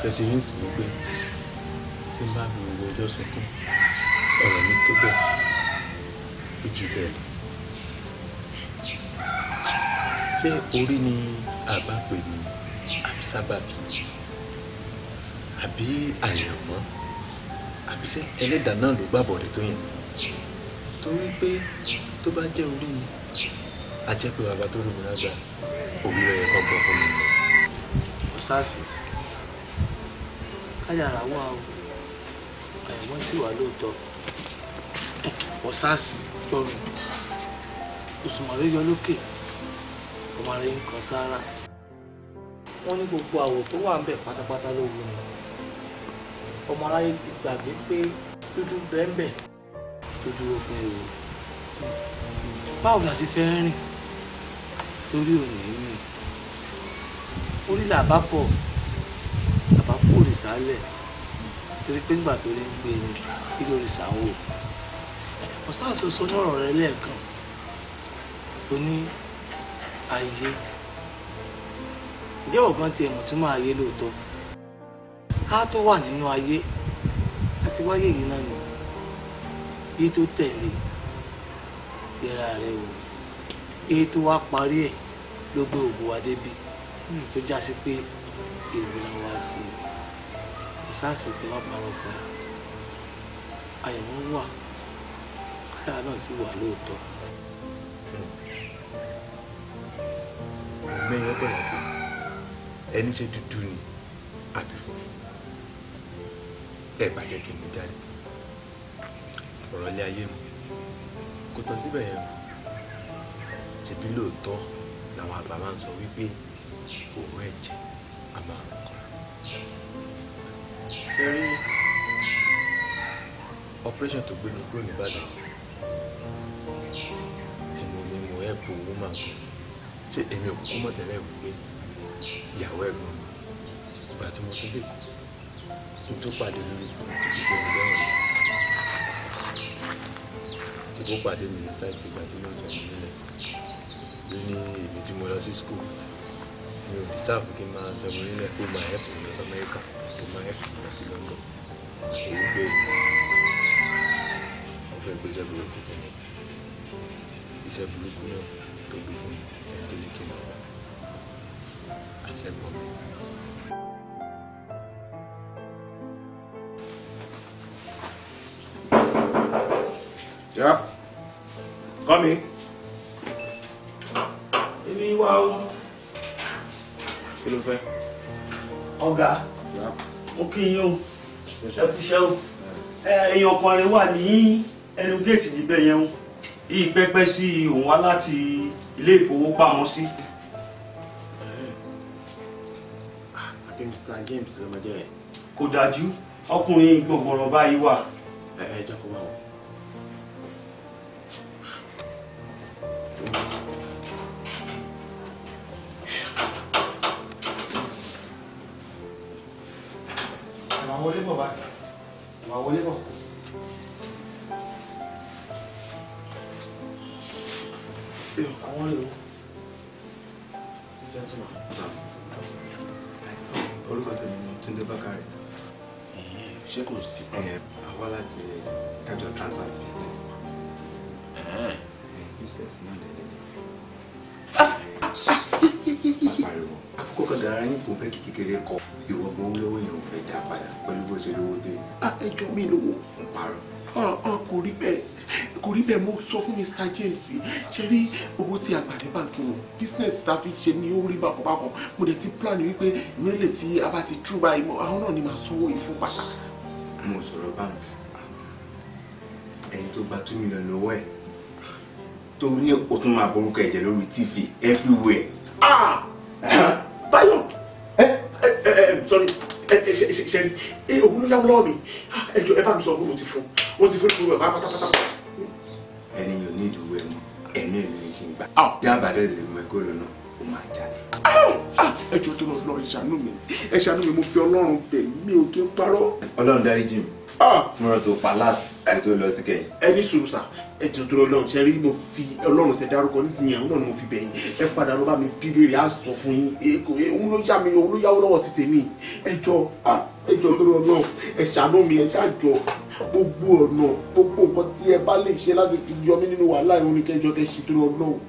C'est une C'est ma ọjọ́ sunkún ọ̀rọ̀ mi tó bẹ́ẹ̀ ó jù bẹ́ẹ̀ ṣé orí ni àbá pè ní àbísábàbí àbí àyànmọ́ àbí ṣé ẹlẹ́dàá náà ló gbàbọ̀ rẹ̀ tó yẹn torí pé tó bá jẹ́ orí ni àjẹpẹ́ bàbá tó rògbò lágbà òbí rẹ̀ kọ́ bọ̀ fún mi. ọ̀sáàsì kájà làwọn àwọn wọ́n sì wà lóòótọ́ ọ̀sáàsì lọ́rùn òṣùmọ̀rẹ́ yọ lókè ọmọ rẹ̀ ń kan sára wọ́n ní gbogbo àwọ̀ tó wà ń bẹ̀ pátápátá ló wù ní ọmọ aráyé ti gbàgbé pé dúdú bẹ́ẹ̀nbẹ́ tó dúró fún ewu báwo la ti fẹ́ rìn torí òní rìn orí làbá pọ̀ làbá fòrìsálẹ̀ torí pé ńgbà tó lè ń gbé ni kí lórí sàáwò ọ̀sáàsì sọ mọ́rọ̀ rẹ lẹ́ẹ̀kan ó ní ayé ìjẹ́ ọ̀gán ti ẹ̀mọ̀ tó máa yé lóòótọ́ á tó wà nínú ayé àti wáyé yìí náà nì yí tó tẹ̀lé ìlera rẹ wò èyí tó wá parí ẹ̀ ló gbé òògùn wa débi tó já sí pé èèwọ̀ la wá ṣe é. kò sáàsì kí n má parọ́ fún ẹ àyẹ̀wò wà káyà náà sì wà lóòótọ́. mẹ́yìn ọ̀pẹ̀ pé ẹni ṣe dúdú ni àbí funfun ẹ bàjẹ́ kí n mú jáde ọ̀rọ̀ ilé ayé mi kò tán síbẹ̀ yẹn ṣèbí lóòótọ́ làwọn àgbà a máa ń kọ́ra. ṣe rí operation tó gbé mi kúrò nìbàdàn tí mo ní mo ẹ̀ bò ó máa gùn ṣé èmi ò kúkú mọ̀ tẹ́lẹ̀ wípé ìyàwó ẹ̀gbọ́n mi ìgbà tí mo tún dé kù kí n tó pàdé lórí ìgbò mi lẹ́wọ̀n mi tí kò pàdé mi ní sáìtì ìgbà tí mo ń fẹ̀mí nílẹ̀ ló ní èmi tí mo lọ sí skul mi ò dísáàfù kí n máa sọ mo nílẹ̀ kó máa ẹ̀pù mi lọ sí amẹ́ríkà tó máa ẹ̀ fún ọ sí lọ́dọ̀ ṣe ń gbé wọ́n fẹ́ gbé iṣẹ́ burúkú fún mi iṣẹ́ burúkú náà tó gbé fún mi ẹni tó ní kí n lọ Yeah. Come in. Èmi wá o. Kí ló fẹ́? Ọ̀gá kí yín o ẹ ọkùnrin wà ní ẹnu géètì níbẹ̀ yẹn o yìí pẹ́pẹ́ sí òun wá láti ilé ìfowópamọ́ sí. àbí Mr. James ló máa jẹ́ ẹ̀. kò dájú ọkùnrin gbọ̀ngbọ̀nrọ̀ báyìí wà. ẹ ẹ jẹ́ kó máa wọ̀. wọlé bọ̀. àwọn rèé o gentleman. orúkọ tèmi ni Túndé Bákàrè. ṣé kò sí. àwa láti kájọ transfer business. business náà dẹ̀dẹ̀. àpariwo àkókò kan dara yín kò bẹ́ẹ̀ kékeré kọ fẹ́ dá padà pẹ̀lú bó ṣe lówó dé. ẹjọ́ mi lówó parọ́ kò rí bẹ́ẹ̀ kò rí bẹ́ẹ̀ mo sọ fún Mr James ṣe rí owó tí àgbàdé báńkì wọn business tá a fi ṣe ní orí bákọ̀bákọ̀ mo dẹ̀ ti plan wípé ìmọ̀lẹ̀ tí a bá ti tú báyìí àwọn náà ni màá sanwó yìí fún pàtà. mo sọ̀rọ̀ báńkì ẹni tó gba two million lọ́wọ́ ẹ̀ tó ní o tún máa borúkọ ẹ̀jẹ̀ lórí TV everywhere. ah báyọ̀ sẹ́ni ẹ òun ló yáwó lọ́wọ́ mi ẹ jọ ẹ bá mi sọ pé mo ti fún mo ti fún ní gbogbo ẹ̀ pátápátá. ẹni yóò ní ìdúró ah! ẹ mọ ẹni èlò yìí kì í gbà. bí àbádọ́ lè mọ ẹgbẹ́ lọ náà ó máa jáde. Ah! Ah! ẹ jọ tó lọ lọ ẹ ṣàánú mi ẹ ṣàánú mi mo fi Ọlọ́run bẹ̀ mi ò kí ń parọ́. Ọlọ́run dáríjì mi Ah. mo rọ tó pa last kó tó lọ sí kẹyìn. ẹni sùn sà ẹ ti dúró lọ́run ṣe rí mo fi ọlọ́run tẹ dárúkọ nísìnyẹn òun náà ni mo fi bẹ̀yìn ẹ padà lọ bá mi bí léèrè á sọ fún yín òun ló yá mi òun ló yáwó lọ́wọ́ ti tèmi ẹ jọ ẹ jọ dúró ẹ ṣàánú mi ẹ ṣàjọ gbogbo ọ̀nà gbogbo nǹkan tí ẹ bá lè ṣe láti fi yọ mí nínú wàhálà ìhun ni kẹjọ kẹ ṣe dúró lọ́run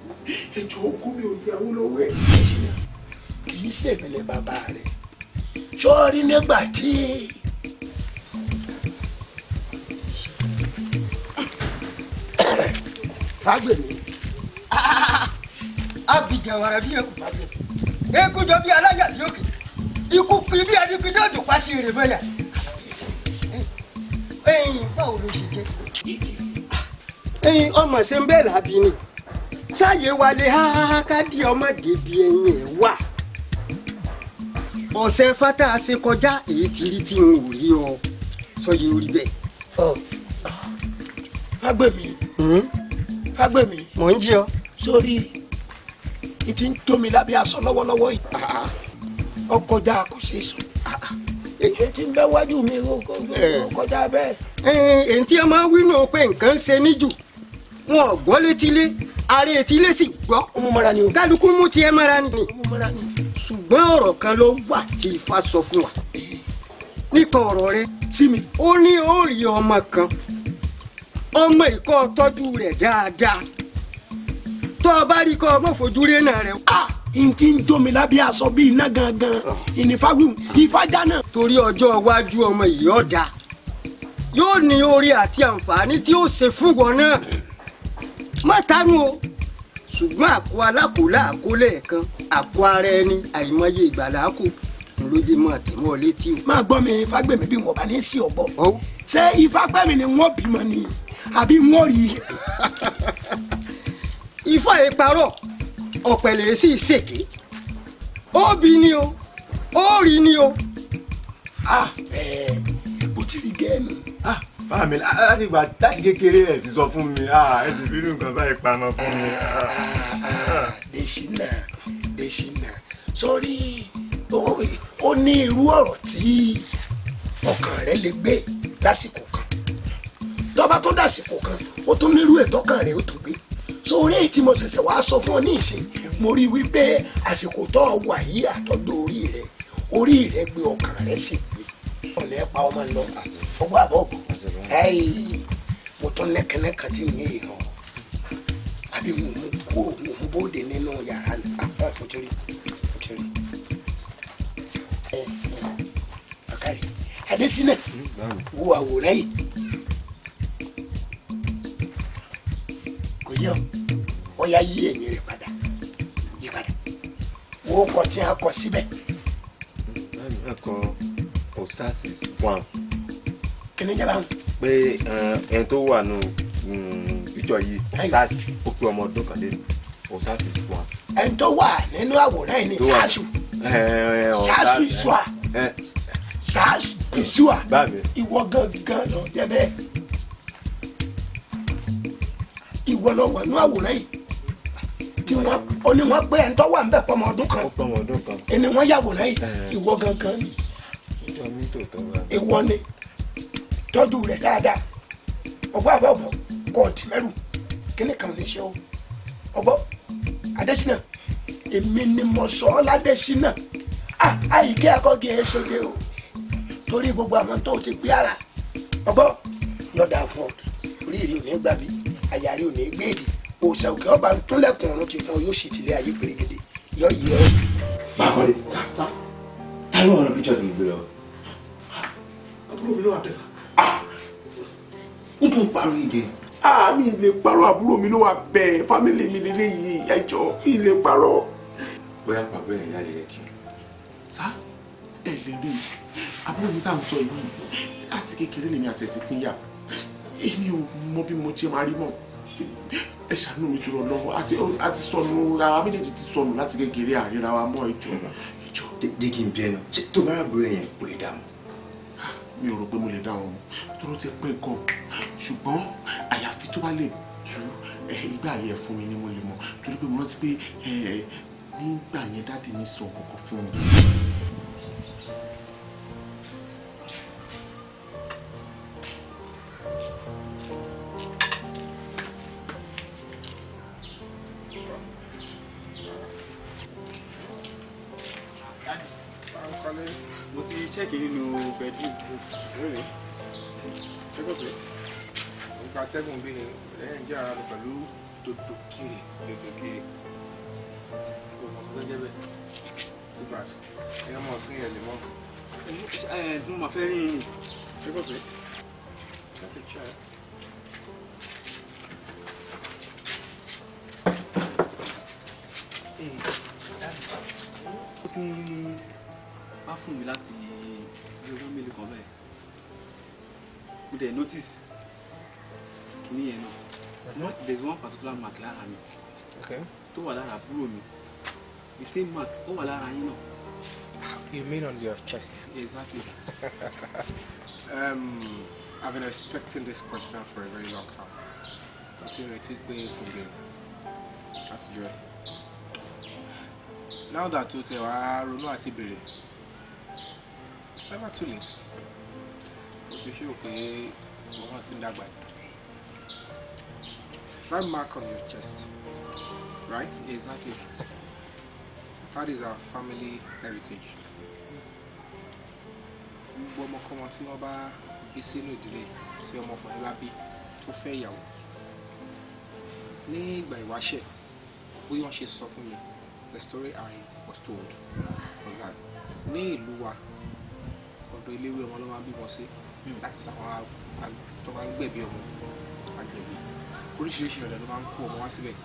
ẹ jọ ogún mi ò yáwó lọ́wọ́ ẹ. kì í ṣèmìlẹ̀ bàbá rẹ̀ sọ́ọ́rí nígbà fagbemi abijan wàrà bí ẹkùn pàjẹ ekujọ bí alájà bí òkè ikú fi bí adigun náà dùn pàṣẹ rẹ mọyà ẹ̀yin báwo ló ṣe jẹ. ẹ̀yin ọmọ ṣe ń bẹ́ẹ̀ làbí ni sáàyè wálé háháhákádì ọmọdé bíi ẹ̀yin ẹ̀ wà ọ̀sẹ̀ fata ṣe kọjá èyí ti rí tí n ò rí ọ sọ yìí rí bẹ́ẹ̀. fagbemi fagbemi. mò ń jí ọ. sórí n ti ń tó mi lábẹ́ aṣọ lọ́wọ́lọ́wọ́ yìí. ọkọjà kò ṣeé sùn. èyí ti ń bẹ wájú mi eh. kọjá bẹ́ẹ̀. Eh, èyí tí a máa wí náà pé nǹkan ń ṣe mí jù wọn ò gbọ́ létílé ààrẹ etílé sì gbọ́. kálukú mú tiẹ̀ mọ́ra ni. ṣùgbọ́n ọ̀rọ̀ kan ló wà tí ifá sọ fún wa. nípa ọ̀rọ̀ rẹ sí mi. ó ní ó rí ọmọ kan ọmọ ìkọ́ tọ́jú rẹ̀ dáadáa tọ́ ọ bá rí kọ́ ọmọ fojú rẹ̀ náà rẹ̀. Ah, n ti ń jomi lábẹ́ aṣọ bí iná gangan ìnífàwíhùn ìfájà náà. torí ọjọ́ iwájú ọmọ yìí ọ̀dà yóò ní orí àti àǹfààní tí ó ṣe fún wọn náà má tánú o ṣùgbọ́n àkó alákòólá àkólẹ̀ kan àkó ara ẹni àìmọye ìgbàlá kù kun lójú mọ àtẹmọ létí o. máa gbọ́ mi fagbemi bí wọn bá ní sí ọ̀bọ. ṣé ìfagbẹ́mi ni wọ́n bímọ ni àbí wọ́n rí. ifá yìí parọ́ ọ̀pẹ̀lẹ̀ sì ṣèké ó bí ni o ó rí ni o. bó ti rí gẹ́ẹ̀mù. báàmí láti gbà láti kékeré ẹ̀ sì fún mi ẹ sì bínú nǹkan báyìí paná fún mi. Dèṣínà Dèṣínà sórí ó ní irú ọ̀rọ̀ tí ọkàn rẹ lè gbé lásìkò kan tọ́ba tó dàsìkò kan ó tún nírú ètò kan rẹ ó tó gbé sórí èyí tí mo ṣẹ̀ṣẹ̀ wá sọ fún ọ ní ìsìn mo rí wípé àsìkò tó wà yìí àtọ́jú orí rẹ orí rẹ gbé ọkàn rẹ sì gbé ọ̀nà ẹ̀ pa ọmọ lọ ọgbọ́ àbọ̀ ọ̀gbọ̀ ẹ̀yì mo tún lẹ́kẹ̀lẹ́kẹ̀ tí mi yìí hàn àbí mo mú kó mo mú bóde nínú yàrá mi àbúrò ah, àpótí ah, rí i. Adésínà wo àwòrán yìí kò yẹ ọ yá yí ẹ̀yìn rẹ̀ padà yí padà wo kọ tí a kọ síbẹ̀. a kọ osasis one. kí ni jaba. pé ẹni tó wà nù ìjọ yìí sars ó pé ọmọ ọdún kan lé osasis one. ẹni tó wà nínú àwòrán yìí ni sars sars sua sars ìṣúà ìwọ gangan lọ jẹ bẹ́ẹ̀ ìwọ lọ wà ní àwòrán yìí tí wọn ó ní wọn pé ẹni tó wà níbẹ̀ pọmọ ọdún kan ẹni wọn yàwòrán yìí ìwọ gangan ni ìwọ ni tọ́jú rẹ̀ dáadáa ọgbọ àbẹ kọọtì mẹrù kíni kan ní ṣe o ọgbọ Adésínà èmi ni mo sọ ọ ládésínà ah, àìkẹ́ akọ́gẹ́ ẹ ṣoge o torí gbogbo àwọn tó ti pé ara ọgbọ́ yọ̀dà fún ọ rírì ò ní gbàbí àyàrí ò ní gbèdì òòṣà òkè ọba ń túnlẹ̀kùn ọ̀run ti fún ọ yóò sì tilẹ̀ ayé pèrègèdè yọ yìí ọ. báwọlé sáà táwọn ọ̀rọ̀ bíjọ́ ni mo gbé lọ. àbúrò mi ló wà bẹ́ẹ̀ sá. Ah! n kò parọ́ ìdè. Ah, mi lè parọ́ àbúrò mi ló wà bẹ́ẹ̀ fámìlì mi lè léyìí ẹjọ́ mi lè parọ́. bóyá pàgbẹ́ ẹ̀yà lè rẹ kí. sá ẹ̀ lè rí i àbúrò mi tá à ń sọ yìí láti kékeré lèmi àti ẹ̀ ti pínyà èmi ò mọ bí mo ti máa rí mọ́ ẹ ṣàánú mi jùlọ lọ́wọ́ àti sọnù ara méjèèjì ti sọnù láti kékeré àríra wa mọ́ ìjọ ìjọ. dígí ń bí ẹnu ṣé tó bá àbúrò yẹn kò lè dáhùn. Ah, mi ò rò pé mo lè dáhùn tóró ti pẹ́ gan ṣùgbọ́n àyàfi tó bá lè tú ìgbà yẹn fún mi ni mo lè mọ̀ torí pé mo rántí pé nígbà yẹn dáàdi mi sọ kọ̀kọ̀ fún mi. ẹbí ìwé ṣẹgọsẹ nípa atẹ́gùn bí ni lẹ́yìn jẹ ara rẹ pẹ̀lú dodo kiri dodo kiri kò mọ tó jẹ bẹ́ẹ̀ too bad ẹ mọ sí ẹ lè mọ wá fún mi láti bí ọjọ́ mélòó kan bẹ́ẹ̀ mo dẹ̀ notice kìíní yẹn náà there is one particular mark lára mi tó wà lára àbúrò mi the same mark ó wà lára yín náà. You mean on your chest? Exactly. um, I've been expecting this question for a very long time. Láti retí pé kò lè láti jọ ẹ. Now that o tẹ̀ wá ronú àti béèrè never too late But ṣé o okay, ọwọ́ ti ń dàgbà yìí that mark on your chest right exactly that that is our family heritage gbogbo ọmọkọmọ tí wọ́n bá bí sínú ìdílé tí ọmọkùnrin bá bí to fẹ́ ìyàwó ní ìgbà ìwáṣẹ̀ bí wọ́n ṣe sọ fún mi the story I was told was that ní ìlú wa pé eléwé ọmọ ló máa bímọ sí hmm. láti sàwọn tó máa ń gbẹ̀bí ọmọ agbẹ̀bí oríṣiríṣi ọ̀dọ́ ló máa ń kó ọmọ wá síbẹ̀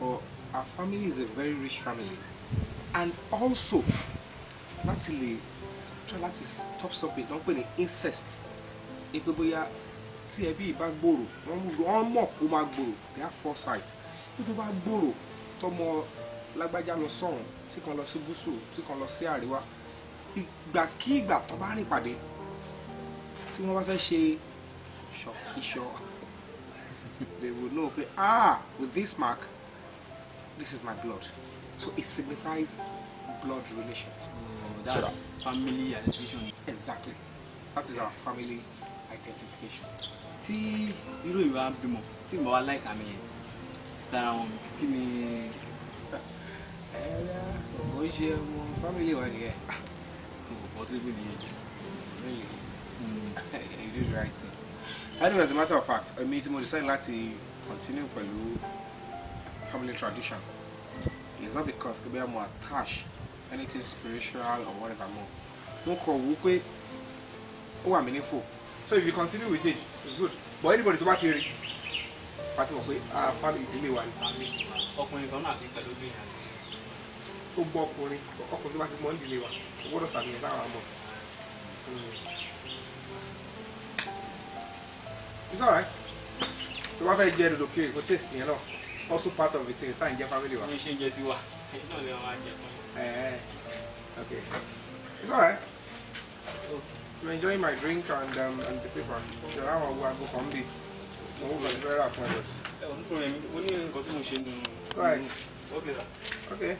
but our family is a very rich family and also láti lè tọ́ láti stop something tó ń pè ní incest ní pé bóyá tí ẹbí bá gbòòrò wọ́n mọ̀ kó máa gbòòrò they have foresight tí tó bá gbòòrò tọmọ lágbájá lọ sọ́run tí kan lọ sí gúúsù tí kan lọ sí àríwá ìgbàkígbà tó bá rìn pàdé tí wọ́n bá fẹ́ ṣe ṣọ̀kíṣọ̀ they will know pé ah with this mark this is my blood so it signifies blood relations. Mm, that's so that, family identification. exactly that is our family identification. tí irú ìwà bímọ tí mo wá láìka mi yẹn lára wọn kí ni. ẹ ẹ ó ṣe ọmọ family wa nìyẹn possibly you. Really, mm. You did the right thing. Anyway, as a matter of fact, èmi tí mo decide láti continue pẹ̀lú family tradition. It's not because pé bóyá mo attach anything spiritual or whatever more. No, because wò pé ó meaningful. So if you continue with it, it's good. But anybody to bá ti rí, pàtó mọ̀ pé ah, family ìdílé wa ni. Ọkùnrin kan náà fi pẹ̀lú bí tó gbọ́ ọkùnrin ọkùnrin tó bá ti mọ ń dìlé wa ó gbọ́dọ̀ sàmìyàn táwọn àmọ́. Hmm. it's alright tó bá fẹ́ jẹ́ dodo kiri kó taste yẹn náà also part of the taste tá à ń jẹ́ family wa. mi ṣe ń jẹ sí wa èyí náà ni wọn jẹ fún mi. okay it's alright. Oh. I'm enjoying my drink and um, and the paper. Ṣọlá àwọn ọgbà àgbo kan bí mo wúlò ní fẹ́rẹ́ àfọ̀njọ́sì. Ẹ ò ní kúrò ní nǹkan tí mo ṣe nínú. Right. Okay. okay.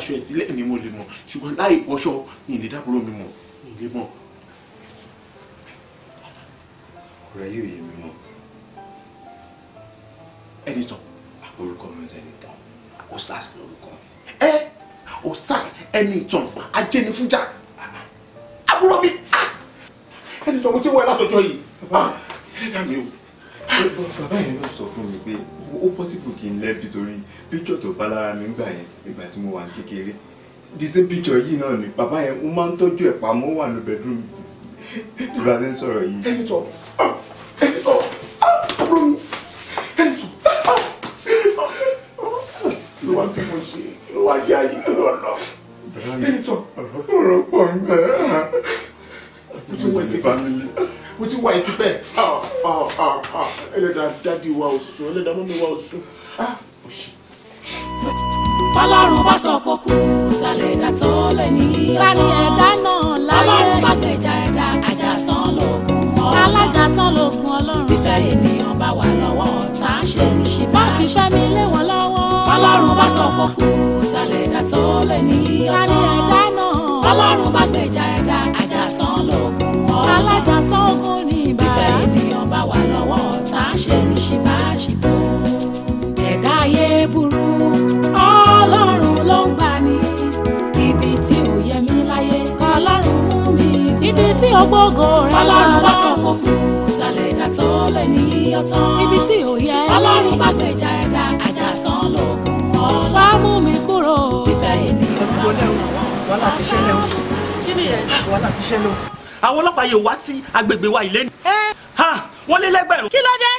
aṣọ ẹ̀ sílẹ̀ ni mo lè mọ̀ ṣùgbọ́n láì bọ́ṣọ ni ìlé dábúrò mi mọ̀ mi ìlé mọ̀. ọ̀rọ̀ yóò yé mi mọ̀. ẹni tán. orúkọ mi ò ẹni tán osas lorúkọ. ẹ osas ẹni tán ajẹnifújà àbúrò mi ẹni ah! tán mo ti wọ ẹ látọjọ́ yìí bàbá yẹn náà sọ fún mi pé ó possible kí n lẹ́bi torí píkṣọ̀ tó bá lára mi gbà yẹn ìgbà tí mo wà ní kékeré the same picture yìí náà ni bàbá yẹn ó máa ń tọ́jú ẹ̀ pamọ́ wà ní bedroom tí bá ṣe ń sọ̀rọ̀ yìí. ẹni tọ ẹni tọ àbúrò mi ẹni tọ ló wá bí mo ṣe ló wá yá yìí tó lọ lọ ẹni tọ ọ̀rọ̀ pọ̀ ń bẹ̀ ẹ́ mo ti wá ìtìpẹ́ mo ti wá ìtìpẹ́. Ah, ah, ah. ẹlẹ́dàá dádì wa ò sùn ẹlẹ́dàá mọ́mí wa ò sùn. Oh, ọlọ́run bá sọ fokù ta lè dá tó lè ní ìyàtọ̀ ta ni ẹ̀dá náà láyé ọlọ́run bá gbèjà ẹ̀dá ajá tán lókun ọlọ́run alájà tán lókun ọlọ́run fífẹ́ ènìyàn bá wà lọ́wọ́ ọ̀tá ṣe ní ṣe bá fi ṣẹ́ mi lé wọn lọ́wọ́ ọlọ́run bá sọ fokù ta lè dá tó lè ní ìyàtọ̀ ta ni ẹ̀dá náà ọlọ́run bá gbèjà ẹ̀dá ṣe má ṣe bò ẹ̀dá ayé burú ọlọ́run ló ń gbà ní ibi tí ò yẹ mí láyé ọlọ́run mú mi ibi tí ògbógo rẹ̀ ọlọ́run bá sọ kó kú talẹ̀ ẹ̀dá tó ibi tí ò yẹ ọlọ́run bá gbèjà ẹ̀dá ajá tán lókun ọlọ́run wá mú mi kúrò ìfẹ́ ènìyàn bá wàhálà ti ṣẹlẹ̀ o kí ni ẹ̀ wàhálà ti ṣẹlẹ̀ o àwọn ọlọ́pàá yóò wá sí agbègbè wa ìlẹ́ni wọ́n lé lẹ́gbẹ̀rún. kí ló dé.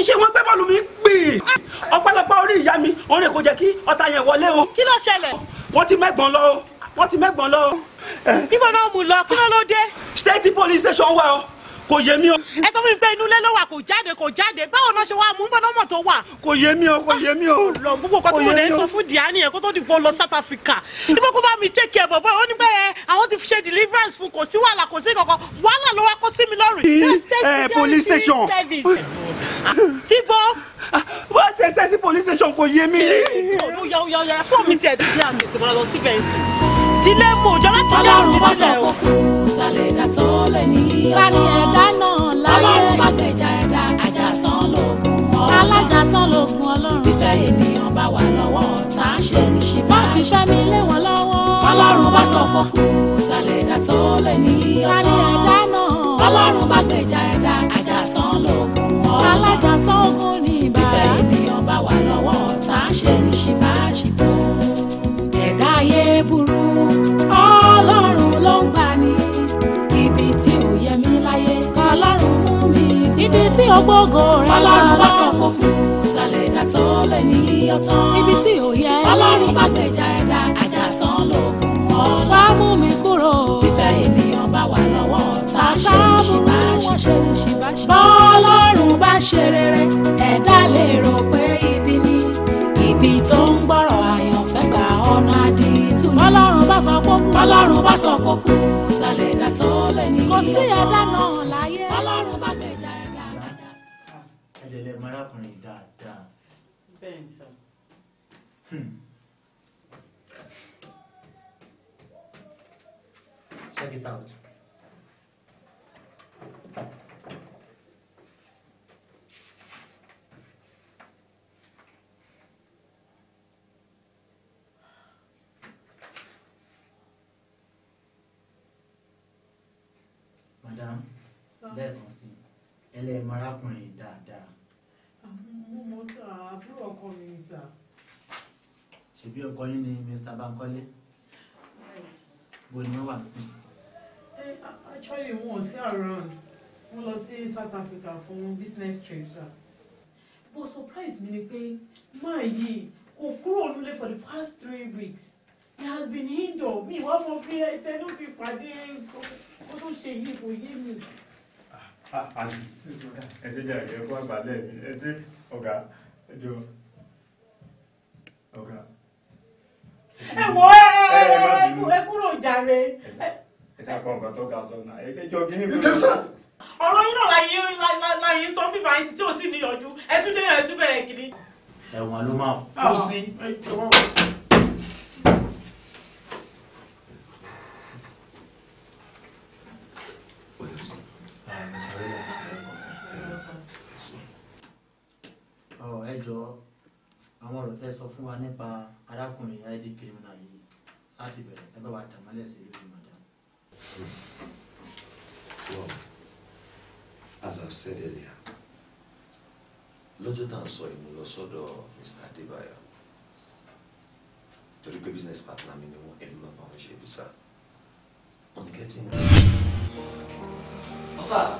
iṣẹ́ wọn gbé bọ́ọ̀lù mi gbìn. ọ̀pọ̀lọpọ̀ orí ìyá mi òun rè kó jẹ́ kí ọ̀tá yẹn wọlé o. kí ló ṣẹlẹ̀. wọ́n ti mẹ́gbọ̀n lọ wọ́n ti mẹ́gbọ̀n lọ. bíbọn náà mú lọ kí ló ló dé. state police station wà o kò yé mi o. ẹ sọ fún mi pé inú ilé ló wà kò jáde kò jáde báwo náà ṣe wá mú bọ́nọ́mọ̀ tó wà. kò yé mi o kò yé mi o. lọ ah, gbogbo kan tí mo lè sọ fún Diani yẹn kó tó di lọ South Africa nígbà kó bá mi take care bọ̀bọ̀ ó ní pé eh, àwọn ti ṣe deliverance fún kò sí wàhálà kò sí kankan wàhálà ló wá kó sí mi lọ́rùn. Eh, police station. ti bọ́. wọ́n ṣe ṣe sí police station kò yé mi. fún mi tiẹ̀ dé bí àmì ìsìnkú lọ síbẹ̀ ìsìn. tilé mọ̀ ọjọ́ ta lè dá tó lè ní ọ̀tọ̀. ta ni ẹ̀dá náà láyé. ọlọ́run bá gbèjà ẹ̀dá ajá tán lóògùn ọlọ́run. alájà tán lóògùn ọlọ́run. fífẹ́ ènìyàn bá wà lọ́wọ́ tá a ṣe ní ṣe bá. má fi ṣẹ́ mi lé wọn lọ́wọ́. ọlọ́run bá sọ fọ́kù ta lè dá tó lè ní ọ̀tọ̀. ta ni ẹ̀dá náà. ọlọ́run bá gbèjà ẹ̀dá ajá tán ọlọ́run. alájà tán ní ìbá. fífẹ́ ènìyàn bá wà lọ́wọ́ tá ṣe ní ṣe bá ṣe bọ́. ẹ̀dá ayé burú ọlọ́run. tí ògbógo rẹ̀ wà lọ́wọ́. ọlọ́run bá sọ kó kú talẹ̀ dá tó lè ní ọ̀tán. ibi tí ò yẹ ẹ́ ọlọ́run bá gbèjà ẹ̀dá ajá tán lókun ọlọ́run. wá mú mi kúrò. fífẹ́ ènìyàn bá wà lọ́wọ́ tá ṣe ìṣìbáṣe. bọ́ọ̀lọ́run bá ṣe rere ẹ̀dá lè rò pé ibi ni ibi tó ń gbọ́rọ̀ àyànfẹ́ gba ọ̀nà àdìtú. bọ́ọ̀lọ́run bá sọ kó kú. bọ́ọ̀lọ́run bá sọ kó kú talẹ̀ dá tó lè ní ọ̀tán. kò sí ẹ̀dá náà check it out. madam ah. lẹ́ẹ̀kan sí ẹlẹ́ẹ̀ marákùnrin dáadáa. mo mọ sá àbúrò ọkọ mi ni sá. ṣebí ọkọ yín ni Mr. Bankole bó ni actually wọn ò sí around wọn lọ sí South Africa fún business trip sir. bó surprise mi ni pé máa yí kò kúrò nílé for the past three weeks he has been indoor mi wá mọ pé ẹsẹ ló fi pàdé kó tó ṣe yìí kò yé ah, ah, mi. ẹ ṣe jà ẹ kó àgbàlẹ̀ mi ẹ ṣe ọ̀gá ẹ jọ ọ̀gá. ẹ wọ ẹ ẹ ẹ kúrò jàre. ọ̀rọ̀ yín náà láyé láyé sọ fífa ẹ̀sìn tí ò tí ì níyànjú ẹ dé ẹ tún gidi. ẹ̀wọ̀n ló máa kú ah, sí. ẹ oh, àwọn ọ̀rọ̀ tẹ́ sọ fún wa nípa arákùnrin idp náà yìí láti bẹ̀rẹ̀ ẹ wa tàmálẹ̀ sí Well, as I've said earlier, lọ́jọ́ tá à ń sọ yìí lọ sọ́dọ̀ Mr. Adébáyọ̀ torí pé business partner mi ni wọ́n ẹni lọ́ba wọn ṣe visa on getting. Osas.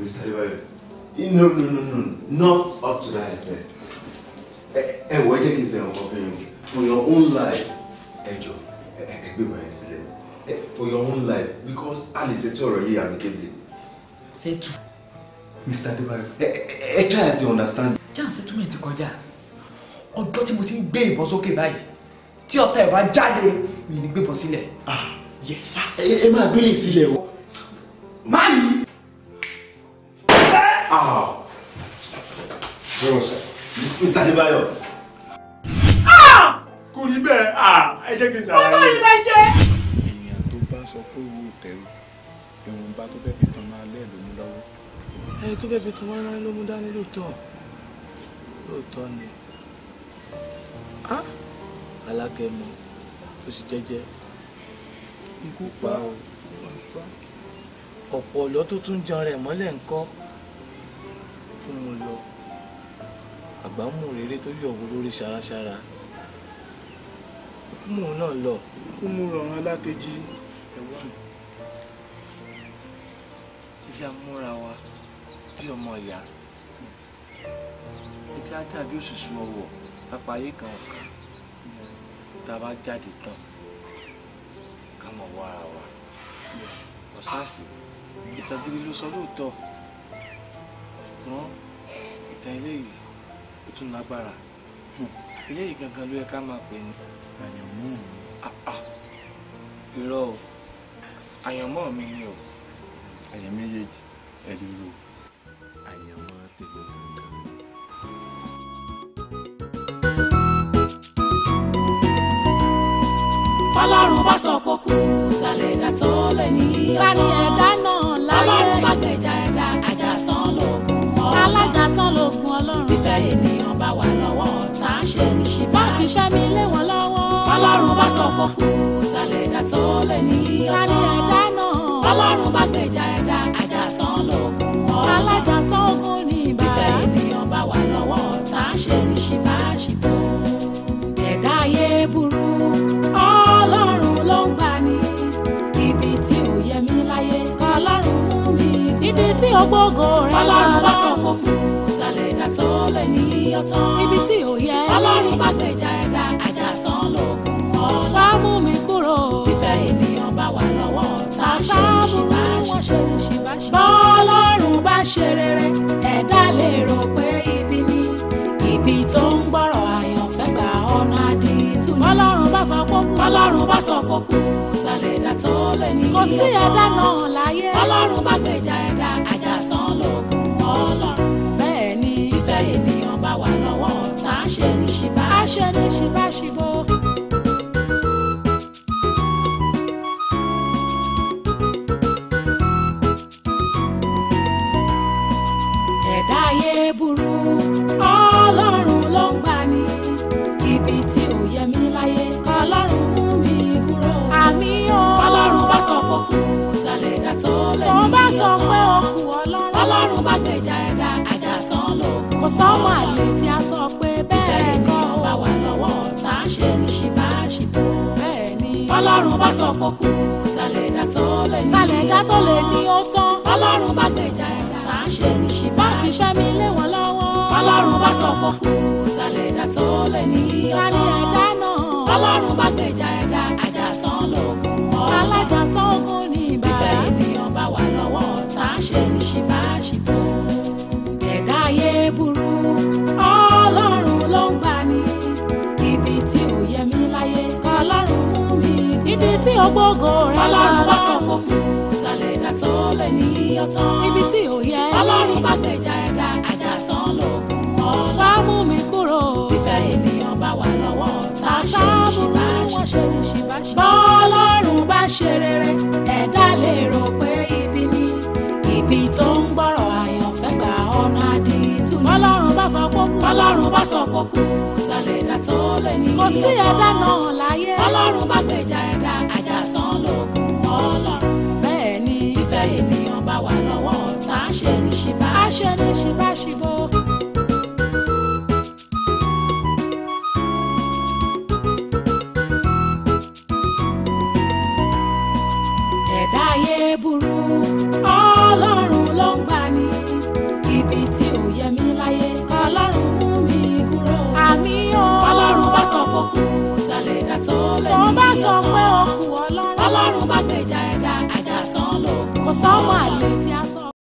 Mr. Adébáyọ̀ no no no no not up to that extent. Ẹ wọ́n jẹ́ kí n sẹ́yìn ọkọ̀ fún yín for your own life. Ẹ jọ ẹ gbé bàyẹn sílẹ̀. Eh, for your own life because Alice lè ṣètò ọ̀rọ̀ yìí amicably. ṣètò. Mr. Adebayo ẹ ẹ try àti understand. jan settlement kọjá ọjọ́ tí mo ti ń gbé ìbọn sókè báyìí tí ọ̀tá ẹ̀ bá jáde mi ní gbébọn sílẹ̀. Ah. Ah, ẹ máa gbélé sílẹ̀ o. máa yí. Mr. Adebayo. kò rí bẹ́ẹ̀ ah, ẹ jẹ́ kí n ṣàlàyé. bàbá ìlẹ̀ ṣe sọ pé owó tẹ̀rù ìwọ̀nba tó fẹ́ẹ́ fi tan máa lẹ́ẹ̀ ló mú lọ́wọ́. ẹni tó fẹ́ẹ́ fi tan máa ló dání lóòótọ́ lóòótọ́ ni alágẹmọ tó sì jẹ́jẹ́ ikú pa ọ̀pọ̀ ọ̀lọ́ tó tún jan rẹ̀ mọ́lẹ̀ ńkọ́ fún un lọ àgbámú rere tó yọ̀ wò lórí ṣaraṣara kúmù náà lọ. kúmù rọrùn alákejì ẹja múra wa bí ọmọ ìyá ẹja dàbí òṣùṣù ọwọ̀ pápá ayé kan ọ̀ka tá a bá jáde tán ká mọ̀ wọ ara wa ọ̀sáàsì ìtàn gidi ló sọ lóòótọ́ wọn ìtàn eléyìí ó tún lágbára eléyìí gangan ló yẹ ká máa pè ní. àyànmọ́ mi. irọ́ o àyànmọ́ mi ni o ẹ̀yin méjèèjì ẹ̀dúró àyànmọ́ tèmi gangan. ọlọ́run bá sọ kó kú ta lè dá tó lè ní ọ̀tọ̀ ta ni ẹ̀dá náà láyé ọlọ́run bá gbèjà ẹ̀dá ajá tán lókun ọlọ́run alájà tán lókun ọlọ́run fífẹ́ ènìyàn bá wà lọ́wọ́ ọ̀tá ṣe ní ṣe bá fi ṣẹ́ mi lé wọn lọ́wọ́ ọlọ́run bá sọ kó ta lè dá tó lè ní ọ̀tọ̀ ta ni ẹ̀dá bá gbèjà ẹ̀dá ajá tán lóògùn ọ̀la. alájà tán ogun ní ibà. ìfẹ́ ènìyàn bá wà lọ́wọ́ ọ̀tá ṣe ní ṣìbáṣìbò. ẹ̀dá ayé burú ọlọ́run ló ń gbà ní. ibi tí ò yẹ mí láyé ọlọ́run mú mi. ibi tí ògbógo rẹ̀ ọlọ́run bá sọ kó kú talẹ̀ ẹ̀dá tó lè ní ọ̀tán. ibi tí ò yẹ ọlọ́run bá gbèjà ẹ̀dá ajá tán lóògùn ọ̀la. wàá mú mi kú. bọ́lọ́run bá ṣe rere ẹ̀dá lè rò pé ibi ni ibi tó ń gbọ́rọ̀ àyànfẹ́ gba ọ̀nà àdì tú bọ́lọ́run bá sọ kókú bọ́lọ́run bá sọ kókú ta lè dá tó lè ní kò sí ẹ̀dá náà láyé bọ́lọ́run bá gbèjà ẹ̀dá ajá tán lókun ọlọ́run bẹ́ẹ̀ ni ìfẹ́ ènìyàn bá wà lọ́wọ́ tá ṣe ní ṣìbá a ṣe ní tó bá sọ pé ó kù ọlọ́run ọlọ́run bá gbèjà ẹ̀dá ajá tán ló kù. kò sọ́mọ àlè tí a sọ pé bẹ́ẹ̀ kọ́ ó bá wà lọ́wọ́ ọ̀tá ṣe ní ṣìbá ṣìbò. bẹ́ẹ̀ ni ọlọ́run bá sọ pé ó kù talẹ̀ ẹ̀dá tó lè ní. talẹ̀ ẹ̀dá tó lè ní ó tán ọlọ́run bá gbèjà ẹ̀dá tá a ṣe ní ṣìbá. má fi ṣẹ́ lé wọn lọ́wọ́. ọlọ́run bá sọ pé ó kù. burú ọlọ́run ló ń gbà ní ibi tí ò yẹ mí láyé ọlọ́run mú mi ibi tí ògbógo rẹ̀ ọlọ́run bá sọ kó kú talẹ̀ ẹ̀dá tó lè ní ọ̀tán ibi tí ò yẹ ọlọ́run bá gbèjà ẹ̀dá ajá tán lókun ọlọ́run wá mú mi kúrò ìfẹ́ ènìyàn bá wà lọ́wọ́ tá ṣe ìṣìbáṣe bọ́ọ̀lọ́run bá ṣe rere ẹ̀dá lè rò pé. bọ́lọ́run bá sọ kó kú ta lè dá tó lè ní ìyàtọ̀ kò sí ẹ̀dá náà láyé bọ́lọ́run bá gbèjà ẹ̀dá ajá tán lókun ọlọ́run bẹ́ẹ̀ ni ìfẹ́ ènìyàn bá wà lọ́wọ́ ta ṣe ní ṣìbá a ṣe ní ṣìbá ṣìbó. só malhando.